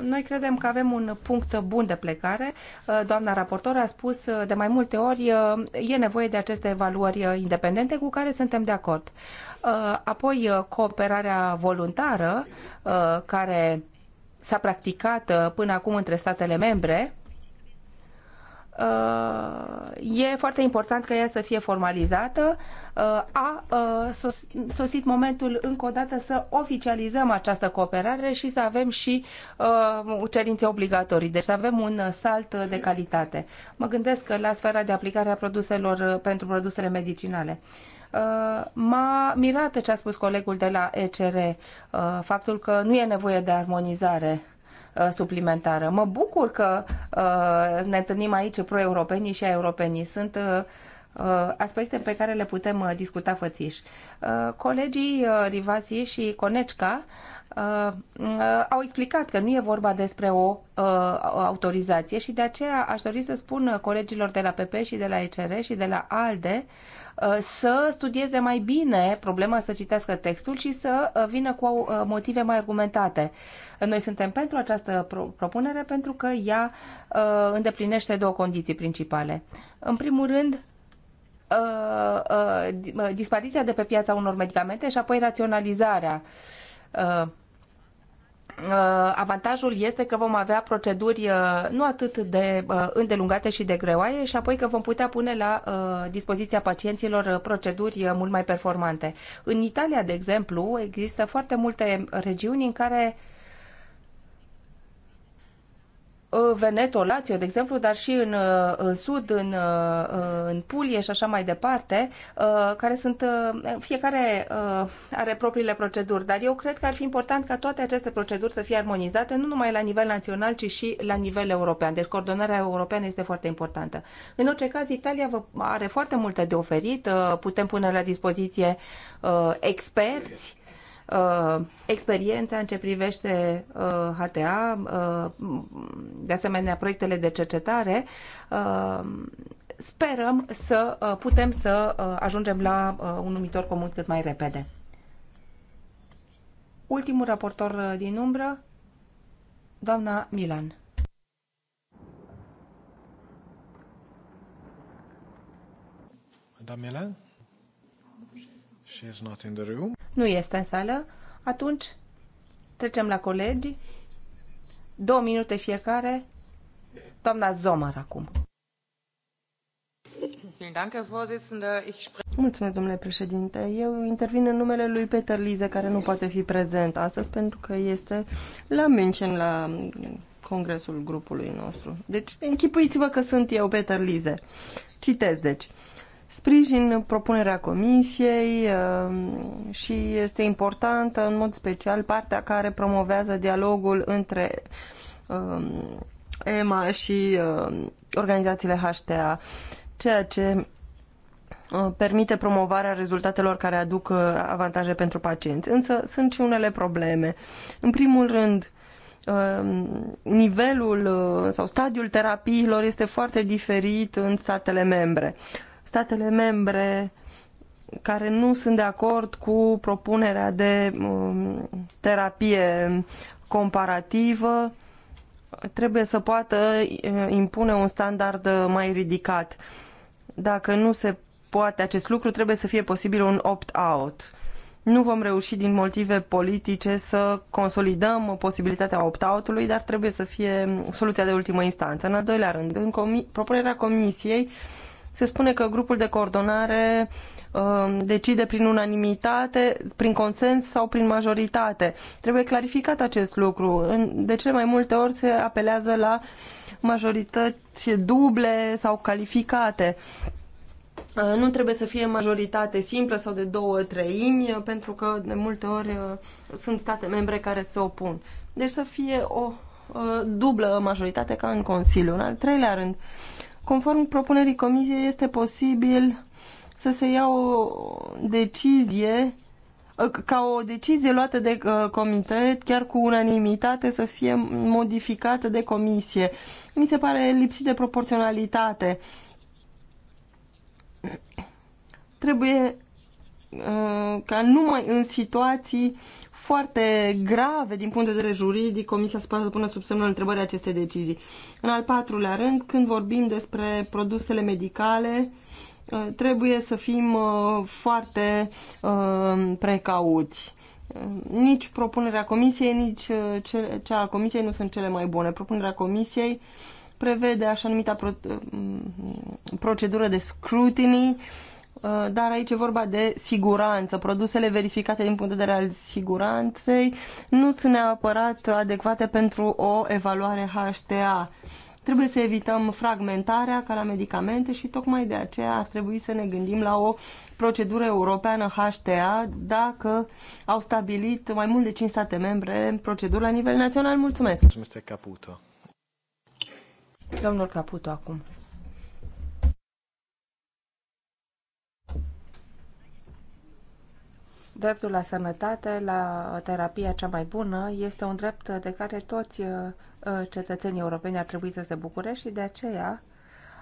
Noi credem că avem un punct bun de plecare. Doamna raportor a spus de mai multe ori e nevoie de aceste evaluări independente cu care suntem de acord. Apoi cooperarea voluntară care s-a practicat până acum între statele membre Uh, e foarte important ca ea să fie formalizată. Uh, a uh, sosit momentul încă o dată să oficializăm această cooperare și să avem și cerințe obligatorii, deci să avem un salt de calitate. Mă gândesc la sfera de aplicare a produselor pentru produsele medicinale. M-a mirat ce a spus colegul de la ECR, faptul că nu e nevoie de armonizare Uh, suplimentară. Mă bucur că uh, ne întâlnim aici pro-europenii și europenii. Sunt uh, aspecte pe care le putem discuta fățiș. Colegii Rivasi și Conecica au explicat că nu e vorba despre o autorizație și de aceea aș dori să spun colegilor de la PP și de la ECR și de la ALDE Uh, să studieze mai bine problema, să citească textul și să uh, vină cu uh, motive mai argumentate. Noi suntem pentru această propunere pentru că ea îndeplinește două condiții principale. În primul rând, dispariția de pe piața unor medicamente și apoi raționalizarea Uh, avantajul este că vom avea proceduri uh, nu atât de uh, îndelungate și de greoaie și apoi că vom putea pune la dispoziția pacienților proceduri mult mai performante. În Italia, de exemplu, există foarte multe regiuni în care Veneto, Lazio, de exemplu, dar și în, uh, în sud, în, uh, în Pulie și așa mai departe, uh, care sunt, fiecare are propriile proceduri, dar eu cred că ar fi important ca toate aceste proceduri să fie armonizate, nu numai la nivel național, ci și la nivel european. Deci coordonarea europeană este foarte importantă. În orice caz, Italia vă are foarte multe de oferit, putem pune la dispoziție experți uh, experiența în ce privește uh, HTA, uh, de asemenea proiectele de cercetare, uh, sperăm să uh, putem să uh, ajungem la uh, un numitor comun cât mai repede. Ultimul raportor uh, din umbră, doamna Milan. Madame Milan? She is not in the room. Nu este în sală. Atunci trecem la colegi. Două minute fiecare. Doamna Zomar acum. Mulțumesc, domnule președinte. Eu intervin în numele lui Peter Lize, care nu poate fi prezent astăzi pentru că este la München, la congresul grupului nostru. Deci, închipuiți-vă că sunt eu, Peter Lize. Citez, deci. Sprijin propunerea comisiei uh, și este importantă în mod special partea care promovează dialogul între um, EMA și um, organizațiile HTA, ceea ce uh, permite promovarea rezultatelor care aduc uh, avantaje pentru pacienți. Însă sunt și unele probleme. În primul rând, um, nivelul sau stadiul terapiilor este foarte diferit în statele membre statele membre care nu sunt de acord cu propunerea de um, terapie comparativă trebuie să poată uh, impune un standard mai ridicat. Dacă nu se poate acest lucru, trebuie să fie posibil un opt-out. Nu vom reuși din motive politice să consolidăm posibilitatea opt-out-ului, dar trebuie să fie soluția de ultimă instanță. În al doilea rând, în comi propunerea Comisiei uh, se spune că grupul de coordonare um, decide prin unanimitate, prin consens sau prin majoritate. Trebuie clarificat acest lucru. De cele mai multe ori se apelează la majorități duble sau calificate. Uh, nu trebuie să fie majoritate simplă sau de două treimi, uh, pentru că de multe ori uh, sunt state membre care se opun. Deci să fie o dublă majoritate ca în Consiliu. În al treilea rând, Conform propunerii comisiei, este posibil să se ia o decizie ă, ca o decizie luată de ă, comitet, chiar cu unanimitate, să fie modificată de comisie. Mi se pare lipsit de proporționalitate. Trebuie ă, ca numai în situații foarte grave din punct de vedere juridic, Comisia să pună sub semnul întrebării aceste decizii. În al patrulea rând, când vorbim despre produsele medicale, uh, trebuie să fim uh, foarte uh, precauți. Nici propunerea Comisiei, nici cea a Comisiei nu sunt cele mai bune. Propunerea Comisiei prevede așa numita procedură de scrutiny, Uh, dar aici e vorba de siguranță. Produsele verificate din punct de vedere al siguranței nu sunt neapărat adecvate pentru o evaluare HTA. Trebuie să evităm fragmentarea ca la medicamente și tocmai de aceea ar trebui să ne gândim la o procedură europeană HTA dacă au stabilit mai mult de 5 state membre procedură la nivel național. Mulțumesc! Mulțumesc, Caputo! Domnul Caputo, acum. Dreptul la sănătate, la terapia cea mai bună, este un drept de care toți uh, uh, cetățenii europeni ar trebui să se bucure și de aceea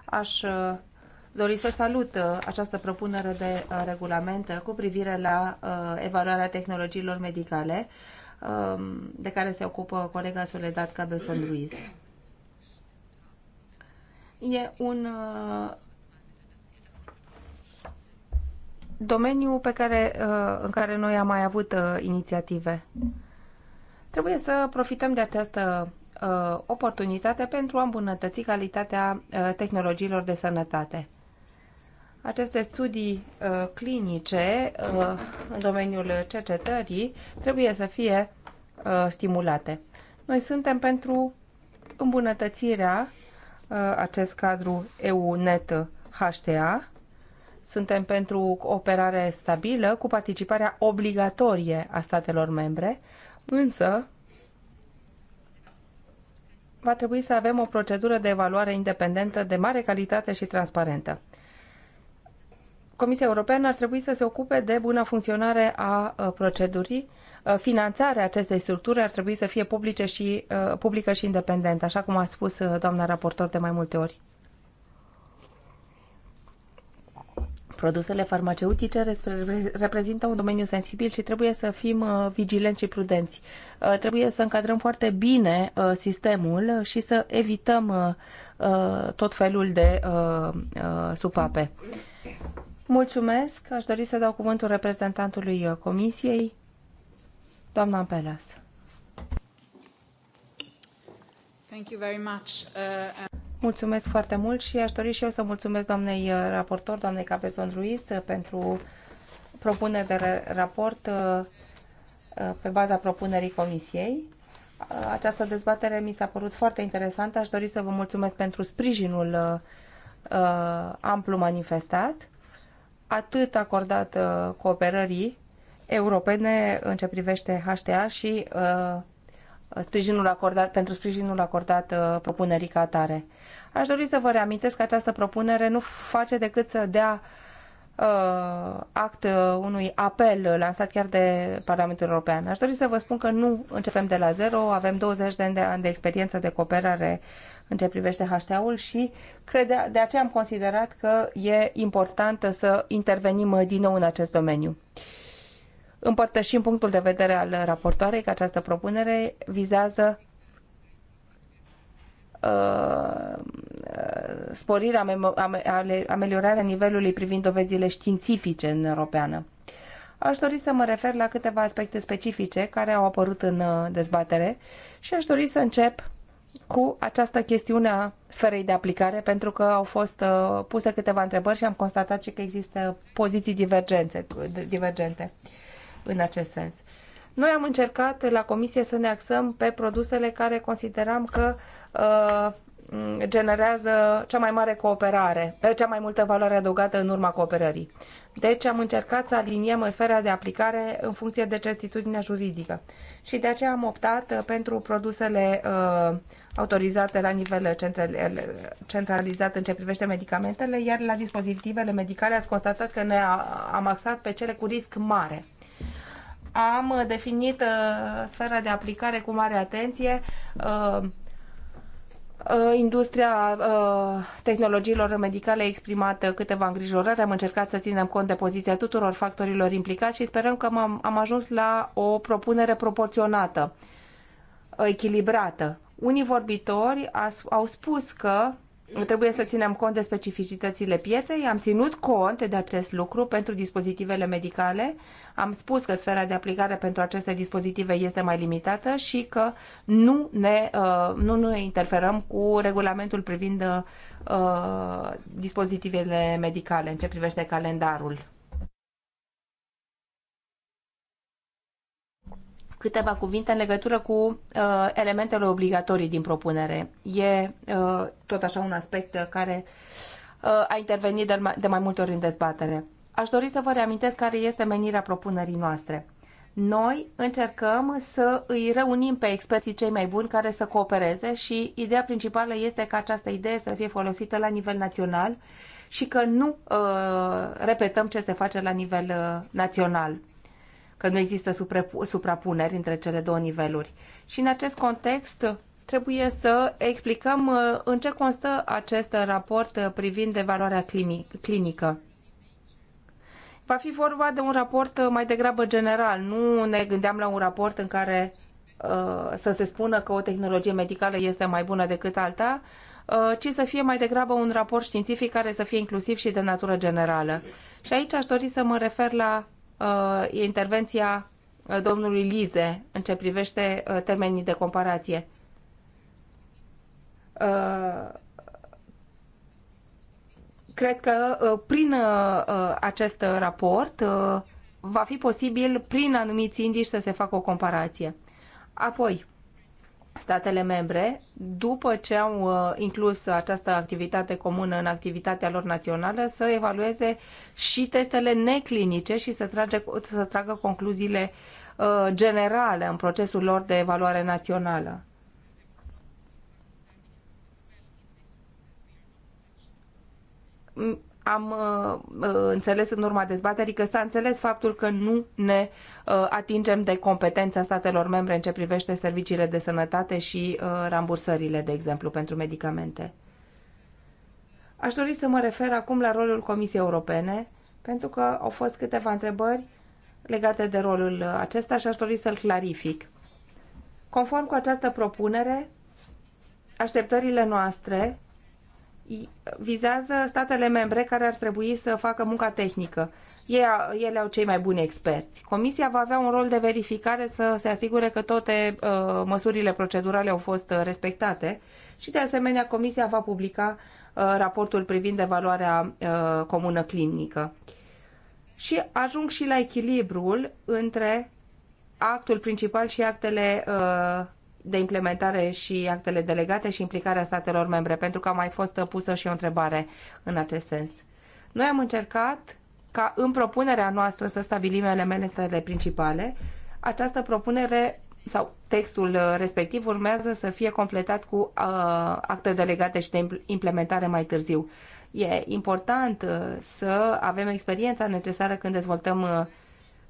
aș uh, dori să salut această propunere de regulament cu privire la evaluarea tehnologiilor medicale um, de care se ocupă colega Soledad Cabezon Ruiz. E un domeniu pe care, uh, în care noi am mai avut uh, inițiative. Trebuie să profităm de această uh, oportunitate pentru a îmbunătăți calitatea tehnologiilor de sănătate. Aceste studii clinice în domeniul cercetării trebuie să fie stimulate. Noi suntem pentru îmbunătățirea acest cadru net HTA suntem pentru operare stabilă cu participarea obligatorie a statelor membre, însă va trebui să avem o procedură de evaluare independentă de mare calitate și transparentă. Comisia Europeană ar trebui să se ocupe de buna funcționare a uh, procedurii. Uh, finanțarea acestei structuri ar trebui să fie publice și, uh, publică și independentă, așa cum a spus doamna raportor de mai multe ori. Produsele farmaceutice reprezintă un domeniu sensibil și trebuie să fim uh, vigilenți și prudenți. Uh, trebuie să încadrăm foarte bine uh, sistemul și să evităm tot felul de supape. Mulțumesc. Aș dori să dau cuvântul reprezentantului Comisiei, doamna Pelas. Thank you very much. Uh, and... Mulțumesc foarte mult și aș dori și eu să mulțumesc doamnei uh, raportor, doamnei Capezon Ruiz, uh, pentru propunere de raport uh, pe baza propunerii comisiei. Această dezbatere mi s-a părut foarte interesantă. Aș dori să vă mulțumesc pentru sprijinul amplu manifestat, atât acordat cooperării europene în ce privește HTA și sprijinul acordat, pentru sprijinul acordat propunerii ca atare. Aș dori să vă reamintesc că această propunere nu face decât să dea uh, act uh, unui apel lansat chiar de Parlamentul European. Aș dori să vă spun că nu începem de la zero, avem 20 de ani de, de experiență de cooperare în ce privește HTA-ul și crede, de aceea am considerat că e important să intervenim din nou în acest domeniu. Împărtășim punctul de vedere al raportoarei că această propunere vizează Uh, uh, sporirea, ameliorarea nivelului privind dovezile științifice în Europeană. Aș dori să mă refer la câteva aspecte specifice care au apărut în uh, dezbatere și aș dori să încep cu această chestiune a sferei de aplicare, pentru că au fost puse câteva întrebări și am constatat și că există poziții divergențe, divergente în acest sens. Noi am încercat la comisie să ne axăm pe produsele care consideram că uh, generează cea mai mare cooperare, uh, cea mai multă valoare adăugată în urma cooperării. Deci am încercat să aliniem sfera de aplicare în funcție de certitudinea juridică. Și de aceea am optat uh, pentru produsele uh, autorizate la nivel uh, centralizat în ce privește medicamentele, iar la dispozitivele medicale ați constatat că ne am axat pe cele cu risc mare am definit uh, sfera de aplicare cu mare atenție uh, uh, industria tehnologiilor medicale a exprimat câteva îngrijorări. Am încercat să ținem cont de poziția tuturor factorilor implicați și sperăm că am, am ajuns la o propunere proporționată, echilibrată. Unii vorbitori au spus că trebuie să ținem cont de specificitățile pieței. Am ținut cont de acest lucru pentru dispozitivele medicale. Am spus că sfera de aplicare pentru aceste dispozitive este mai limitată și că nu ne, uh, nu ne interferăm cu regulamentul privind uh, dispozitivele medicale în ce privește calendarul. câteva cuvinte în legătură cu uh, elementele obligatorii din propunere. E uh, tot așa un aspect uh, care uh, a intervenit de, de mai multe ori în dezbatere. Aș dori să vă reamintesc care este menirea propunerii noastre. Noi încercăm să îi reunim pe experții cei mai buni care să coopereze și ideea principală este că această idee să fie folosită la nivel național și că nu uh, repetăm ce se face la nivel uh, național că nu există suprapuneri între cele două niveluri. Și în acest context trebuie să explicăm uh, în ce constă acest raport uh, privind evaluarea clinică. Va fi vorba de un raport uh, mai degrabă general. Nu ne gândeam la un raport în care să se spună că o tehnologie medicală este mai bună decât alta, ci să fie mai degrabă un raport științific care să fie inclusiv și de natură generală. Și aici aș dori să mă refer la Uh, intervenția uh, domnului Lize în ce privește uh, termenii de comparație. Cred că prin acest raport va fi posibil prin anumiți indici să se facă o comparație. Apoi, statele membre, după ce au uh, inclus această activitate comună în activitatea lor națională, să evalueze și testele neclinice și să, trage, să tragă concluziile uh, generale în procesul lor de evaluare națională am uh, uh, înțeles în urma dezbaterii că s-a înțeles faptul că nu ne uh, atingem de competența statelor membre în ce privește serviciile de sănătate și rambursările, de exemplu, pentru medicamente. Aș dori să mă refer acum la rolul Comisiei Europene, pentru că au fost câteva întrebări legate de rolul acesta și aș dori să-l clarific. Conform cu această propunere, așteptările noastre vizează statele membre care ar trebui să facă munca tehnică. Ei, ele au cei mai buni experți. Comisia va avea un rol de verificare să se asigure că toate uh, măsurile procedurale au fost uh, respectate și, de asemenea, Comisia va publica uh, raportul privind evaluarea uh, comună clinică. Și ajung și la echilibrul între actul principal și actele uh, de implementare și actele delegate și implicarea statelor membre, pentru că a mai fost pusă și o întrebare în acest sens. Noi am încercat ca în propunerea noastră să stabilim elementele principale. Această propunere sau textul respectiv urmează să fie completat cu uh, acte delegate și de implementare mai târziu. E important uh, să avem experiența necesară când dezvoltăm uh,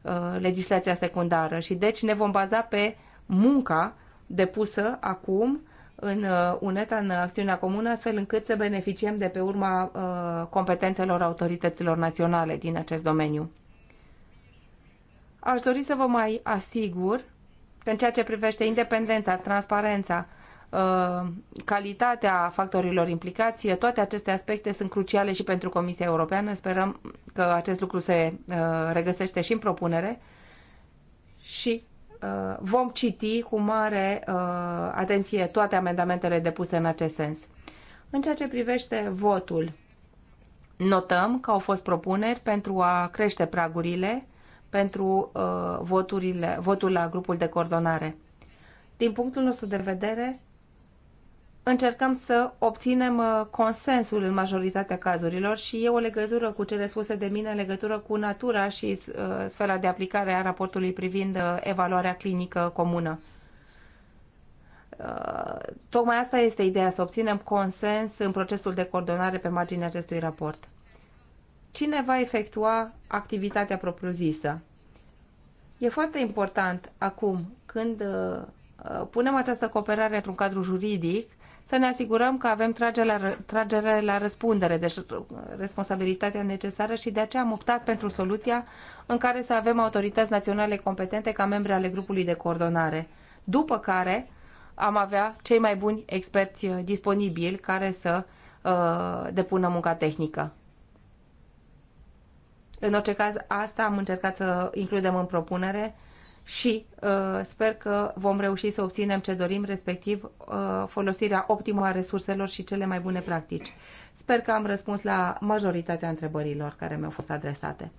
uh legislația secundară și deci ne vom baza pe munca depusă acum în uh, UNETA, în acțiunea comună, astfel încât să beneficiem de pe urma uh, competențelor autorităților naționale din acest domeniu. Aș dori să vă mai asigur că în ceea ce privește independența, transparența, uh, calitatea factorilor implicați, toate aceste aspecte sunt cruciale și pentru Comisia Europeană. Sperăm că acest lucru se regăsește și în propunere și Uh, vom citi cu mare uh, atenție toate amendamentele depuse în acest sens. În ceea ce privește votul, notăm că au fost propuneri pentru a crește pragurile pentru uh, voturile, votul la grupul de coordonare. Din punctul nostru de vedere, încercăm să obținem uh, consensul în majoritatea cazurilor și e o legătură cu cele spuse de mine legătură cu natura și uh, sfera de aplicare a raportului privind uh, evaluarea clinică comună. Tocmai asta este ideea, să obținem consens în procesul de coordonare pe marginea acestui raport. Cine va efectua activitatea propriu-zisă? E foarte important acum când punem această cooperare într-un cadru juridic să ne asigurăm că avem tragerea la, tragere la răspundere, deci responsabilitatea necesară și de aceea am optat pentru soluția în care să avem autorități naționale competente ca membre ale grupului de coordonare, după care am avea cei mai buni experți uh, disponibili care să uh, depună munca tehnică. În orice caz, asta am încercat să includem în propunere și uh, sper că vom reuși să obținem ce dorim, respectiv uh, folosirea optimă a resurselor și cele mai bune practici. Sper că am răspuns la majoritatea întrebărilor care mi-au fost adresate.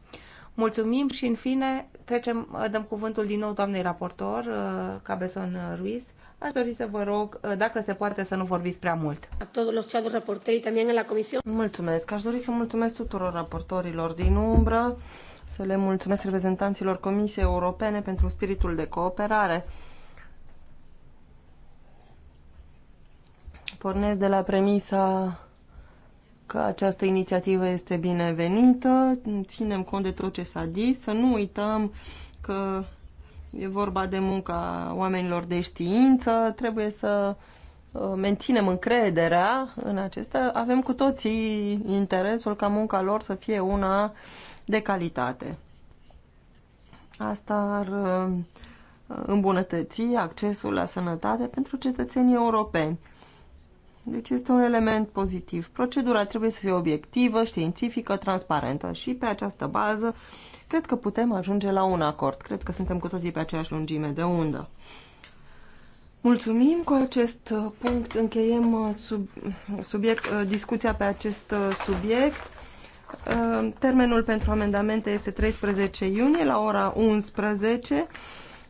Mulțumim și, în fine, trecem, uh, dăm cuvântul din nou doamnei raportor, uh, Cabeson Ruiz. Aș dori să vă rog, uh, dacă se poate, să nu vorbiți prea mult. A todos los shadow raporteri, también en la comisión. Mulțumesc. Aș dori să mulțumesc tuturor raportorilor din umbră să le mulțumesc reprezentanților Comisiei Europene pentru spiritul de cooperare. Pornesc de la premisa că această inițiativă este binevenită, ținem cont de tot ce s-a zis, să nu uităm că e vorba de munca oamenilor de știință, trebuie să uh, menținem încrederea în acestea. Avem cu toții interesul ca munca lor să fie una uh, de calitate. Asta ar uh, îmbunătăți accesul la sănătate pentru cetățenii europeni. Deci este un element pozitiv. Procedura trebuie să fie obiectivă, științifică, transparentă și pe această bază cred că putem ajunge la un acord. Cred că suntem cu toții pe aceeași lungime de undă. Mulțumim. Cu acest uh, punct încheiem uh, sub, subiect, discuția pe acest subiect. Ehm, termenul pentru amendamente este 13 iunie la ora 11.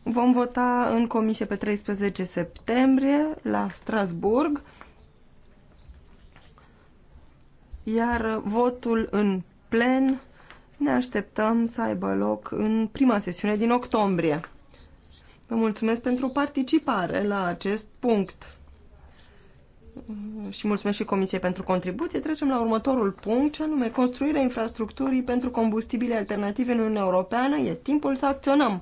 Vom vota în comisie pe 13 septembrie la Strasburg. Iar votul în plen ne așteptăm să aibă loc în prima sesiune din octombrie. Vă mulțumesc pentru participare la acest punct și mulțumesc și Comisiei pentru contribuție. Trecem la următorul punct, ce anume construirea infrastructurii pentru combustibile alternative în Uniunea Europeană. E timpul să acționăm.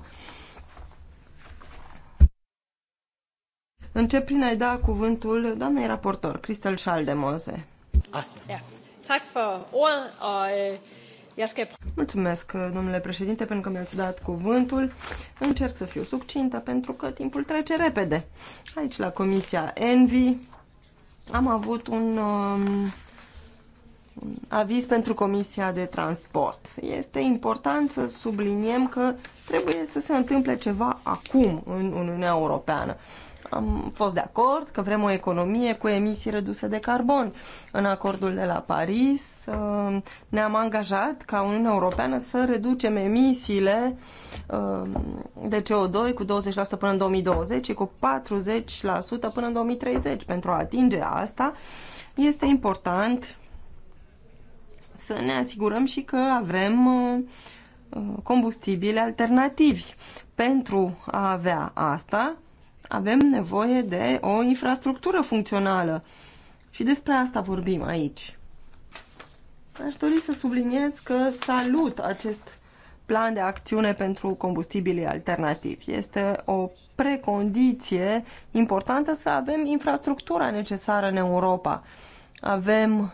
Încep prin a-i da cuvântul doamnei raportor, Cristel Schaldemose. Ah. Øh, mulțumesc, domnule președinte, pentru că mi-ați dat cuvântul. Încerc să fiu succintă pentru că timpul trece repede. Aici, la Comisia Envi, am avut un um, aviz pentru Comisia de Transport. Este important să subliniem că trebuie să se întâmple ceva acum în Uniunea Europeană am fost de acord că vrem o economie cu emisii reduse de carbon. În acordul de la Paris uh, ne-am angajat ca Uniunea Europeană să reducem emisiile uh, de CO2 cu 20% până în 2020 și cu 40% până în 2030. Pentru a atinge asta este important să ne asigurăm și că avem uh, combustibile alternativi. Pentru a avea asta, avem nevoie de o infrastructură funcțională. Și despre asta vorbim aici. Aș dori să subliniez că salut acest plan de acțiune pentru combustibilii alternativi. Este o precondiție importantă să avem infrastructura necesară în Europa. Avem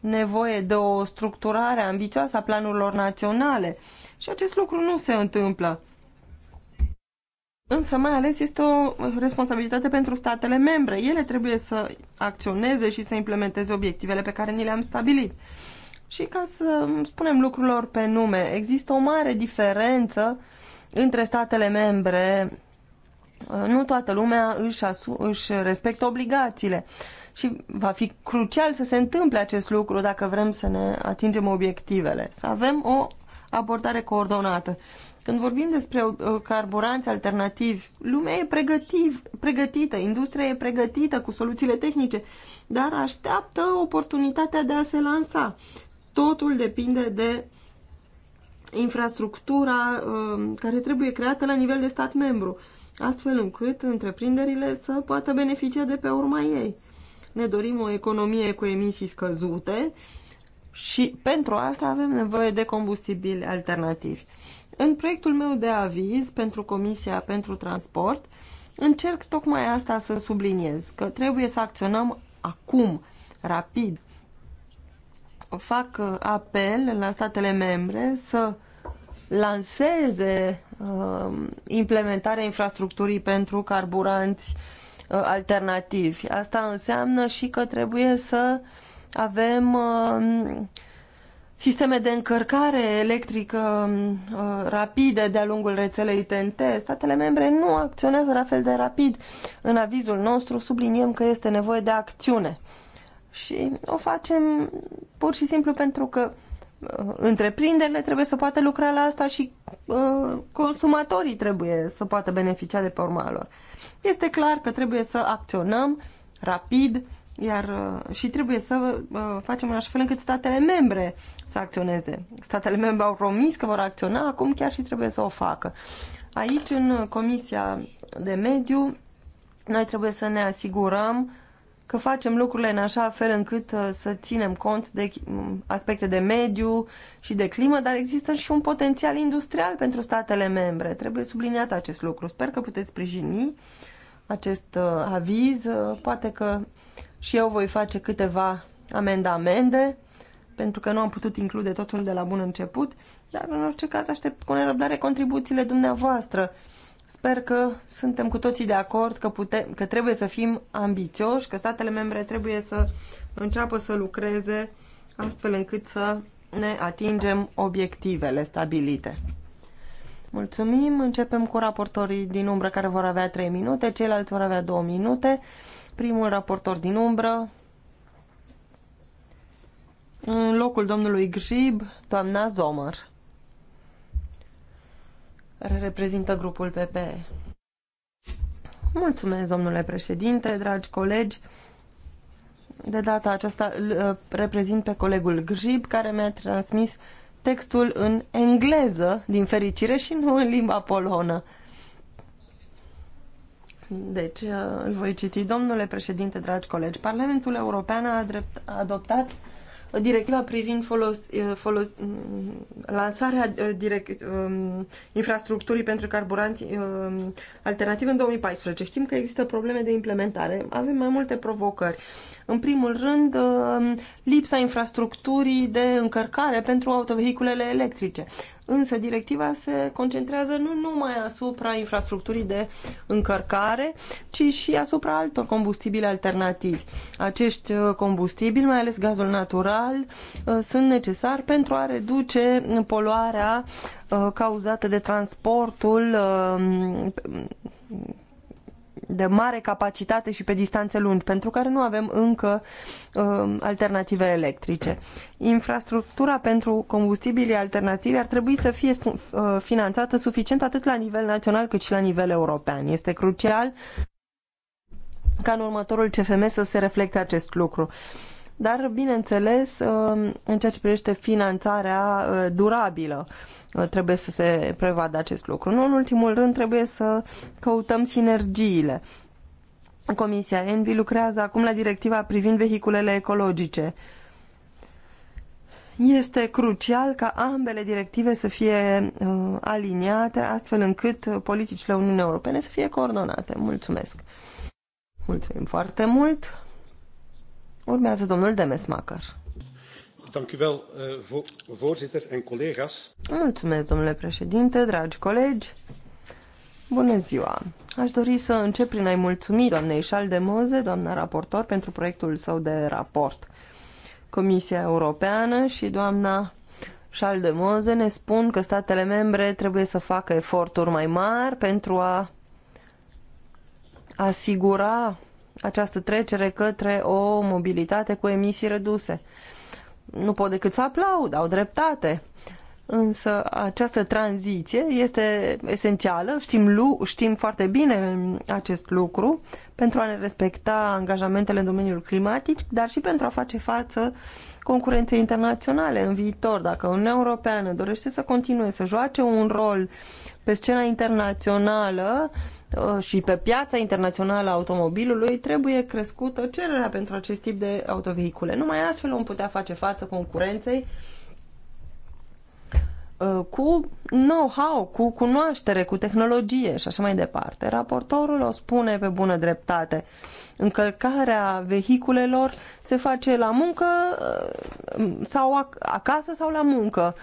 nevoie de o structurare ambicioasă a planurilor naționale și acest lucru nu se întâmplă însă mai ales este o responsabilitate pentru statele membre. Ele trebuie să acționeze și să implementeze obiectivele pe care ni le-am stabilit. Și ca să spunem lucrurilor pe nume, există o mare diferență între statele membre. Nu toată lumea își, asu- își respectă obligațiile și va fi crucial să se întâmple acest lucru dacă vrem să ne atingem obiectivele, să avem o abordare coordonată. Când vorbim despre uh, carburanți alternativi, lumea e pregătiv, pregătită, industria e pregătită cu soluțiile tehnice, dar așteaptă oportunitatea de a se lansa. Totul depinde de infrastructura uh, care trebuie creată la nivel de stat membru, astfel încât întreprinderile să poată beneficia de pe urma ei. Ne dorim o economie cu emisii scăzute și pentru asta avem nevoie de combustibili alternativi. În proiectul meu de aviz pentru Comisia pentru Transport, încerc tocmai asta să subliniez, că trebuie să acționăm acum, rapid. Fac uh, apel la statele membre să lanseze uh, implementarea infrastructurii pentru carburanți uh, alternativi. Asta înseamnă și că trebuie să avem uh, sisteme de încărcare electrică mm, uh, rapide de-a lungul rețelei TNT, statele membre nu acționează la fel de rapid. În avizul nostru subliniem că este nevoie de acțiune. Și o facem pur și simplu pentru că uh, întreprinderile trebuie să poată lucra la asta și uh, consumatorii trebuie să poată beneficia de pe urma lor. Este clar că trebuie să acționăm rapid iar și trebuie să facem în așa fel încât statele membre să acționeze. Statele membre au promis că vor acționa, acum chiar și trebuie să o facă. Aici, în Comisia de Mediu, noi trebuie să ne asigurăm că facem lucrurile în așa fel încât uh, să ținem cont de um, aspecte de mediu și de climă, dar există și un potențial industrial pentru statele membre. Trebuie subliniat acest lucru. Sper că puteți sprijini acest uh, aviz. Uh, poate că și eu voi face câteva amendamente pentru că nu am putut include totul de la bun început, dar în orice caz aștept cu nerăbdare contribuțiile dumneavoastră. Sper că suntem cu toții de acord că, putem, că trebuie să fim ambițioși, că statele membre trebuie să înceapă să lucreze astfel încât să ne atingem obiectivele stabilite. Mulțumim, începem cu raportorii din umbră care vor avea 3 minute, ceilalți vor avea 2 minute. Primul raportor din umbră, în locul domnului Grib, doamna Zomăr, reprezintă grupul PPE. Mulțumesc, domnule președinte, dragi colegi. De data aceasta îl uh, reprezint pe colegul Grib, care mi-a transmis textul în engleză, din fericire, și nu în limba polonă. Deci, uh, îl voi citi. Domnule președinte, dragi colegi, Parlamentul European a adoptat directiva privind folos, folos, lansarea direct, infrastructurii pentru carburanți alternativ în 2014. Știm că există probleme de implementare, avem mai multe provocări. În primul rând, uh, lipsa infrastructurii de încărcare pentru autovehiculele electrice. Însă directiva se concentrează nu numai asupra infrastructurii de încărcare, ci și asupra altor combustibili alternativi. Acești uh, combustibili, mai ales gazul natural, uh, sunt necesari pentru a reduce poluarea cauzată de transportul de mare capacitate și pe distanțe lungi, pentru care nu avem încă uh, alternative electrice. Infrastructura pentru combustibili alternativi ar trebui să fie uh, finanțată suficient atât la nivel național cât și la nivel european. Este crucial ca în următorul CFM să se reflecte acest lucru. Uh, dar, bineînțeles, um, în ceea ce privește finanțarea uh, durabilă, uh, trebuie să se prevadă acest lucru. Nu în ultimul rând, trebuie să căutăm sinergiile. Comisia Envi lucrează acum la directiva privind vehiculele ecologice. Este crucial ca ambele directive să fie uh, aliniate astfel încât politicile Uniunii Europene să fie coordonate. Mulțumesc! Mulțumim foarte mult! Urmează domnul Demesmacher. Eh, Mulțumesc, domnule președinte, dragi colegi. Bună ziua! Aș dori să încep prin a-i mulțumi doamnei Șalde Moze, doamna raportor, pentru proiectul său de raport. Comisia Europeană și doamna Șalde Moze ne spun că statele membre trebuie să facă eforturi mai mari pentru a asigura această trecere către o mobilitate cu emisii reduse. Nu pot decât să aplaud, au dreptate. Însă această tranziție este esențială, știm, lu- știm foarte bine acest lucru pentru a ne respecta angajamentele în domeniul climatic, dar și pentru a face față concurenței internaționale în viitor. Dacă Uniunea Europeană dorește să continue să joace un rol pe scena internațională, Uh, și pe piața internațională a automobilului trebuie crescută cererea pentru acest tip de autovehicule. Numai astfel vom putea face față concurenței uh, cu know-how, cu cunoaștere, cu tehnologie și așa mai departe. Raportorul o spune pe bună dreptate. Încălcarea vehiculelor se face la muncă uh, sau acasă sau la muncă.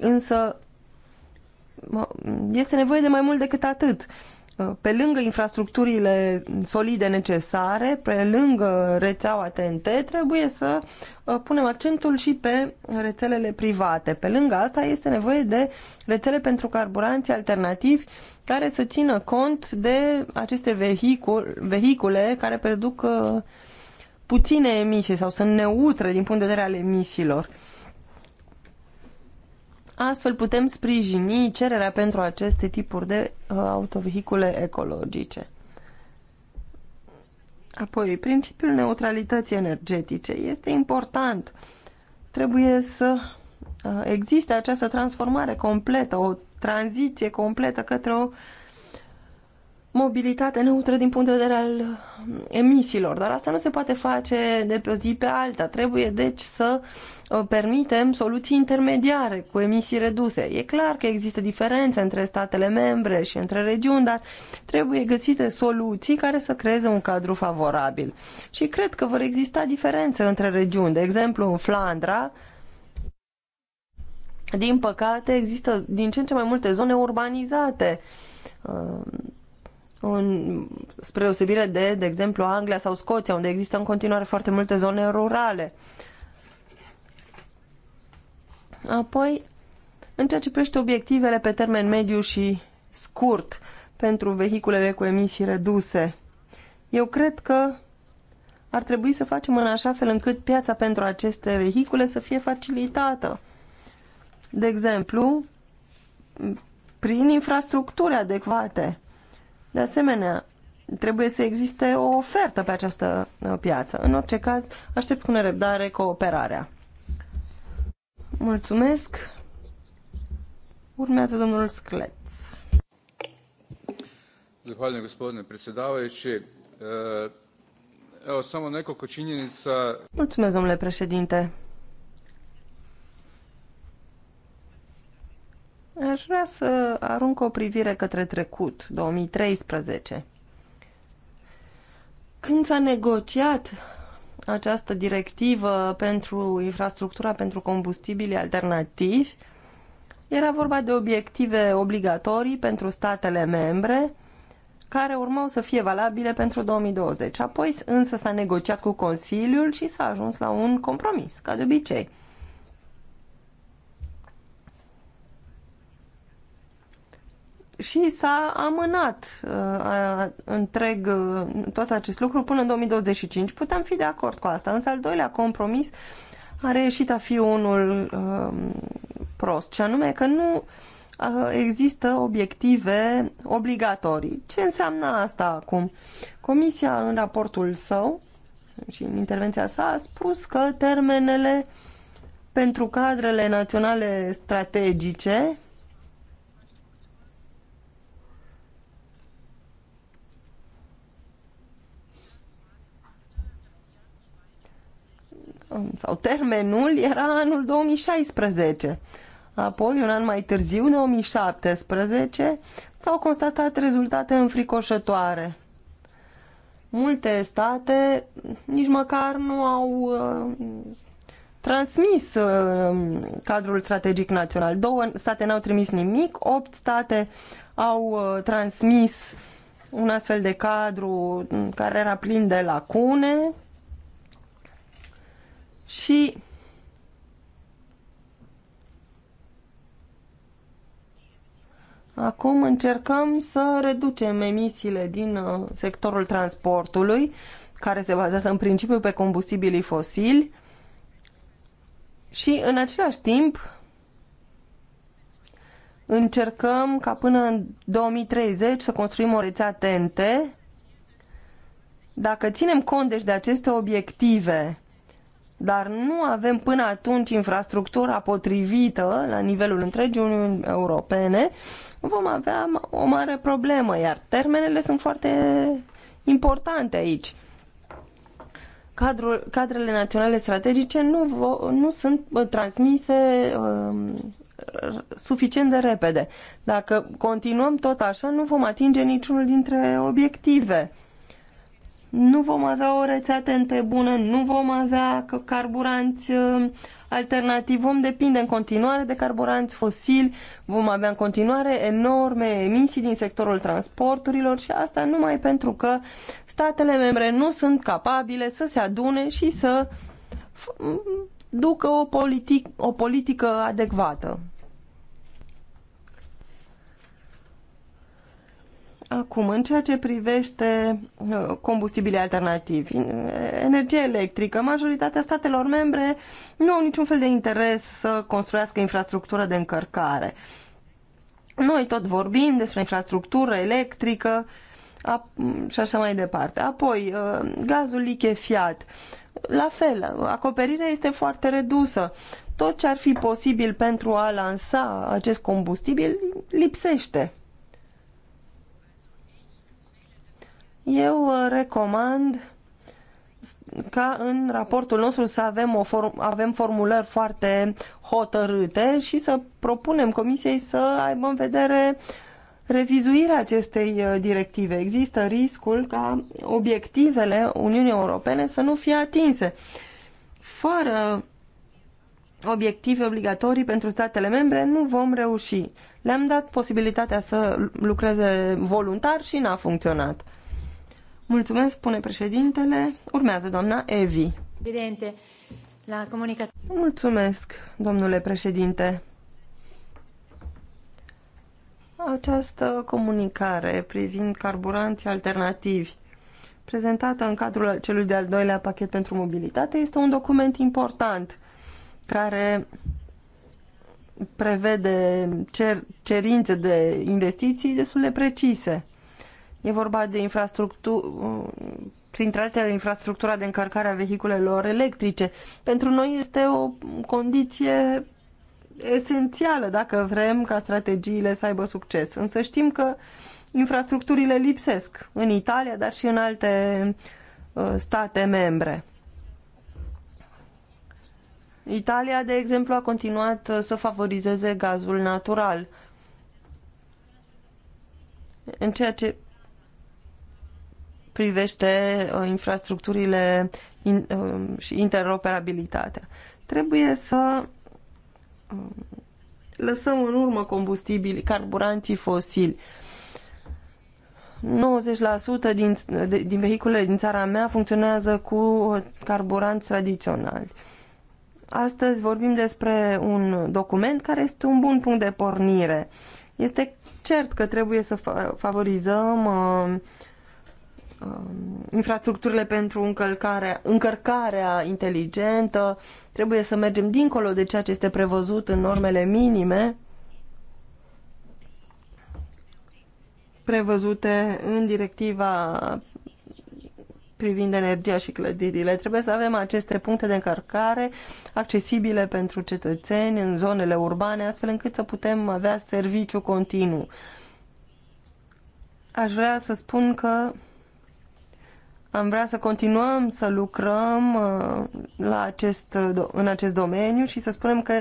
Însă este nevoie de mai mult decât atât Uh, pe lângă infrastructurile solide necesare, pe lângă rețeaua TNT, trebuie să uh, punem accentul și pe rețelele private. Pe lângă asta este nevoie de rețele pentru carburanți alternativi care să țină cont de aceste vehicul, vehicule care produc uh, puține emisii sau sunt neutre din punct de vedere al emisiilor. Astfel putem sprijini cererea pentru aceste tipuri de uh, autovehicule ecologice. Apoi, principiul neutralității energetice este important. Trebuie să uh, existe această transformare completă, o tranziție completă către o uh, mobilitate neutră din punct de vedere al uh, emisiilor, dar asta nu se poate face de pe o zi pe alta. Trebuie deci să uh, permitem soluții intermediare cu emisii reduse. E clar că există diferențe între statele membre și între regiuni, dar trebuie găsite soluții care să creeze un cadru favorabil. Și cred că vor exista diferențe între regiuni. De exemplu, în Flandra, din păcate, există din ce în ce mai multe zone urbanizate uh, în, spre deosebire de, de exemplu, Anglia sau Scoția, unde există în continuare foarte multe zone rurale. Apoi, în ceea ce privește obiectivele pe termen mediu și scurt pentru vehiculele cu emisii reduse, eu cred că ar trebui să facem în așa fel încât piața pentru aceste vehicule să fie facilitată. De exemplu, prin infrastructuri adecvate de asemenea, trebuie să existe o ofertă pe această uh, piață. În orice caz, aștept cu nerăbdare cooperarea. Mulțumesc. Urmează domnul Scleț. Zahvaljujem gospodine predsedavajući. Evo samo nekoliko činjenica. Mulțumesc, domnule președinte. Aș vrea să arunc o privire către trecut, 2013. Când s-a negociat această directivă pentru infrastructura pentru combustibili alternativi, era vorba de obiective obligatorii pentru statele membre, care urmau să fie valabile pentru 2020. Apoi însă s-a negociat cu Consiliul și s-a ajuns la un compromis, ca de obicei. și s-a amânat uh, întreg uh, tot acest lucru până în 2025. Putem fi de acord cu asta, însă al doilea compromis a reieșit a fi unul uh, prost, și anume că nu uh, există obiective obligatorii. Ce înseamnă asta acum? Comisia în raportul său și în intervenția sa a spus că termenele pentru cadrele naționale strategice sau termenul era anul 2016. Apoi, un an mai târziu, 2017, s-au constatat rezultate înfricoșătoare. Multe state nici măcar nu au uh, transmis uh, cadrul strategic național. Două state n-au trimis nimic, opt state au uh, transmis un astfel de cadru care era plin de lacune și Acum încercăm să reducem emisiile din uh, sectorul transportului, care se bazează în principiu pe combustibilii fosili și în același timp încercăm ca până în 2030 să construim o rețea TNT. Dacă ținem cont deci de aceste obiective dar nu avem până atunci infrastructura potrivită la nivelul întregii Uniuni Europene, vom avea o mare problemă, iar termenele sunt foarte importante aici. Cadrul, cadrele naționale strategice nu, vo, nu sunt transmise um, suficient de repede. Dacă continuăm tot așa, nu vom atinge niciunul dintre obiective nu vom avea o rețea TNT bună, nu vom avea carburanți uh, alternativi, vom depinde în continuare de carburanți fosili, vom avea în continuare enorme emisii din sectorul transporturilor și asta numai pentru că statele membre nu sunt capabile să se adune și să ducă o, politic, o politică adecvată. Acum, în ceea ce privește uh, combustibile alternativi, uh, energie electrică, majoritatea statelor membre nu au niciun fel de interes să construiască infrastructură de încărcare. Noi tot vorbim despre infrastructură electrică și așa mai departe. Apoi, uh, gazul lichefiat. La fel, acoperirea este foarte redusă. Tot ce ar fi posibil pentru a lansa acest combustibil lipsește. Eu uh, recomand ca în raportul nostru să avem, o form avem formulări foarte hotărâte și să propunem Comisiei să aibă în vedere revizuirea acestei uh, directive. Există riscul ca obiectivele Uniunii Europene să nu fie atinse. Fără obiective obligatorii pentru statele membre nu vom reuși. Le-am dat posibilitatea să lucreze voluntar și n-a funcționat. Mulțumesc, spune președintele. Urmează doamna Evi. Evidente, la comunicație. Mulțumesc, domnule președinte. Această comunicare privind carburanții alternativi prezentată în cadrul celui de-al doilea pachet pentru mobilitate este un document important care prevede cer cerințe de investiții destul de precise E vorba de infrastructură, printre altele infrastructura de încărcare a vehiculelor electrice. Pentru noi este o condiție esențială dacă vrem ca strategiile să aibă succes. Însă știm că infrastructurile lipsesc în Italia, dar și în alte uh, state membre. Italia, de exemplu, a continuat uh, să favorizeze gazul natural. În ceea ce privește uh, infrastructurile um, și interoperabilitatea. Trebuie să um, lăsăm în urmă combustibili, carburanții fosili. 90% din, din vehiculele din țara mea funcționează cu carburanți tradiționali. Astăzi vorbim despre un document care este un bun punct de pornire. Este cert că trebuie să favorizăm uh, Um, infrastructurile pentru încălcarea, încărcarea inteligentă, trebuie să mergem dincolo de ceea ce este prevăzut în normele minime prevăzute în directiva privind energia și clădirile. Trebuie să avem aceste puncte de încărcare accesibile pentru cetățeni în zonele urbane, astfel încât să putem avea serviciu continuu. Aș vrea să spun că am vrea să continuăm să lucrăm uh, la acest, uh, în acest domeniu și să spunem că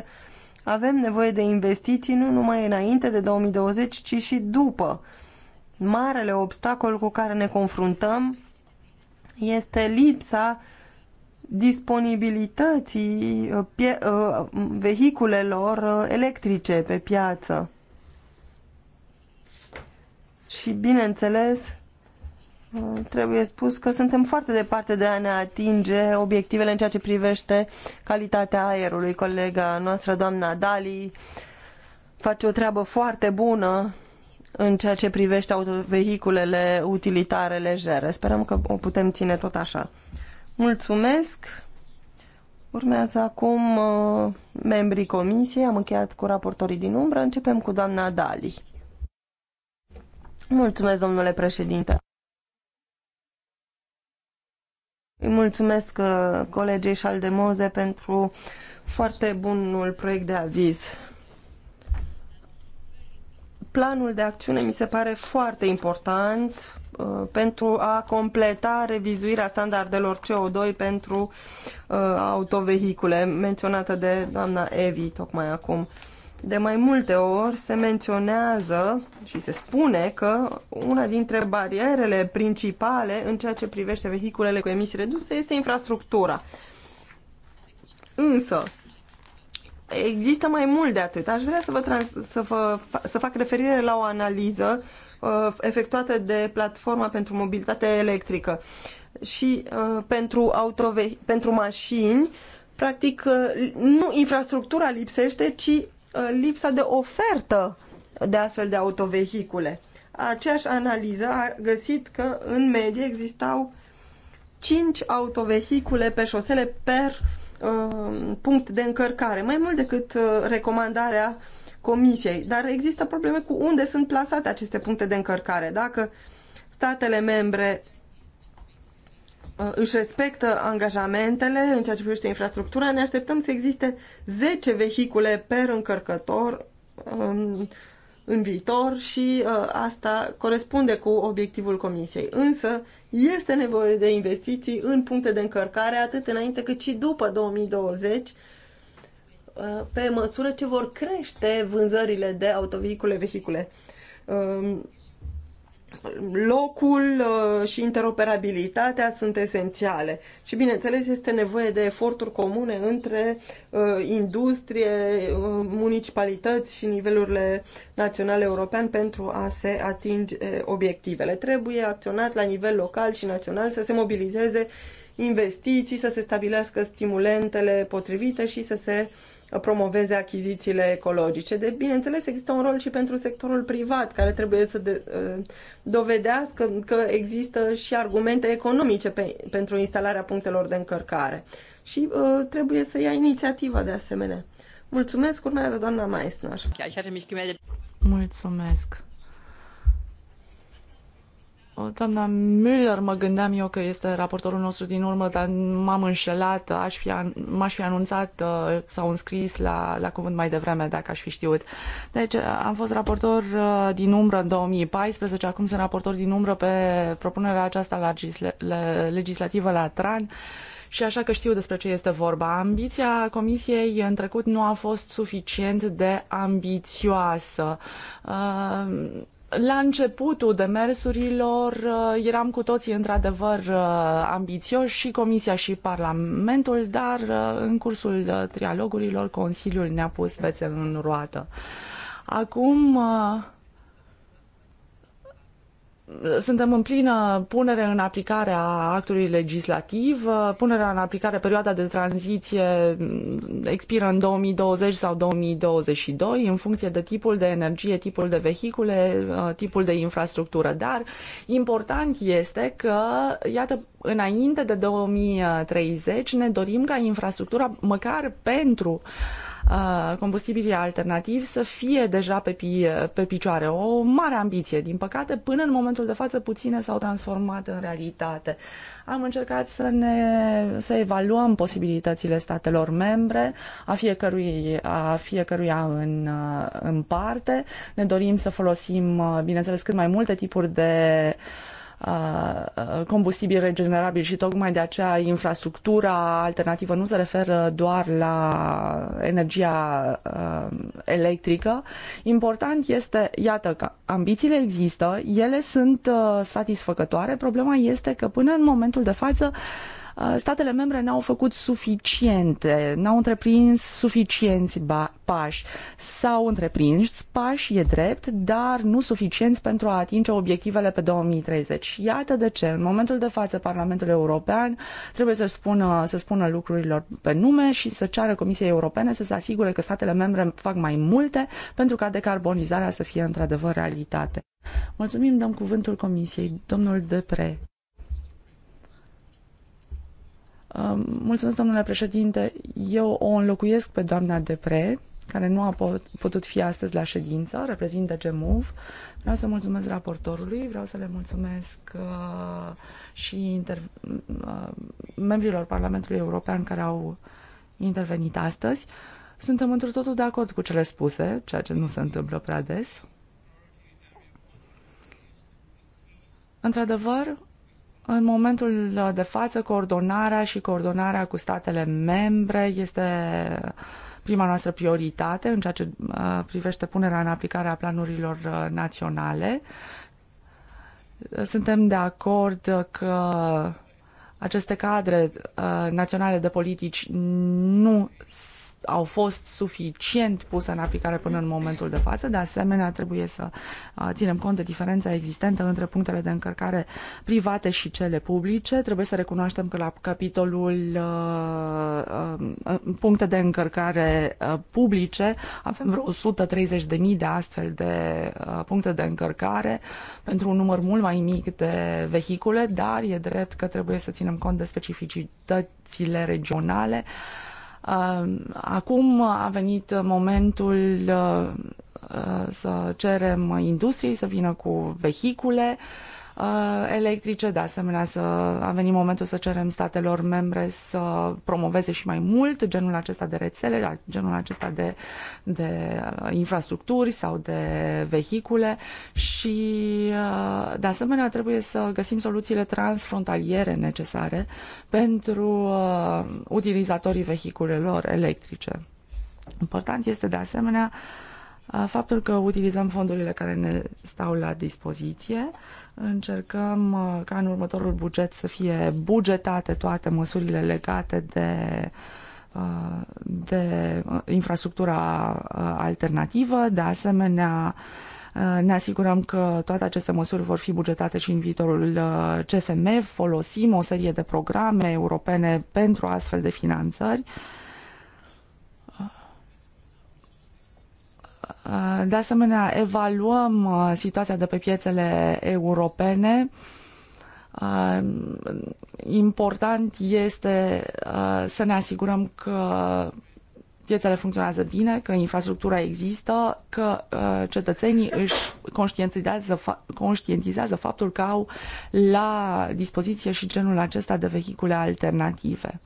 avem nevoie de investiții nu numai înainte de 2020, ci și după. Marele obstacol cu care ne confruntăm este lipsa disponibilității uh, vehiculelor electrice pe piață. Și, bineînțeles, Uh, trebuie spus că suntem foarte departe de a ne atinge obiectivele în ceea ce privește calitatea aerului. Colega noastră, doamna Dali, face o treabă foarte bună în ceea ce privește autovehiculele utilitare legere. Sperăm că o putem ține tot așa. Mulțumesc! Urmează acum uh, membrii comisiei. Am încheiat cu raportorii din umbră. Începem cu doamna Dali. Mulțumesc, domnule președinte. Îi mulțumesc uh, colegei Șaldemoze pentru foarte bunul proiect de aviz. Planul de acțiune mi se pare foarte important uh, pentru a completa revizuirea standardelor CO2 pentru uh, autovehicule, menționată de doamna Evi tocmai acum. De mai multe ori se menționează și se spune că una dintre barierele principale în ceea ce privește vehiculele cu emisii reduse este infrastructura. Însă, există mai mult de atât. Aș vrea să, vă trans- să, vă, să fac referire la o analiză uh, efectuată de Platforma pentru Mobilitate Electrică. Și uh, pentru, pentru mașini, practic, uh, nu infrastructura lipsește, ci Uh, lipsa de ofertă de astfel de autovehicule. Aceeași analiză a găsit că în medie existau 5 autovehicule pe șosele per uh, punct de încărcare, mai mult decât uh, recomandarea comisiei. Dar există probleme cu unde sunt plasate aceste puncte de încărcare. Dacă statele membre Uh, își respectă angajamentele în ceea ce privește infrastructura, ne așteptăm să existe 10 vehicule per încărcător um, în viitor și uh, asta corespunde cu obiectivul Comisiei. Însă este nevoie de investiții în puncte de încărcare atât înainte cât și după 2020 uh, pe măsură ce vor crește vânzările de autovehicule, vehicule. Um, locul uh, și interoperabilitatea sunt esențiale. Și bineînțeles este nevoie de eforturi comune între uh, industrie, uh, municipalități și nivelurile naționale european pentru a se atinge eh, obiectivele. Trebuie acționat la nivel local și național să se mobilizeze investiții, să se stabilească stimulentele potrivite și să se uh, promoveze achizițiile ecologice. De deci, bineînțeles, există un rol și pentru sectorul privat, care trebuie să de, uh, dovedească că există și argumente economice pe, pentru instalarea punctelor de încărcare. Și uh, trebuie să ia inițiativa de asemenea. Mulțumesc, urmează doamna Meissner. Mulțumesc. Doamna Müller, mă gândeam eu că este raportorul nostru din urmă, dar m-am înșelat, aș fi, m-aș fi anunțat uh, sau înscris la, la cuvânt mai devreme dacă aș fi știut. Deci uh, am fost raportor uh, din umbră în 2014, acum sunt raportor din umbră pe propunerea aceasta legislativă la TRAN și așa că știu despre ce este vorba. Ambiția comisiei în trecut nu a fost suficient de ambițioasă la începutul demersurilor uh, eram cu toții într-adevăr uh, ambițioși și Comisia și Parlamentul, dar uh, în cursul trialogurilor Consiliul ne-a pus bețe în roată. Acum suntem în plină punere în aplicare a actului legislativ. Punerea în aplicare, perioada de tranziție expiră în 2020 sau 2022 în funcție de tipul de energie, tipul de vehicule, uh, tipul de infrastructură. Dar important este că, iată, înainte de 2030 ne dorim ca infrastructura, măcar pentru uh, combustibilii alternativi să fie deja pe, pi, pe picioare. O mare ambiție, din păcate, până în momentul de față puține s-au transformat în realitate. Am încercat să ne să evaluăm posibilitățile statelor membre, a fiecărui, a fiecăruia în, în parte. Ne dorim să folosim, bineînțeles, cât mai multe tipuri de uh, Uh, combustibili regenerabili și tocmai de aceea infrastructura alternativă nu se referă doar la energia uh, electrică. Important este, iată, că ambițiile există, ele sunt uh, satisfăcătoare, problema este că până în momentul de față Uh, statele membre n-au făcut suficiente, n-au întreprins suficienți pași. S-au întreprins pași, e drept, dar nu suficienți pentru a atinge obiectivele pe 2030. Iată de ce, în momentul de față, Parlamentul European trebuie să spună, să spună lucrurilor pe nume și să ceară Comisiei Europene să se asigure că statele membre fac mai multe pentru ca decarbonizarea să fie într-adevăr realitate. Mulțumim, dăm cuvântul Comisiei. Domnul Depre. Um, mulțumesc, domnule președinte. Eu o înlocuiesc pe doamna Depre, care nu a putut fi astăzi la ședință, reprezintă GEMUV. Vreau să mulțumesc raportorului, vreau să le mulțumesc uh, și inter- uh, membrilor Parlamentului European care au intervenit astăzi. Suntem într totul de acord cu cele spuse, ceea ce nu se întâmplă prea des. Într-adevăr, în momentul uh, de față, coordonarea și coordonarea cu statele membre este prima noastră prioritate în ceea ce uh, privește punerea în aplicare a planurilor uh, naționale. Suntem de acord că aceste cadre naționale de politici nu au fost suficient puse în aplicare până în momentul de față. De asemenea, trebuie să uh, ținem cont de diferența existentă între punctele de încărcare private și cele publice. Trebuie să recunoaștem că la capitolul uh, uh, puncte de încărcare publice avem vreo 130.000 de astfel de puncte de încărcare pentru un număr mult mai mic de vehicule, dar e drept că trebuie să ținem cont de specificitățile regionale. Um, acum a venit momentul uh, uh, să cerem industriei să vină cu vehicule, Uh, electrice. De asemenea, să a venit momentul să cerem statelor membre să promoveze și mai mult genul acesta de rețele, genul acesta de, de uh, infrastructuri sau de vehicule și uh, de asemenea trebuie să găsim soluțiile transfrontaliere necesare pentru utilizatorii vehiculelor electrice. Important este de asemenea faptul că utilizăm fondurile care ne stau la dispoziție Încercăm uh, ca în următorul buget să fie bugetate toate măsurile legate de uh, de uh, infrastructura alternativă. De asemenea, ne asigurăm că toate aceste măsuri vor fi bugetate și în viitorul CFM. Folosim o serie de programe europene pentru astfel de finanțări. Uh, de asemenea, evaluăm uh, situația de pe piețele europene. Uh, important este să ne asigurăm că piețele funcționează bine, că infrastructura există, că cetățenii își conștientizează, conștientizează faptul că au la dispoziție și genul acesta de vehicule alternative.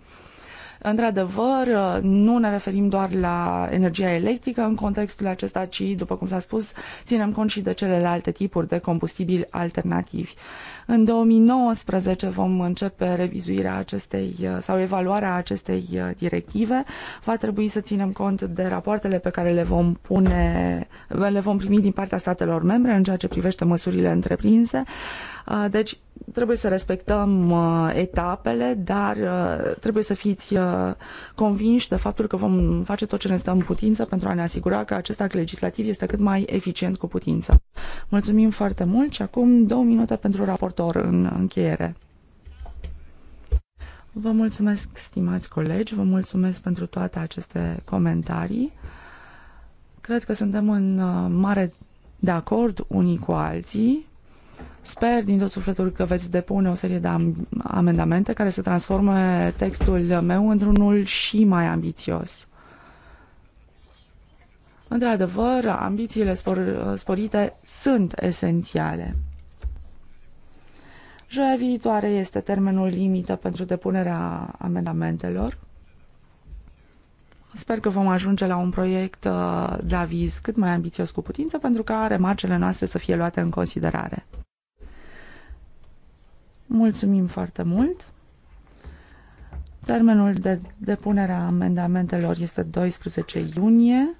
Într-adevăr, uh, nu ne referim doar la energia electrică în contextul acesta, ci, după cum s-a spus, ținem cont și de celelalte tipuri de combustibili alternativi. În 2019 vom începe revizuirea acestei uh, sau evaluarea acestei uh, directive. Va trebui să ținem cont de rapoartele pe care le vom pune, le vom primi din partea statelor membre în ceea ce privește măsurile întreprinse. Uh, deci trebuie să respectăm uh, etapele, dar uh, trebuie să fiți convinși de faptul că vom face tot ce ne stă în putință pentru a ne asigura că acest act legislativ este cât mai eficient cu putință. Mulțumim foarte mult și acum două minute pentru raportor în încheiere. Vă mulțumesc, stimați colegi, vă mulțumesc pentru toate aceste comentarii. Cred că suntem în mare de acord unii cu alții Sper din tot sufletul că veți depune o serie de amendamente care să transforme textul meu într-unul și mai ambițios. Într-adevăr, ambițiile spor, sporite sunt esențiale. Joia viitoare este termenul limită pentru depunerea amendamentelor. Sper că vom ajunge la un proiect uh, de aviz cât mai ambițios cu putință pentru ca remarcele noastre să fie luate în considerare. Mulțumim foarte mult. Termenul de depunere a amendamentelor este 12 iunie.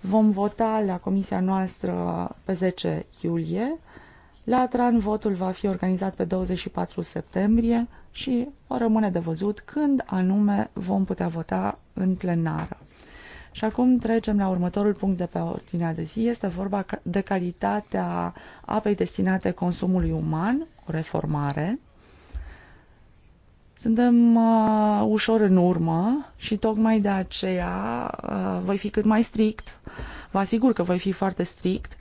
Vom vota la comisia noastră pe 10 iulie. La TRAN votul va fi organizat pe 24 septembrie și o rămâne de văzut când anume vom putea vota în plenară. Și acum trecem la următorul punct de pe ordinea de zi. Este vorba de calitatea apei destinate consumului uman, o reformare. Suntem uh, ușor în urmă și tocmai de aceea uh, voi fi cât mai strict. Vă asigur că voi fi foarte strict. Uh,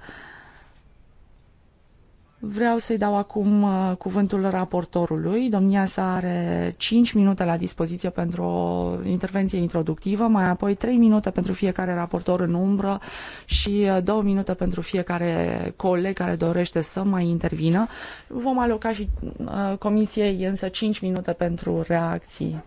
Vreau să-i dau acum uh, cuvântul raportorului. Domnia sa are 5 minute la dispoziție pentru o intervenție introductivă, mai apoi 3 minute pentru fiecare raportor în umbră și 2 uh, minute pentru fiecare coleg care dorește să mai intervină. Vom aloca și uh, comisiei însă 5 minute pentru reacții.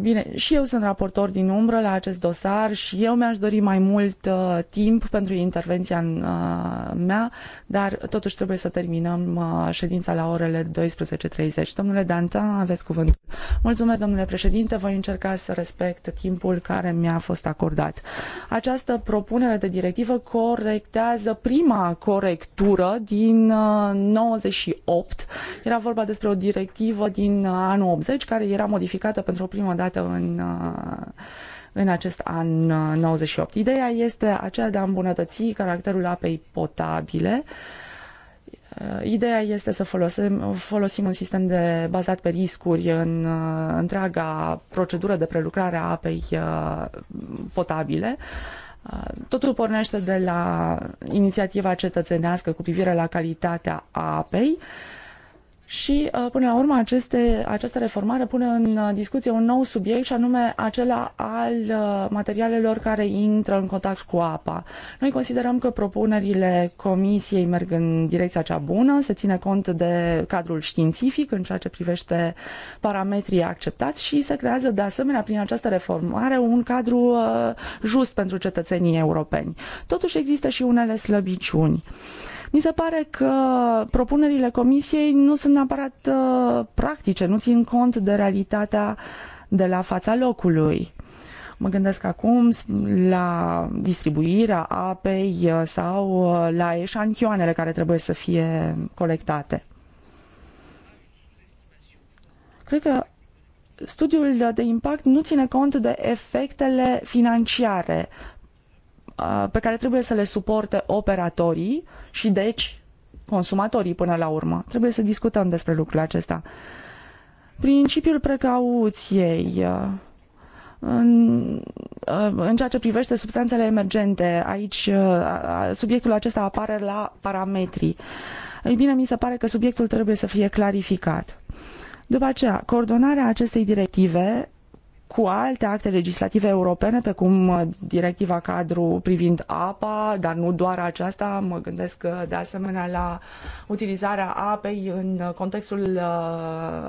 Bine, și eu sunt raportor din umbră la acest dosar și eu mi-aș dori mai mult uh, timp pentru intervenția în, uh, mea, dar totuși trebuie să terminăm uh, ședința la orele 12.30. Domnule Danta, aveți cuvântul. Mulțumesc, domnule președinte, voi încerca să respect timpul care mi-a fost acordat. Această propunere de directivă corectează prima corectură din uh, 98. Era vorba despre o directivă din uh, anul 80 care era modificată pentru prima dată publicată în, uh, în acest an 98. Uh, ideea este aceea de a îmbunătăți caracterul apei potabile. Uh, ideea este să folosim, folosim un sistem de bazat pe riscuri în întreaga procedură de prelucrare a apei potabile. Totul pornește de la inițiativa cetățenească cu privire la calitatea apei, uh, și, uh, până la urmă, aceste, această reformare pune în uh, discuție un nou subiect și anume acela al uh, materialelor care intră în contact cu apa. Noi considerăm că propunerile comisiei merg în direcția cea bună, se ține cont de cadrul științific în ceea ce privește parametrii acceptați și se creează, de asemenea, prin această reformare, un cadru just pentru cetățenii europeni. Totuși există și unele slăbiciuni. Mi se pare că propunerile comisiei nu sunt neapărat uh, practice, nu țin cont de realitatea de la fața locului. Mă gândesc acum la distribuirea apei uh, sau uh, la eșantioanele care trebuie să fie colectate. Cred că studiul de impact nu ține cont de efectele financiare Uh, pe care trebuie să le suporte operatorii și deci consumatorii până la urmă. Trebuie să discutăm despre lucrul acesta. Principiul precauției uh, în, uh, în ceea ce privește substanțele emergente, aici subiectul acesta apare la parametrii. Ei bine, mi se pare că subiectul trebuie să fie clarificat. După aceea, coordonarea acestei directive cu alte acte legislative europene, pe cum uh, directiva cadru privind apa, dar nu doar aceasta, mă gândesc uh, de asemenea la utilizarea apei în uh, contextul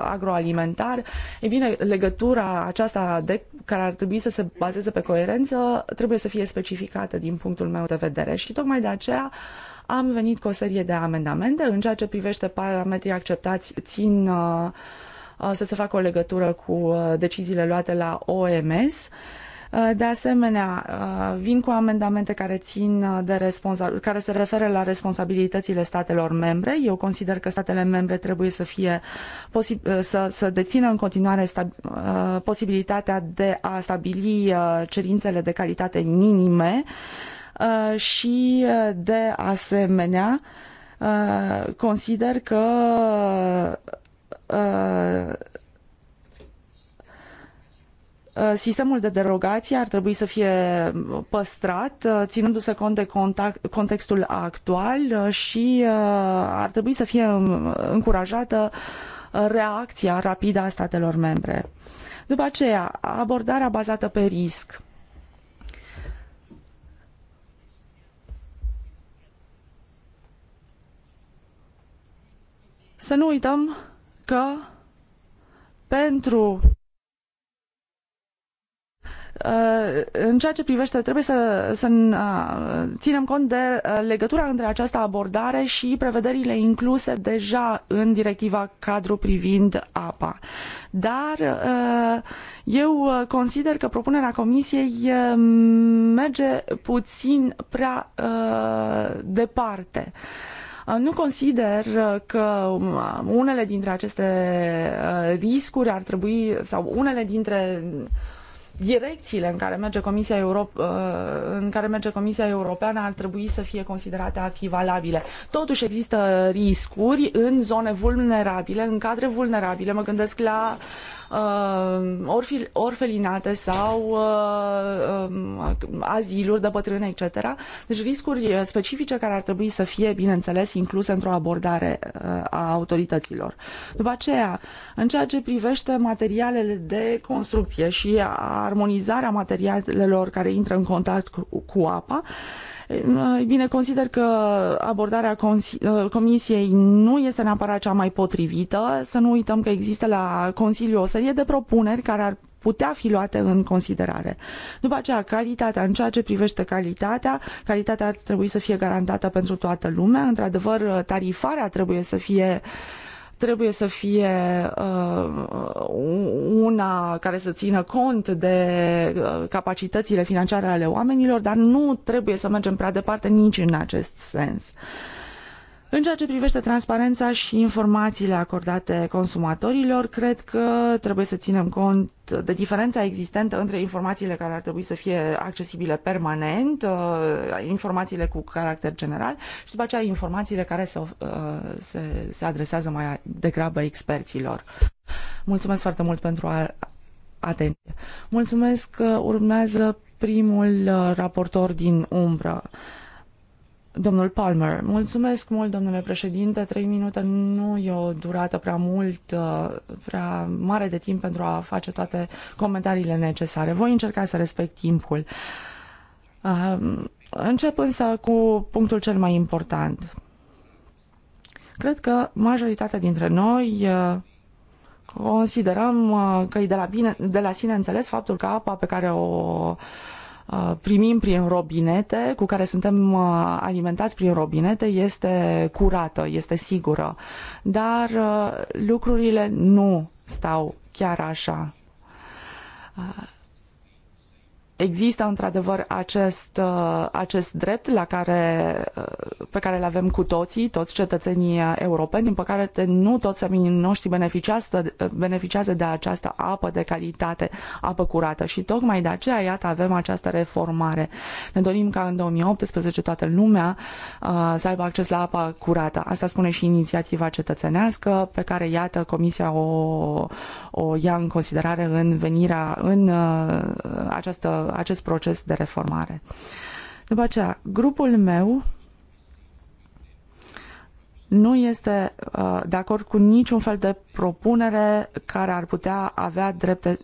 agroalimentar. E bine, legătura aceasta de, care ar trebui să se bazeze pe coerență trebuie să fie specificată din punctul meu de vedere și tocmai de aceea am venit cu o serie de amendamente în ceea ce privește parametrii acceptați țin uh, Uh, să se facă o legătură cu uh, deciziile luate la OMS. Uh, de asemenea, vin cu amendamente care țin de responsa- care se referă la responsabilitățile statelor membre. Eu consider că statele membre trebuie să fie să, să dețină în continuare posibilitatea de a stabili cerințele de calitate minime și de asemenea consider că Uh, uh, sistemul de derogații ar trebui să fie păstrat, uh, ținându-se cont de contact, contextul actual și ar trebui să fie um, încurajată reacția rapidă a statelor membre. După aceea, abordarea bazată pe risc. Să nu uităm că pentru uh, în ceea ce privește, trebuie să, să uh, ținem cont de uh, legătura între această abordare și prevederile incluse deja în directiva cadru privind apa. Dar eu consider că propunerea Comisiei merge puțin prea departe. Uh, nu consider uh, că um, uh, unele dintre aceste riscuri ar trebui, sau unele dintre direcțiile în care merge Comisia, Europe, în care merge Comisia Europeană ar trebui să fie considerate a fi valabile. Totuși există riscuri în zone vulnerabile, în cadre vulnerabile. Mă gândesc la uh, Uh, orfil, orfelinate sau uh, um, aziluri de bătrâni, etc. Deci riscuri uh, specifice care ar trebui să fie, bineînțeles, incluse într-o abordare a autorităților. După aceea, în ceea ce privește materialele de construcție și armonizarea materialelor care intră în contact cu, cu apa, bine, consider că abordarea uh, Comisiei nu este neapărat cea mai potrivită. Să nu uităm că există la Consiliu o serie de propuneri care ar putea fi luate în considerare. După aceea, calitatea, în ceea ce privește calitatea, calitatea ar trebui să fie garantată pentru toată lumea. Într-adevăr, tarifarea trebuie să fie uh, trebuie să fie uh, una care să țină cont de uh, capacitățile financiare ale oamenilor, dar nu trebuie să mergem prea departe nici în acest sens. Uh, în ceea ce privește transparența și informațiile acordate consumatorilor, cred că trebuie să ținem cont de diferența existentă între informațiile care ar trebui să fie accesibile permanent, uh, informațiile cu caracter general și după aceea informațiile care se, uh, se, se adresează mai degrabă experților. Mulțumesc foarte mult pentru a, atenție. Mulțumesc că urmează primul uh, raportor din umbră. Domnul Palmer, mulțumesc mult, domnule președinte. Trei minute nu e o durată prea mult, uh, prea mare de timp pentru a face toate comentariile necesare. Voi încerca să respect timpul. Uh, încep însă cu punctul cel mai important. Cred că majoritatea dintre noi uh, considerăm că e de la, bine, de la sine înțeles faptul că apa pe care o Uh, primim prin robinete, cu care suntem uh, alimentați prin robinete, este curată, este sigură. Dar uh, lucrurile nu stau chiar așa există într-adevăr acest, uh, acest drept la care, uh, pe care îl avem cu toții, toți cetățenii europeni. Din păcate, nu toți oamenii noștri beneficiază, de această apă de calitate, apă curată și tocmai de aceea, iată, avem această reformare. Ne dorim ca în 2018 toată lumea uh, să aibă acces la apă curată. Asta spune și inițiativa cetățenească pe care, iată, Comisia o, o ia în considerare în venirea, în această acest proces de reformare. După aceea, grupul meu nu este uh, de acord cu niciun fel de propunere care ar putea avea drept uh,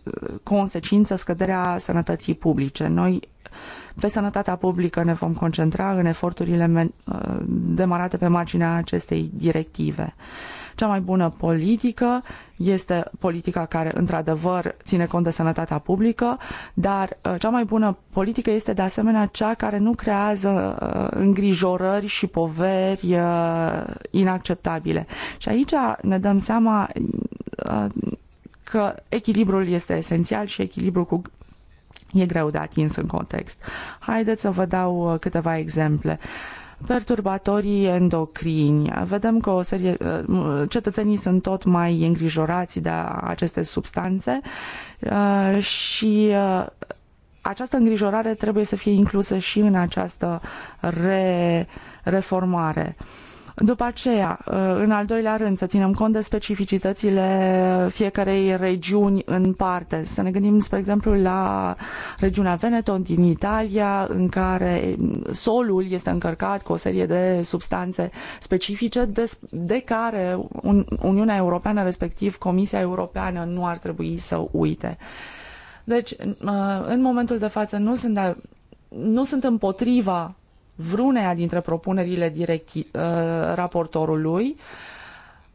consecință scăderea sănătății publice. Noi pe sănătatea publică ne vom concentra în eforturile uh, demarate pe marginea acestei directive. Uh, cea mai bună politică este politica care, într-adevăr, ține cont de sănătatea publică, dar uh, cea mai bună politică este, de asemenea, cea care nu creează uh, îngrijorări și poveri uh, inacceptabile. Și aici ne dăm seama că echilibrul este esențial și echilibrul cu e greu de atins în context. Haideți să vă dau câteva exemple. Uh, perturbatorii endocrini. Vedem că o serie, uh, cetățenii sunt tot mai îngrijorați de aceste substanțe uh, și uh, această îngrijorare trebuie să fie inclusă și în această re, reformare. După aceea, uh, în al doilea rând, să ținem cont de specificitățile fiecarei regiuni în parte. Să ne gândim, spre exemplu, la regiunea Veneto din Italia, în care solul este încărcat cu o serie de substanțe specifice de, de care Uniunea Europeană, respectiv Comisia Europeană, nu ar trebui să uite. Deci, uh, în momentul de față, nu sunt, nu sunt împotriva vrunea dintre propunerile directi- uh, raportorului,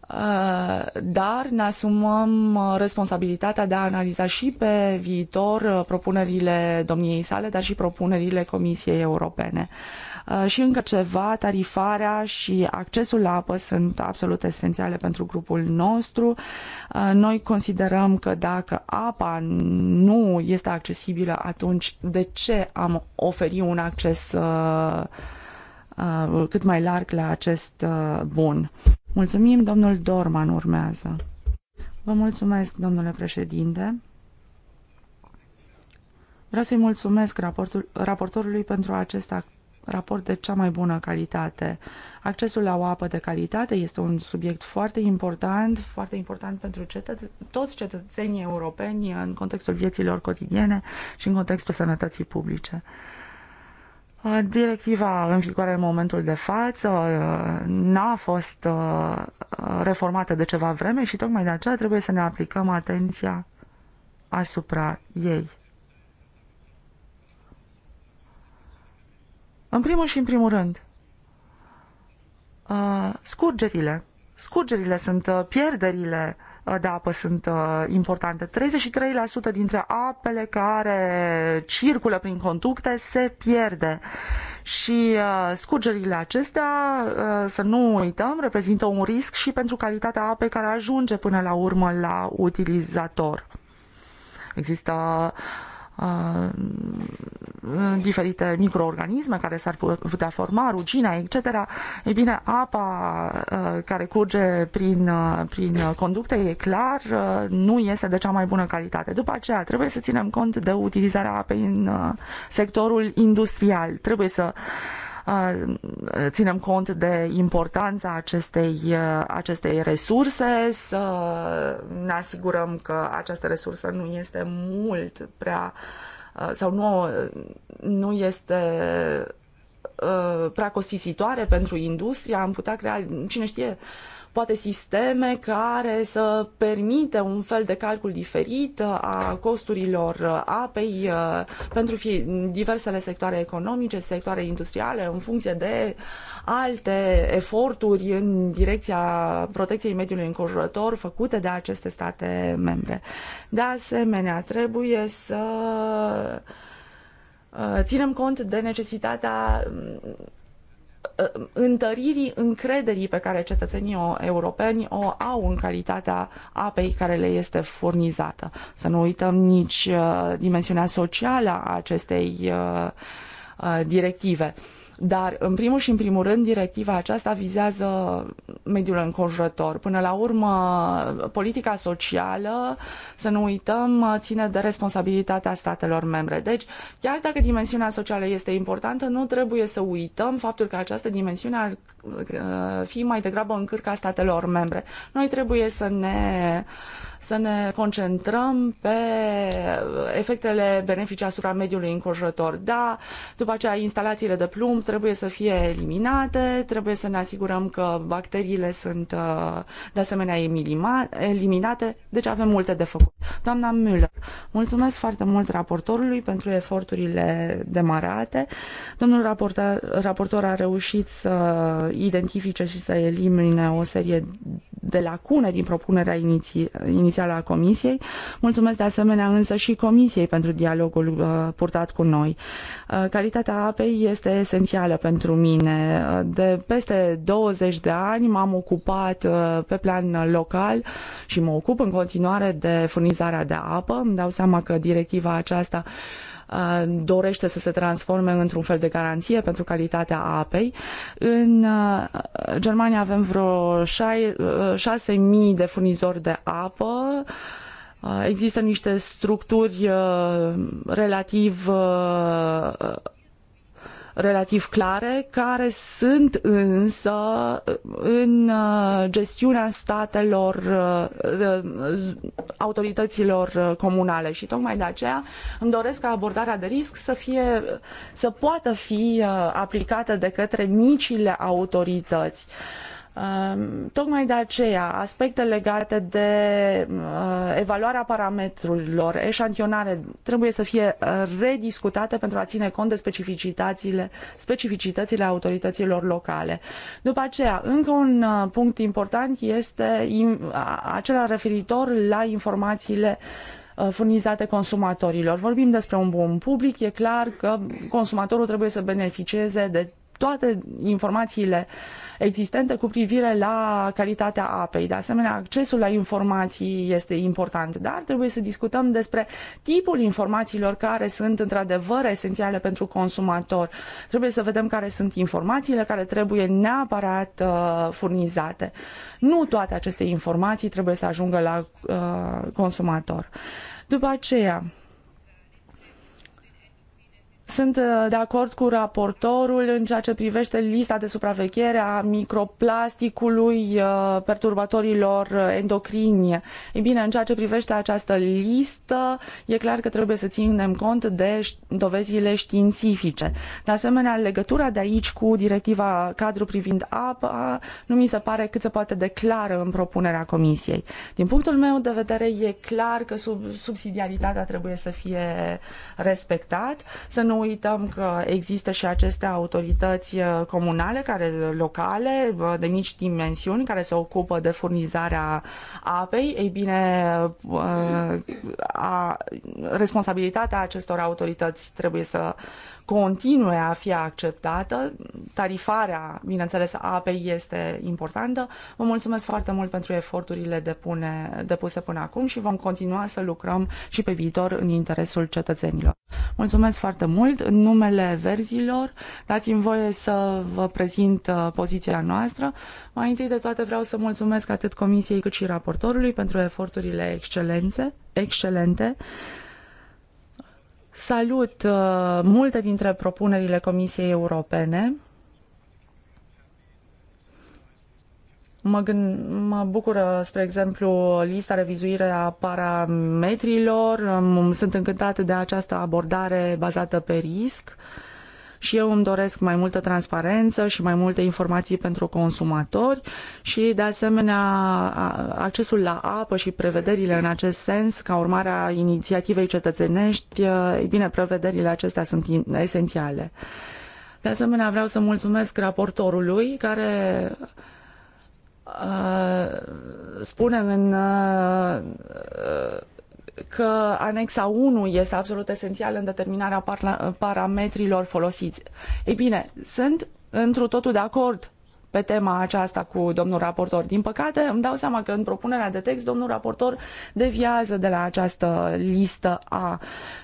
uh, dar ne asumăm uh, responsabilitatea de a analiza și pe viitor propunerile domniei sale, dar și propunerile Comisiei Europene. Uh, și încă ceva, tarifarea și accesul la apă sunt absolut esențiale pentru grupul nostru. Uh, noi considerăm că dacă apa nu este accesibilă, atunci de ce am oferi un acces uh, cât mai larg la acest bun? Mulțumim, domnul Dorman urmează. Vă mulțumesc, domnule președinte. Vreau să-i mulțumesc raportul, raportorului pentru acest act raport de cea mai bună calitate. Accesul la o apă de calitate este un subiect foarte important, foarte important pentru cetăț- toți cetățenii europeni în contextul vieților cotidiene și în contextul sănătății publice. Uh, directiva în vigoare în momentul de față uh, n-a fost uh, reformată de ceva vreme și tocmai de aceea trebuie să ne aplicăm atenția asupra ei. În primul și în primul rând, uh, scurgerile. Scurgerile sunt uh, pierderile uh, de apă sunt importante. 33% dintre apele care circulă prin conducte se pierde. Și scurgerile acestea, să nu uităm, reprezintă un risc și pentru calitatea apei care ajunge până la urmă la utilizator. Există uh, Uh, diferite microorganisme care s-ar putea forma, rugina, etc. E bine, apa uh, care curge prin, uh, prin conducte, e clar, nu este de cea mai bună calitate. După aceea, trebuie să ținem cont de utilizarea apei în sectorul industrial. Trebuie să ținem cont de importanța acestei, acestei resurse, să ne asigurăm că această resursă nu este mult prea sau nu, nu este prea costisitoare pentru industria, am putea crea, cine știe, poate sisteme care să permite un fel de calcul diferit a costurilor apei uh, pentru diversele sectoare economice, sectoare industriale, în funcție de alte eforturi în direcția protecției mediului înconjurător făcute de aceste state membre. De asemenea, trebuie să uh, ținem cont de necesitatea Uh, întăririi încrederii pe care cetățenii europeni o au în calitatea apei care le este furnizată. Să nu uităm nici uh, dimensiunea socială a acestei uh, directive. Dar, în primul și în primul rând, directiva aceasta vizează mediul înconjurător. Până la urmă, politica socială, să nu uităm, ține de responsabilitatea statelor membre. Deci, chiar dacă dimensiunea socială este importantă, nu trebuie să uităm faptul că această dimensiune ar uh, fi mai degrabă în cârca statelor membre. Noi trebuie să ne să ne concentrăm pe efectele benefice asupra mediului înconjurător. Da, după aceea instalațiile de plumb trebuie să fie eliminate, trebuie să ne asigurăm că bacteriile sunt uh, de asemenea eliminate, deci avem multe de făcut. Doamna Müller, mulțumesc foarte mult raportorului pentru eforturile demarate. Domnul raportor, raportor a reușit să identifice și să elimine o serie de lacune din propunerea inițială inițială a Comisiei. Mulțumesc de asemenea însă și Comisiei pentru dialogul uh, purtat cu noi. Uh, calitatea apei este esențială pentru mine. Uh, de peste 20 de ani m-am ocupat uh, pe plan local și mă ocup în continuare de furnizarea de apă. Îmi dau seama că directiva aceasta uh, Uh, dorește să se transforme într-un fel de garanție pentru calitatea apei. În uh, Germania avem vreo 6.000 uh, de furnizori de apă. Există niște structuri relativ relativ clare, care sunt însă în uh, gestiunea statelor, uh, uh, autorităților comunale și tocmai de aceea îmi doresc ca abordarea de risc să fie, să poată fi aplicată de către micile autorități. Ehm, tocmai de aceea, aspecte legate de eh, evaluarea parametrilor, eșantionare, trebuie să fie eh, rediscutate pentru a ține cont de specificitățile, specificitățile autorităților locale. După aceea, încă un eh, punct important este acela referitor la informațiile furnizate consumatorilor. Vorbim despre un bun public, e clar că consumatorul trebuie să beneficieze de toate informațiile existente cu privire la calitatea apei. De asemenea, accesul la informații este important, dar trebuie să discutăm despre tipul informațiilor care sunt într-adevăr esențiale pentru consumator. Trebuie să vedem care sunt informațiile care trebuie neapărat uh, furnizate. Nu toate aceste informații trebuie să ajungă la uh, consumator. După aceea, sunt uh, de acord cu raportorul în ceea ce privește lista de supraveghere a microplasticului, uh, perturbatorilor uh, endocrini. Ei bine, în ceea ce privește această listă, e clar că trebuie să ținem cont de dovezile științifice. De asemenea, legătura de aici cu directiva cadru privind apa nu mi se pare cât se poate de clară în propunerea Comisiei. Din punctul meu de vedere, e clar că sub, subsidiaritatea trebuie să fie respectat, să nu uităm că există și aceste autorități uh, comunale, care locale, uh, de mici dimensiuni, care se ocupă de furnizarea apei. Ei bine, uh, a, responsabilitatea acestor autorități trebuie să continue a fi acceptată. Tarifarea, bineînțeles, a apei este importantă. Vă mulțumesc foarte mult pentru eforturile depune, depuse până acum și vom continua să lucrăm și pe viitor în interesul cetățenilor. Mulțumesc foarte mult. În numele verzilor, dați-mi voie să vă prezint uh, poziția noastră. Mai întâi de toate vreau să mulțumesc atât Comisiei cât și raportorului pentru eforturile excelențe, excelente Salut uh, multe dintre propunerile Comisiei Europene. Mă, gând, mă bucură, spre exemplu, lista revizuire a parametrilor. Sunt încântată de această abordare bazată pe risc. Uh, și eu îmi doresc mai multă transparență și mai multe informații pentru consumatori și de asemenea accesul la apă și prevederile în acest sens ca urmare a inițiativei cetățenești, ei bine, prevederile acestea sunt esențiale. De asemenea, vreau să mulțumesc raportorului care spune în că anexa 1 este absolut esențială în determinarea parametrilor folosiți. Ei bine, sunt întru totul de acord pe tema aceasta cu domnul raportor. Din păcate, îmi dau seama că în propunerea de text domnul raportor deviază de la această listă A.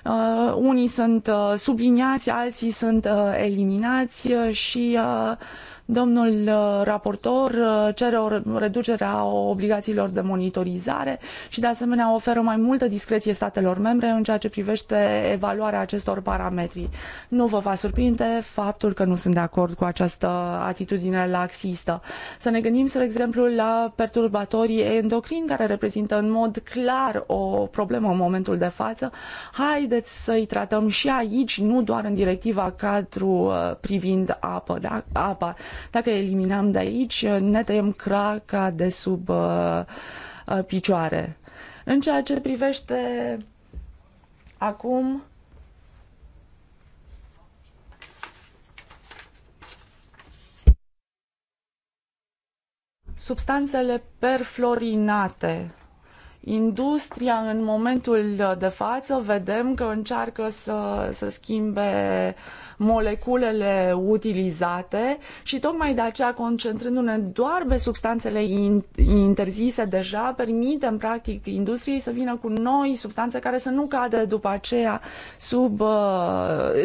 Uh, unii sunt uh, subliniați, alții sunt uh, eliminați uh, și uh, Domnul uh, raportor uh, cere o reducere a obligațiilor de monitorizare și de asemenea oferă mai multă discreție statelor membre în ceea ce privește evaluarea acestor parametri. Nu vă va surprinde faptul că nu sunt de acord cu această atitudine laxistă. Să ne gândim, spre exemplu, la perturbatorii endocrini care reprezintă în mod clar o problemă în momentul de față. Haideți să-i tratăm și aici, nu doar în directiva cadru uh, privind apă, da? apa. Dacă eliminăm de aici, ne tăiem craca de sub uh, uh picioare. În ceea ce privește acum substanțele perfluorinate. Industria în momentul de față vedem că încearcă să, să schimbe uh, moleculele utilizate și tocmai de aceea, concentrându-ne doar pe substanțele interzise deja, permitem practic industriei să vină cu noi substanțe care să nu cadă după aceea sub, uh,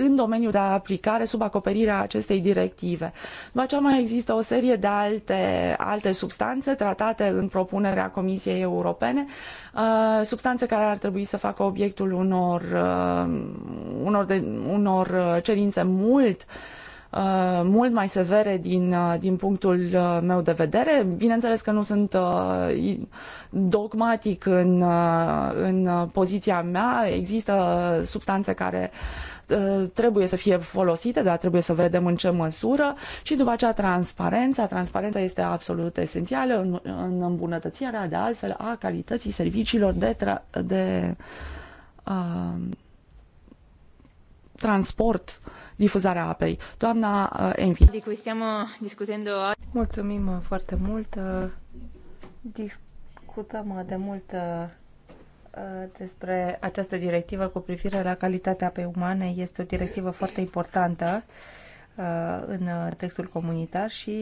în domeniul de aplicare, sub acoperirea acestei directive. După aceea mai există o serie de alte, alte substanțe tratate în propunerea Comisiei Europene Uh, substanțe care ar trebui să facă obiectul unor, uh, unor, de, unor uh, cerințe mult uh, mult mai severe din, din punctul meu de vedere. Bineînțeles că nu sunt dogmatic în, în poziția mea. Există substanțe care Uh, trebuie să fie folosite, dar trebuie să vedem în ce măsură și după aceea transparența. Transparența este absolut esențială în, în îmbunătățirea de altfel a calității serviciilor de, tra- de uh, transport difuzarea apei. Doamna uh, Envi. Di adică cui stiamo Mulțumim foarte mult. Uh, discutăm de mult uh, Uh, despre această directivă cu privire la calitatea pe umane. Este o directivă foarte importantă uh, în textul comunitar și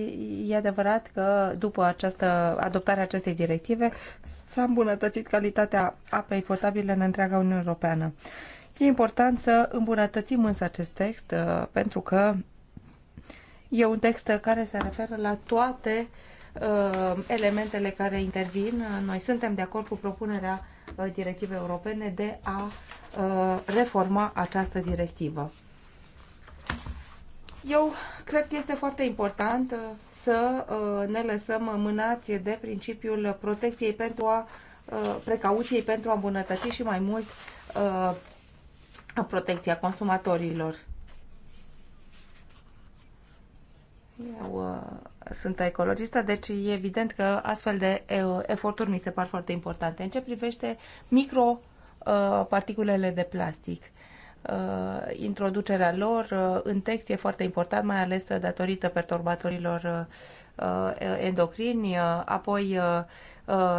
e adevărat că după această, adoptarea acestei directive s-a îmbunătățit calitatea apei potabile în întreaga Uniune Europeană. E important să îmbunătățim însă acest text uh, pentru că e un text care se referă la toate elementele care intervin. Noi suntem de acord cu propunerea Uh, directive europene de a uh, reforma această directivă. Eu cred că este foarte important uh, să ne lăsăm mânați de principiul protecției pentru a precauției pentru a îmbunătăți și mai mult protecția consumatorilor. Eu uh, sunt ecologistă, deci e evident că astfel de uh, eforturi mi se par foarte importante. În ce privește microparticulele uh, de plastic, uh, introducerea lor uh, în text e foarte important, mai ales datorită perturbatorilor uh, uh endocrini, uh, apoi uh,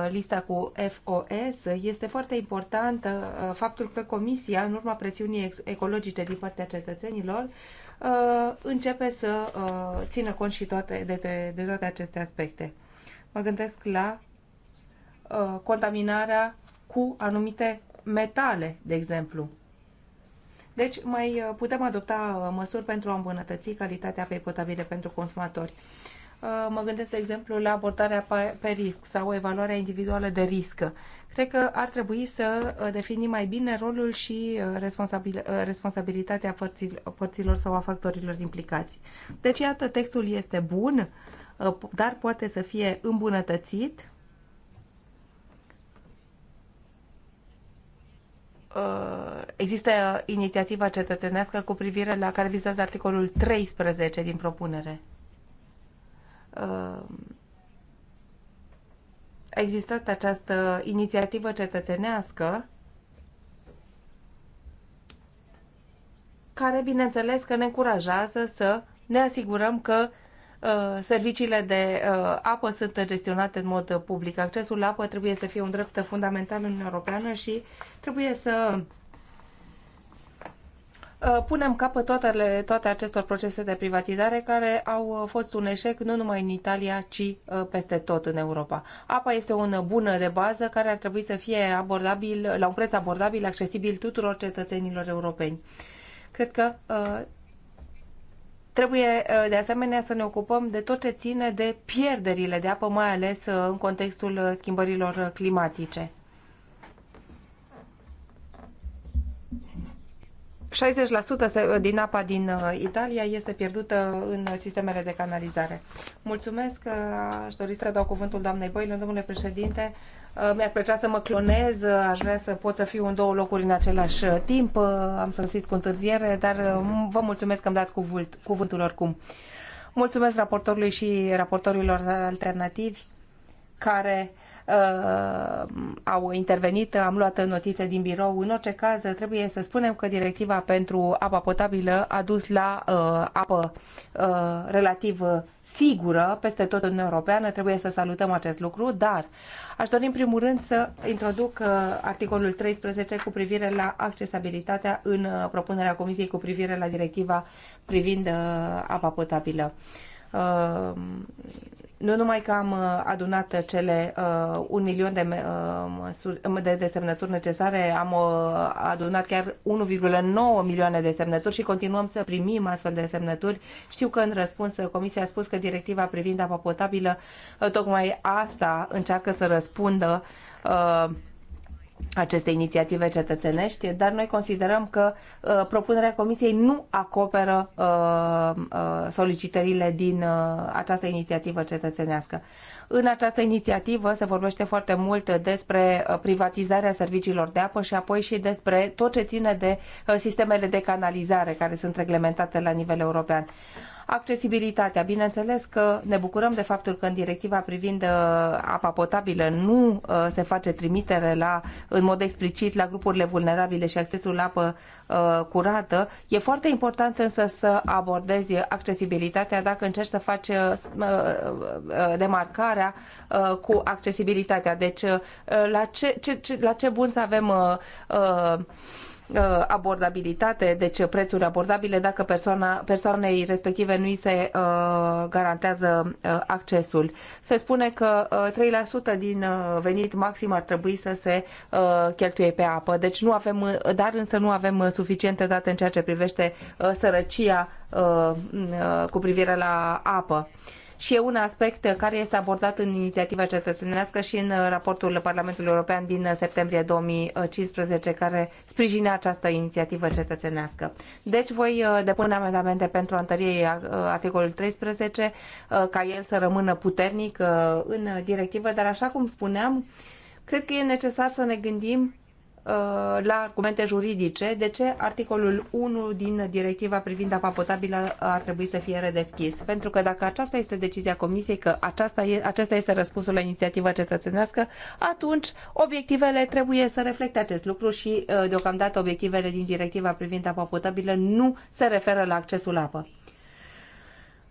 lista cu FOS, este foarte important faptul că Comisia, în urma presiunii ecologice din partea cetățenilor, Uh, începe să uh, țină cont și toate, de, de, de toate aceste aspecte. Mă gândesc la uh, contaminarea cu anumite metale, de exemplu. Deci mai putem adopta măsuri pentru a îmbunătăți calitatea apei potabile pentru consumatori. Uh, mă gândesc, de exemplu, la abordarea pe risc sau evaluarea individuală de risc. Cred că ar trebui să uh, definim mai bine rolul și uh, responsabil, responsabilitatea părților, părților sau a factorilor implicați. Deci, iată, textul este bun, dar poate să fie îmbunătățit. Există inițiativa cetățenească cu privire la care vizează articolul 13 din propunere. Uh, a existat această inițiativă cetățenească care, bineînțeles, că ne încurajează să ne asigurăm că uh, serviciile de uh, apă sunt gestionate în mod public. Accesul la apă trebuie să fie un drept fundamental în Uniunea Europeană și trebuie să Uh, punem capăt toate, toate acestor procese de privatizare care au uh, fost un eșec nu numai în Italia, ci uh, peste tot în Europa. Apa este o bună de bază care ar trebui să fie abordabil, la un preț abordabil, accesibil tuturor cetățenilor europeni. Cred că Trebuie de asemenea să ne ocupăm de tot ce ține de pierderile de apă, mai ales în contextul schimbărilor climatice. 60% din apa din uh, Italia este pierdută în sistemele de canalizare. Mulțumesc, uh, aș dori să dau cuvântul doamnei Boile, domnule președinte. Uh, mi-ar plăcea să mă clonez, aș vrea să pot să fiu în două locuri în același timp. Am sosit cu întârziere, dar vă mulțumesc că îmi dați cuvânt, cuvântul oricum. Mulțumesc raportorului și raportorilor alternativi care uh, au intervenit, am luat notițe din birou. În orice caz, trebuie să spunem că directiva pentru apa potabilă a dus la uh, apă uh, relativ sigură peste tot în Europeană. Trebuie să salutăm acest lucru, dar aș dori în primul rând să introduc uh, articolul 13 cu privire la accesibilitatea în uh, propunerea Comisiei cu privire la directiva privind uh, apa potabilă. Uh, nu numai că am uh, adunat cele uh, un milion de, uh, um, de, de semnături necesare, am uh, adunat chiar 1,9 milioane de semnături și continuăm să primim astfel de semnături. Știu că în răspuns Comisia a spus că directiva privind apa potabilă uh, tocmai asta încearcă să răspundă uh, aceste inițiative cetățenești, dar noi considerăm că uh, propunerea Comisiei nu acoperă uh, uh, solicitările din uh, această inițiativă cetățenească. În această inițiativă se vorbește foarte mult despre uh, privatizarea serviciilor de apă și apoi și despre tot ce ține de uh, sistemele de canalizare care sunt reglementate la nivel european. Accesibilitatea. Bineînțeles că ne bucurăm de faptul că în directiva privind uh, apa potabilă nu uh, se face trimitere la, în mod explicit la grupurile vulnerabile și accesul la apă uh, curată. E foarte important însă să abordezi accesibilitatea dacă încerci să faci demarcarea cu accesibilitatea. Deci la ce, ce, ce, la ce bun să avem Uh, abordabilitate, deci prețuri abordabile dacă persoana, persoanei respective nu îi se uh, garantează uh, accesul. Se spune că 3% din venit maxim ar trebui să se cheltuie pe apă. Deci nu avem, dar însă nu avem suficiente date în ceea ce privește sărăcia cu privire la apă. Uh, și e un aspect care este abordat în inițiativa cetățenească și în raportul Parlamentului European din septembrie 2015 care sprijine această inițiativă cetățenească. Deci voi uh, depune amendamente pentru a întări uh, articolul 13 uh, ca el să rămână puternic în directivă, dar așa cum spuneam, cred că e necesar să ne gândim Uh, la argumente juridice de ce articolul 1 din directiva privind apa potabilă ar trebui să fie redeschis. Pentru că dacă aceasta este decizia Comisiei, că aceasta e, acesta este răspunsul la inițiativa cetățenească, atunci obiectivele trebuie să reflecte acest lucru și uh, deocamdată obiectivele din directiva privind apa potabilă nu se referă la accesul la apă.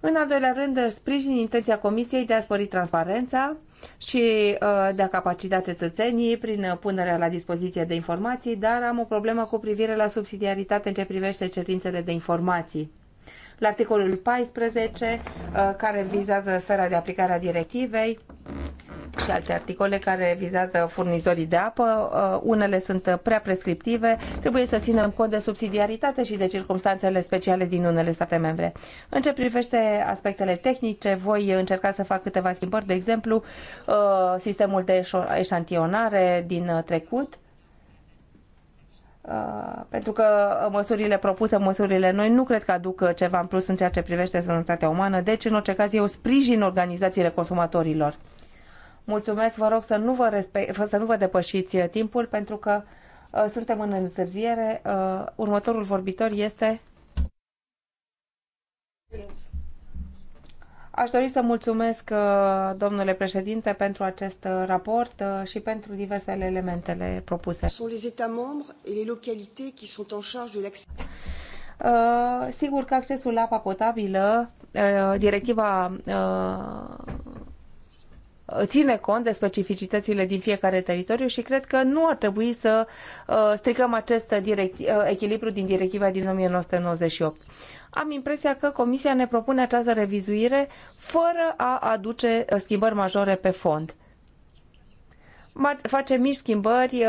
În al doilea rând, sprijin intenția Comisiei de a spori transparența și uh, de a capacita cetățenii prin punerea la dispoziție de informații, dar am o problemă cu privire la subsidiaritate în ce privește cerințele de informații. La articolul 14, uh, care vizează sfera de aplicare a directivei, și alte articole care vizează furnizorii de apă. Uh, unele sunt prea prescriptive. Trebuie să ținem cont de subsidiaritate și de circumstanțele speciale din unele state membre. În ce privește aspectele tehnice, voi încerca să fac câteva schimbări, de exemplu, uh, sistemul de eșantionare din trecut, uh, pentru că măsurile propuse, măsurile noi, nu cred că aduc ceva în plus în ceea ce privește sănătatea umană, deci în orice caz eu sprijin organizațiile consumatorilor. Mulțumesc, vă rog să nu vă, respect, să nu vă depășiți uh, timpul pentru că uh, suntem în întârziere. Uh, următorul vorbitor este... Aș dori să mulțumesc, uh, domnule președinte, pentru acest uh, raport și pentru diversele elementele propuse. Sunt de Uh, sigur că accesul la apa potabilă, uh, directiva uh, ține cont de specificitățile din fiecare teritoriu și cred că nu ar trebui să uh, stricăm acest uh, echilibru din directiva din 1998. Am impresia că Comisia ne propune această revizuire fără a aduce uh, schimbări majore pe fond face mici schimbări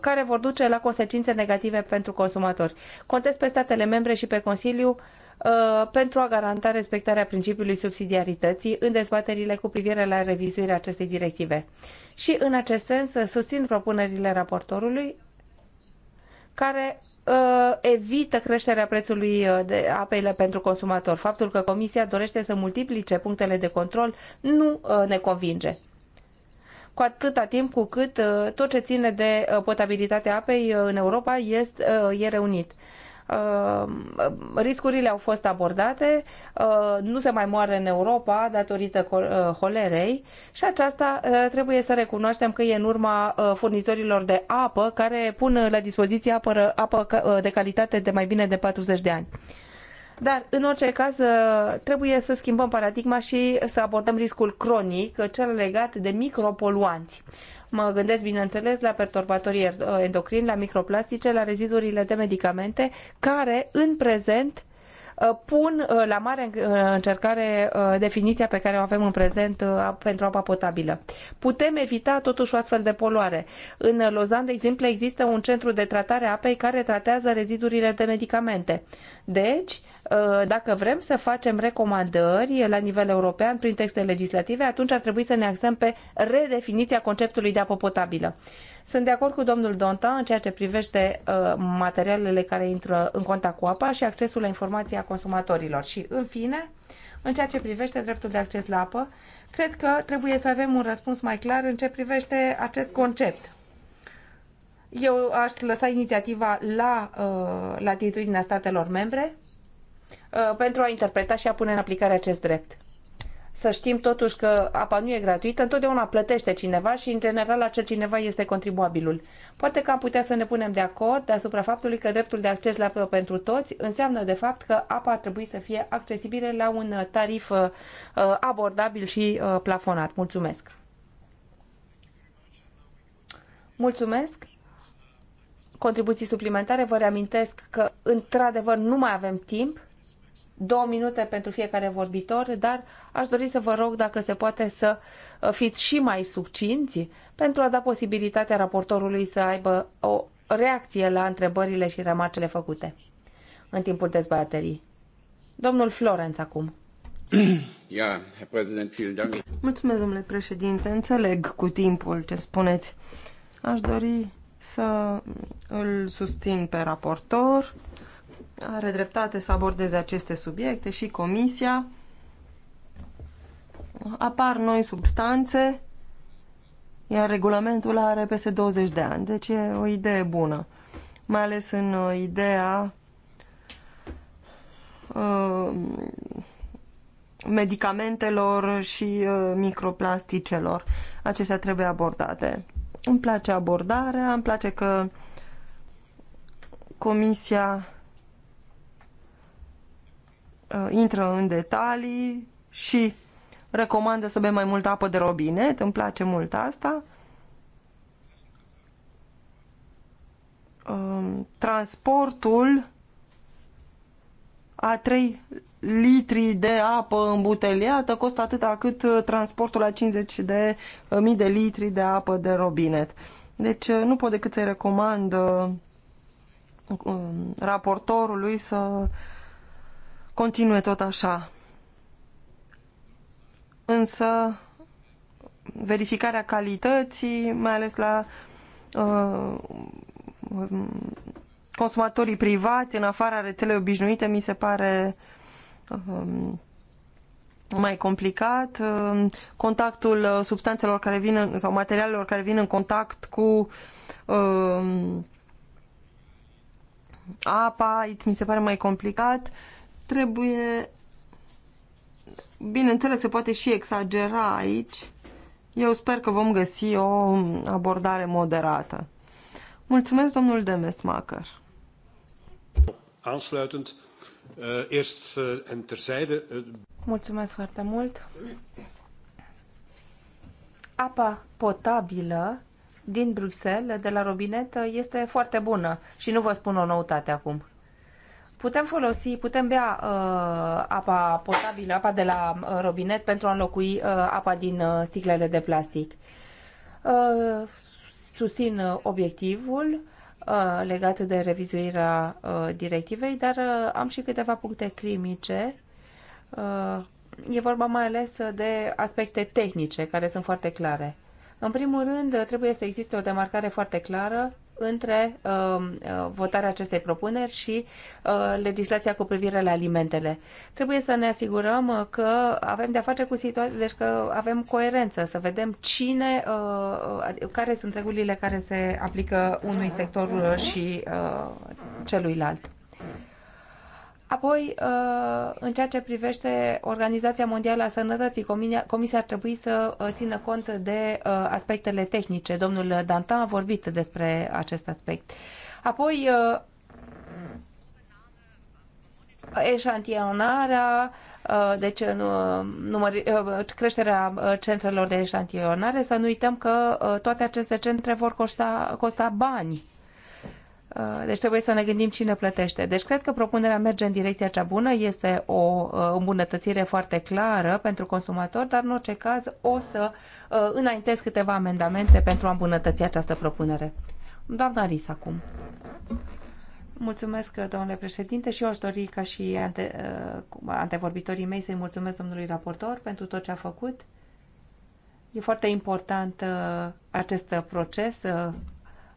care vor duce la consecințe negative pentru consumatori. Contez pe statele membre și pe Consiliu Uh, pentru a garanta respectarea principiului subsidiarității în dezbaterile cu privire la revizuirea acestei directive. Și în acest sens susțin propunerile raportorului care uh, evită creșterea prețului uh, de apele pentru consumator. Faptul că Comisia dorește să multiplice punctele de control nu uh, ne convinge cu atâta timp cu cât uh, tot ce ține de potabilitatea apei în Europa este, e reunit. Uh, riscurile au fost abordate, uh, nu se mai moare în Europa datorită uh, holerei și aceasta trebuie să recunoaștem că e în urma furnizorilor de apă care pun la dispoziție apă, apă de calitate de mai bine de 40 de ani. Dar, în orice caz, trebuie să schimbăm paradigma și să abordăm riscul cronic, cel legat de micropoluanți. Mă gândesc, bineînțeles, la perturbatorii er- ă, endocrini, la microplastice, la rezidurile de medicamente, care în prezent ă, pun ă, la mare încercare definiția pe care o avem în prezent pentru apa potabilă. Putem evita totuși o astfel de poluare. În Lozan, de exemplu, există un centru de tratare a apei care tratează rezidurile de medicamente. Deci, Uh, dacă vrem să facem recomandări la nivel european prin texte legislative, atunci ar trebui să ne axăm pe redefiniția conceptului de apă potabilă. Sunt de acord cu domnul Donta în ceea ce privește uh, materialele care intră în contact cu apa și accesul la informația consumatorilor. Și, în fine, în ceea ce privește dreptul de acces la apă, cred că trebuie să avem un răspuns mai clar în ce privește acest concept. Eu aș lăsa inițiativa la uh, latitudinea statelor membre Uh, pentru a interpreta și a pune în aplicare acest drept. Să știm totuși că apa nu e gratuită, întotdeauna plătește cineva și în general acel cineva este contribuabilul. Poate că am putea să ne punem de acord asupra faptului că dreptul de acces la apă pentru toți înseamnă de fapt că apa ar trebui să fie accesibilă la un uh, tarif uh, abordabil și plafonat. Mulțumesc! Mulțumesc! Contribuții suplimentare, vă reamintesc că într-adevăr nu mai avem timp două minute pentru fiecare vorbitor, dar aș dori să vă rog dacă se poate să uh, fiți și mai succinți pentru a da posibilitatea raportorului să aibă o reacție la întrebările și remarcele făcute în timpul dezbaterii. Domnul Florenț acum. Mulțumesc, domnule președinte. Înțeleg cu timpul ce spuneți. Aș dori să îl susțin pe raportor are dreptate să abordeze aceste subiecte și comisia. Apar noi substanțe, iar regulamentul are peste 20 de ani, deci e o idee bună. Mai ales în uh, ideea uh, medicamentelor și uh, microplasticelor. Acestea trebuie abordate. Îmi place abordarea, îmi place că Comisia Uh, intră în detalii și recomandă să bem mai multă apă de robinet, îmi place mult asta. Um, transportul a 3 litri de apă îmbuteliată costă atât cât uh, transportul a 50 de uh, mii de litri de apă de robinet. Deci nu pot decât să-i recomand um, raportorului să continue tot așa. Însă verificarea calității, mai ales la uh, consumatorii privați, în afara rețelei obișnuite, mi se pare uh, mai complicat. Um, uh, contactul substanțelor care vin în, sau materialelor care vin în contact cu um, apa, mi se pare mai complicat. Uh, Trebuie, bineînțeles, se poate și exagera aici. Eu sper că vom găsi o abordare moderată. Mulțumesc, domnul Demesmacher. Aansluitend, eh, eh, en terzijde. Eh, Mulțumesc foarte mult. Apa potabilă din Bruxelles, de la robinet, este foarte bună și nu vă spun o noutate acum. Putem folosi, putem bea uh, apa potabilă, apa de la uh, robinet pentru a înlocui uh, apa din uh, sticlele de plastic. Uh, susțin uh, obiectivul uh, legat de revizuirea uh, directivei, dar uh, am și câteva puncte clinice. Uh, e vorba mai ales de aspecte tehnice care sunt foarte clare. În primul rând, trebuie să existe o demarcare foarte clară între um, uh, votarea acestei propuneri și uh, legislația cu privire la alimentele. Trebuie să ne asigurăm uh, că avem de-a face cu situații, deci că avem coerență, să vedem cine, uh, care sunt regulile care se aplică unui sector uh, și uh, celuilalt. Apoi, uh, în ceea ce privește Organizația Mondială a Sănătății, Comisia ar trebui să uh, țină cont de uh, aspectele tehnice. Domnul Dantan a vorbit despre acest aspect. Apoi, eșantionarea, deci număr, creșterea centrelor de eșantionare, să nu uităm că toate aceste centre vor costa, costa bani Uh, deci trebuie să ne gândim cine plătește. Deci cred că propunerea merge în direcția cea bună, este o uh, îmbunătățire foarte clară pentru consumator, dar în orice caz o să uh, înaintez câteva amendamente pentru a îmbunătăți această propunere. Doamna Aris, acum. Mulțumesc, domnule președinte, și eu aș dori ca și ante, antevorbitorii mei să-i mulțumesc domnului raportor pentru tot ce a făcut. E foarte important acest proces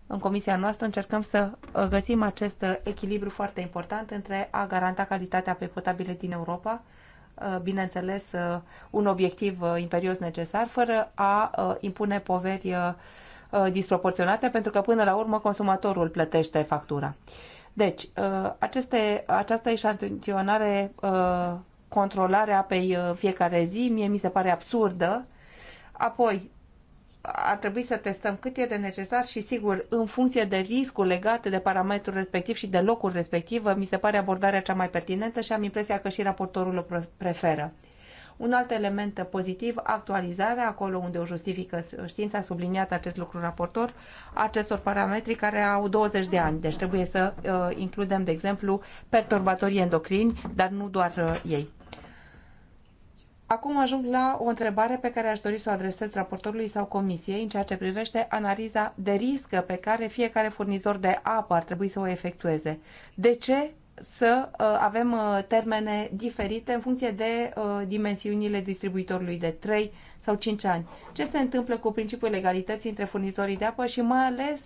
în comisia noastră încercăm să uh, găsim acest uh, echilibru foarte important între a garanta calitatea apei potabile din Europa, uh, bineînțeles un obiectiv imperios necesar, fără a impune poveri disproporționate, pentru că până la urmă consumatorul plătește factura. Deci, aceste, această eșantionare, controlarea apei fiecare zi, mie mi se pare absurdă. Apoi, ar trebui să testăm cât e de necesar și, sigur, în funcție de riscul legat de parametrul respectiv și de locul respectiv, mi se pare abordarea cea mai pertinentă și am impresia că și raportorul o preferă. Un alt element pozitiv, actualizarea, acolo unde o justifică știința, subliniat acest lucru raportor, acestor parametri care au 20 de ani. Deci trebuie să uh, includem, de exemplu, perturbatorii endocrini, dar nu doar uh, ei. Acum ajung la o întrebare pe care aș dori să o adresez raportorului sau comisiei în ceea ce privește analiza de riscă pe care fiecare furnizor de apă ar trebui să o efectueze. De ce să uh, avem uh, termene diferite în funcție de uh, dimensiunile distribuitorului de 3 sau 5 ani. Ce se întâmplă cu principiul legalității între furnizorii de apă și mai ales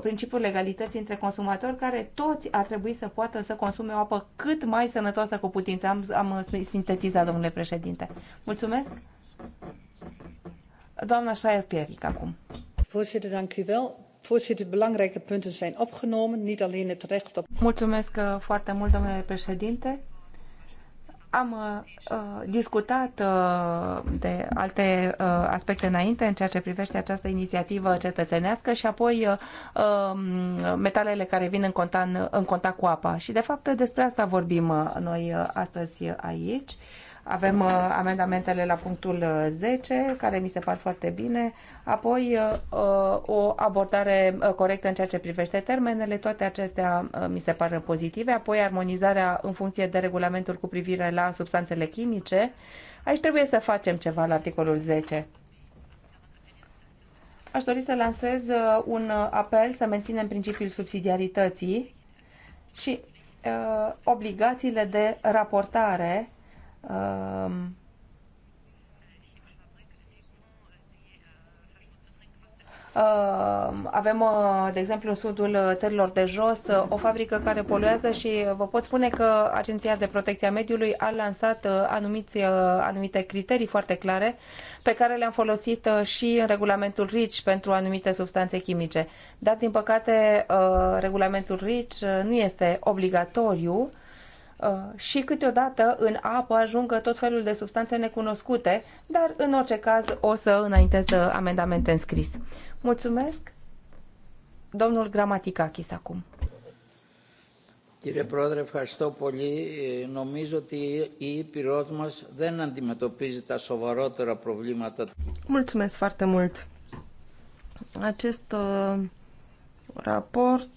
principiul legalității între consumatori care toți ar trebui să poată să consume o apă cât mai sănătoasă cu putință. Am, am sintetizat, domnule președinte. Mulțumesc. Doamna Șaier Pieric acum. Voorzitter, dank u wel. Voorzitter, belangrijke punten zijn opgenomen, niet alleen het recht op. Mulțumesc uh, foarte mult, domnule președinte. Am uh, uh, discutat uh, de alte uh, aspecte înainte în ceea ce privește această inițiativă cetățenească și apoi uh, um, metalele care vin în contact, în contact cu apa. Și de fapt despre asta vorbim uh, noi astăzi aici. Uh, avem uh, amendamentele la punctul 10, uh, care mi se par foarte bine, apoi uh, o abordare corectă în ceea ce privește termenele, toate acestea mi se par pozitive, apoi armonizarea în funcție de regulamentul cu privire la substanțele chimice. Aici trebuie să facem ceva la articolul 10. Aș dori să lansez un apel să menținem principiul subsidiarității și uh, obligațiile de raportare Um, um, avem, uh, de exemplu, în sudul țărilor de jos uh, o fabrică care poluează și vă pot spune că Agenția de Protecție a Mediului a lansat uh, anumiți, anumite criterii foarte clare pe care le-am folosit și în regulamentul RICI pentru anumite substanțe chimice. Dar, din păcate, regulamentul RICI nu este obligatoriu Uh, și câteodată în apă ajungă tot felul de substanțe necunoscute, dar în orice caz o să înaintez uh, amendamente în scris. Mulțumesc. Domnul Gramaticakis acum. Κύριε Πρόεδρε, ευχαριστώ πολύ. Νομίζω ότι η Ήπειρός μας δεν αντιμετωπίζει τα σοβαρότερα προβλήματα. Mulțumesc foarte mult. Acest uh, raport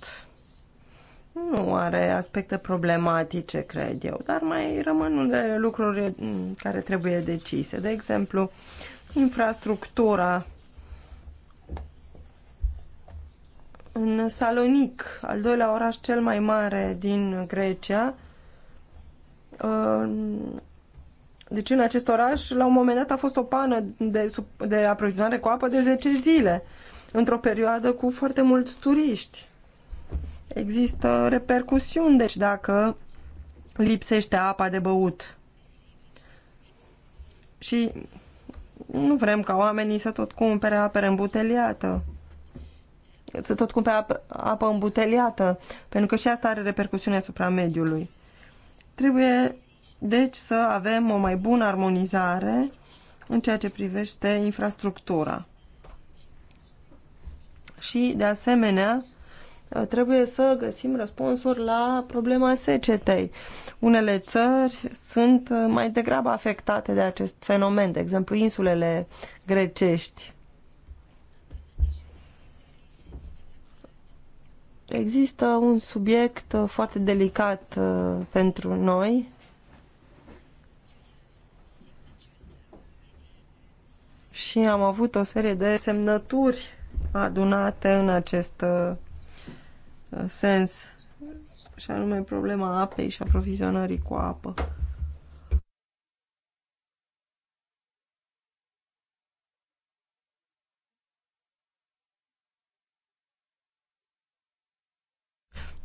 nu are aspecte problematice, cred eu, dar mai rămân unde lucruri mm, care trebuie decise. De exemplu, infrastructura în Salonic, al doilea oraș cel mai mare din Grecia, deci în acest oraș, la un moment dat a fost o pană de, de aprovizionare cu apă de 10 zile, într-o perioadă cu foarte mulți turiști există repercusiuni, deci dacă lipsește apa de băut. Și nu vrem ca oamenii să tot cumpere apă îmbuteliată. Să tot cumpere apă, apă îmbuteliată, pentru că și asta are repercusiune asupra mediului. Trebuie, deci, să avem o mai bună armonizare în ceea ce privește infrastructura. Și, de asemenea, Uh, trebuie să găsim răspunsuri la problema secetei. Unele țări sunt uh, mai degrabă afectate de acest fenomen, de exemplu insulele grecești. Există un subiect uh, foarte delicat pentru noi. Și am avut o serie de semnături adunate în acest Uh, sens, și anume problema apei și aprovizionării cu apă.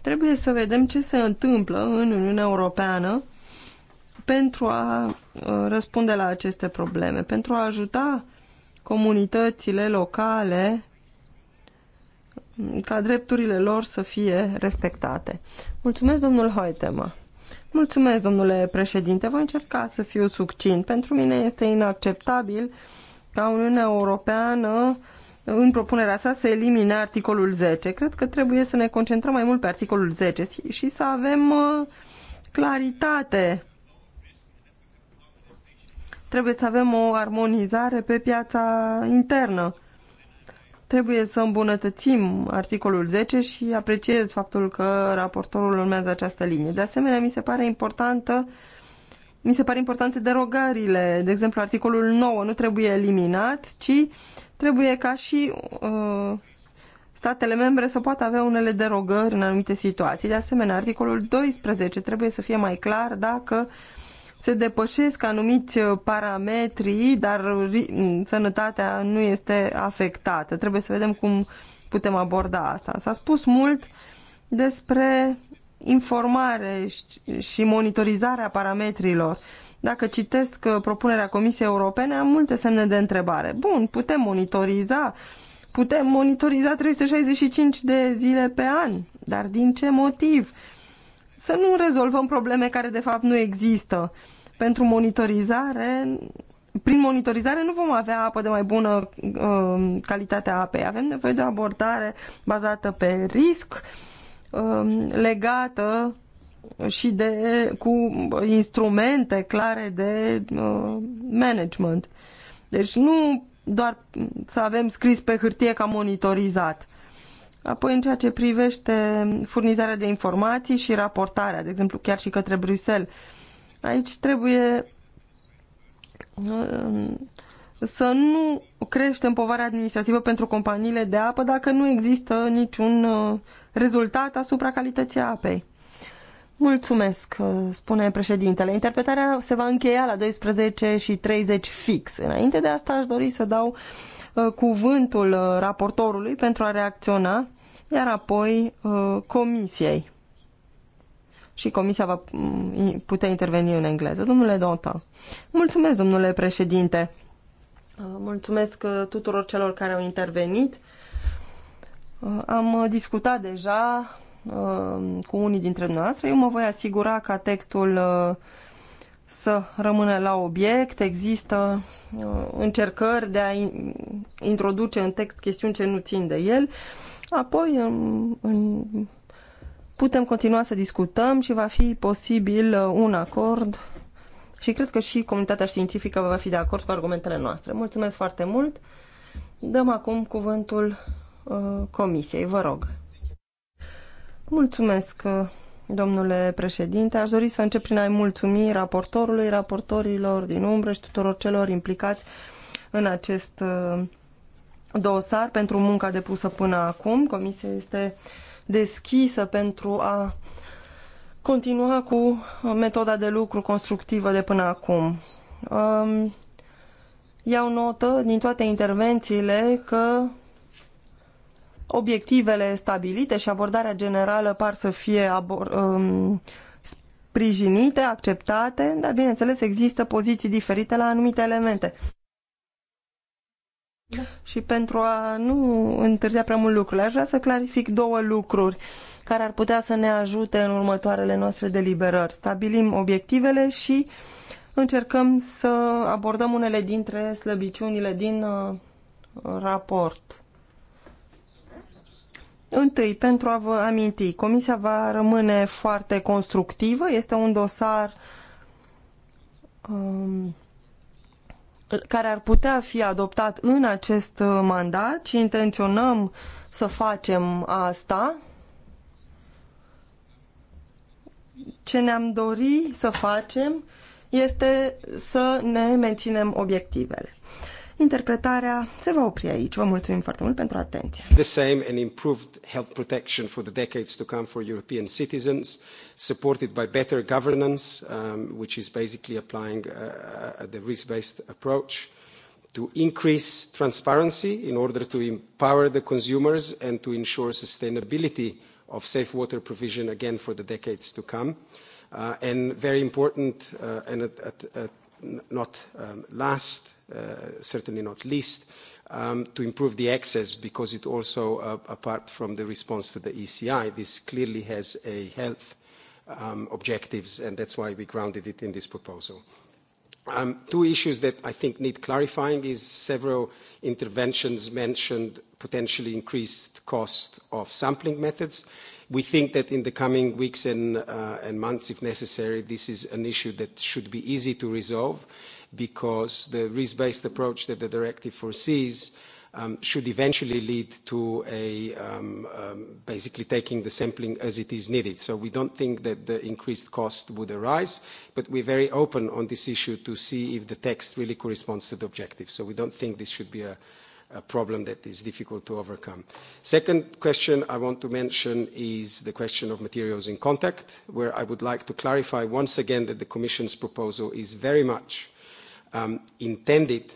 trebuie să vedem ce se întâmplă în Uniunea Europeană pentru a uh, răspunde la aceste probleme, pentru a ajuta comunitățile locale ca drepturile lor să fie respectate. Mulțumesc, domnul Hoitema. Mulțumesc, domnule președinte. Voi încerca să fiu succint. Pentru mine este inacceptabil ca Uniunea Europeană în propunerea sa să elimine articolul 10. Cred că trebuie să ne concentrăm mai mult pe articolul 10 și să avem uh, claritate. Trebuie să avem o armonizare pe piața internă Trebuie să îmbunătățim articolul 10 și apreciez faptul că raportorul urmează această linie. De asemenea, mi se pare importantă mi se pare importante derogările. De exemplu, articolul 9 nu trebuie eliminat, ci trebuie ca și uh, statele membre să poată avea unele derogări în anumite situații. De asemenea, articolul 12 trebuie să fie mai clar dacă uh, se depășesc anumiți uh, parametri, dar mm, sănătatea nu este afectată. Trebuie să vedem cum putem aborda asta. S-a spus mult despre informare și monitorizarea parametrilor. Dacă citesc uh, propunerea Comisiei Europene, am multe semne de întrebare. Bun, putem monitoriza, putem monitoriza 365 de zile pe an, dar din ce motiv? să nu rezolvăm probleme care de fapt nu există. Pentru monitorizare, prin monitorizare nu vom avea apă de mai bună uh, um, calitate a apei. Avem nevoie de o abordare bazată pe risc, uh, legată și de, cu instrumente clare de uh, management. Deci nu doar să avem scris pe hârtie ca monitorizat. Apoi, în ceea ce privește furnizarea de informații și raportarea, de exemplu, chiar și către Bruxelles, aici trebuie um, să nu creștem povara administrativă pentru companiile de apă dacă nu există niciun uh, rezultat asupra calității apei. Mulțumesc, uh, spune președintele. Interpretarea se va încheia la 12 și 30 fix. Înainte de asta aș dori să dau uh, Uh, cuvântul uh, raportorului pentru a reacționa, iar apoi uh, comisiei. Și comisia va mm, putea interveni în engleză. Domnule Dota, mulțumesc, domnule președinte. Mulțumesc tuturor celor care au intervenit. Am discutat deja cu unii dintre noastre. Eu mă voi asigura ca textul să rămână la obiect. Există uh, încercări de a introduce în text chestiuni ce nu țin de el. Apoi um, în, putem continua să discutăm și va fi posibil uh, un acord și cred că și comunitatea științifică va fi de acord cu argumentele noastre. Mulțumesc foarte mult! Dăm acum cuvântul uh, comisiei, vă rog. Mulțumesc, uh, Domnule președinte, aș dori să încep prin a-i mulțumi raportorului, raportorilor din umbră și tuturor celor implicați în acest uh, dosar pentru munca depusă până acum. Comisia este deschisă pentru a continua cu metoda de lucru constructivă de până acum. Um, iau notă din toate intervențiile că obiectivele stabilite și abordarea generală par să fie um, sprijinite, acceptate, dar bineînțeles există poziții diferite la anumite elemente. Da. Și pentru a nu întârzia prea mult lucrurile, aș vrea să clarific două lucruri care ar putea să ne ajute în următoarele noastre deliberări. Stabilim obiectivele și încercăm să abordăm unele dintre slăbiciunile din uh, raport. Întâi, pentru a vă aminti, Comisia va rămâne foarte constructivă. Este un dosar um, care ar putea fi adoptat în acest mandat și intenționăm să facem asta. Ce ne-am dori să facem este să ne menținem obiectivele. Interpretarea se va opri aici. Vă mulțumim foarte mult pentru atenție. The same and improved health protection for the decades to come for European citizens, supported by better governance, um, which is basically applying uh, uh, the risk-based approach to increase transparency in order to empower the consumers and to ensure sustainability of safe water provision again for the decades to come. Uh, and very important uh, and at, at, at not um, last, Uh, certainly not least, um, to improve the access because it also, uh, apart from the response to the ECI, this clearly has a health um, objectives and that's why we grounded it in this proposal. Um, two issues that I think need clarifying is several interventions mentioned potentially increased cost of sampling methods. We think that in the coming weeks and, uh, and months, if necessary, this is an issue that should be easy to resolve because the risk-based approach that the directive foresees um, should eventually lead to a um, um, basically taking the sampling as it is needed. So we don't think that the increased cost would arise, but we're very open on this issue to see if the text really corresponds to the objective. So we don't think this should be a, a problem that is difficult to overcome. Second question I want to mention is the question of materials in contact, where I would like to clarify once again that the Commission's proposal is very much um, intended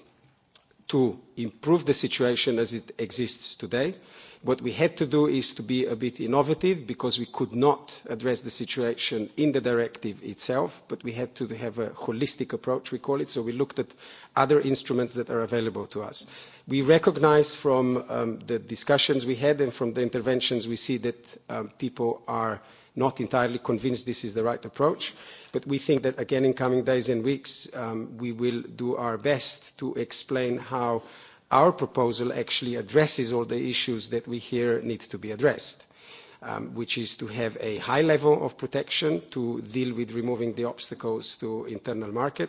to improve the situation as it exists today. What we had to do is to be a bit innovative because we could not address the situation in the directive itself, but we had to have a holistic approach, we call it. So we looked at other instruments that are available to us. We recognize from um, the discussions we had and from the interventions we see that um, people are not entirely convinced this is the right approach. But we think that, again, in coming days and weeks, um, we will do our best to explain how our proposal actually addresses all the issues that we hear need to be addressed. Um, which is to have a high level of protection to deal with removing the obstacles to internal market,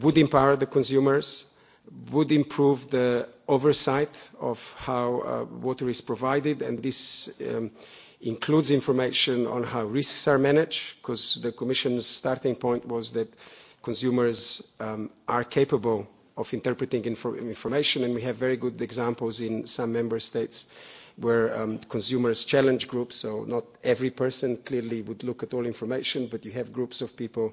would empower the consumers, would improve the oversight of how uh, water is provided, and this um, includes information on how risks are managed, because the Commission's starting point was that consumers um, are capable of interpreting information, and we have very good examples in some member states where um, consumers challenge groups, so not every person clearly would look at all information, but you have groups of people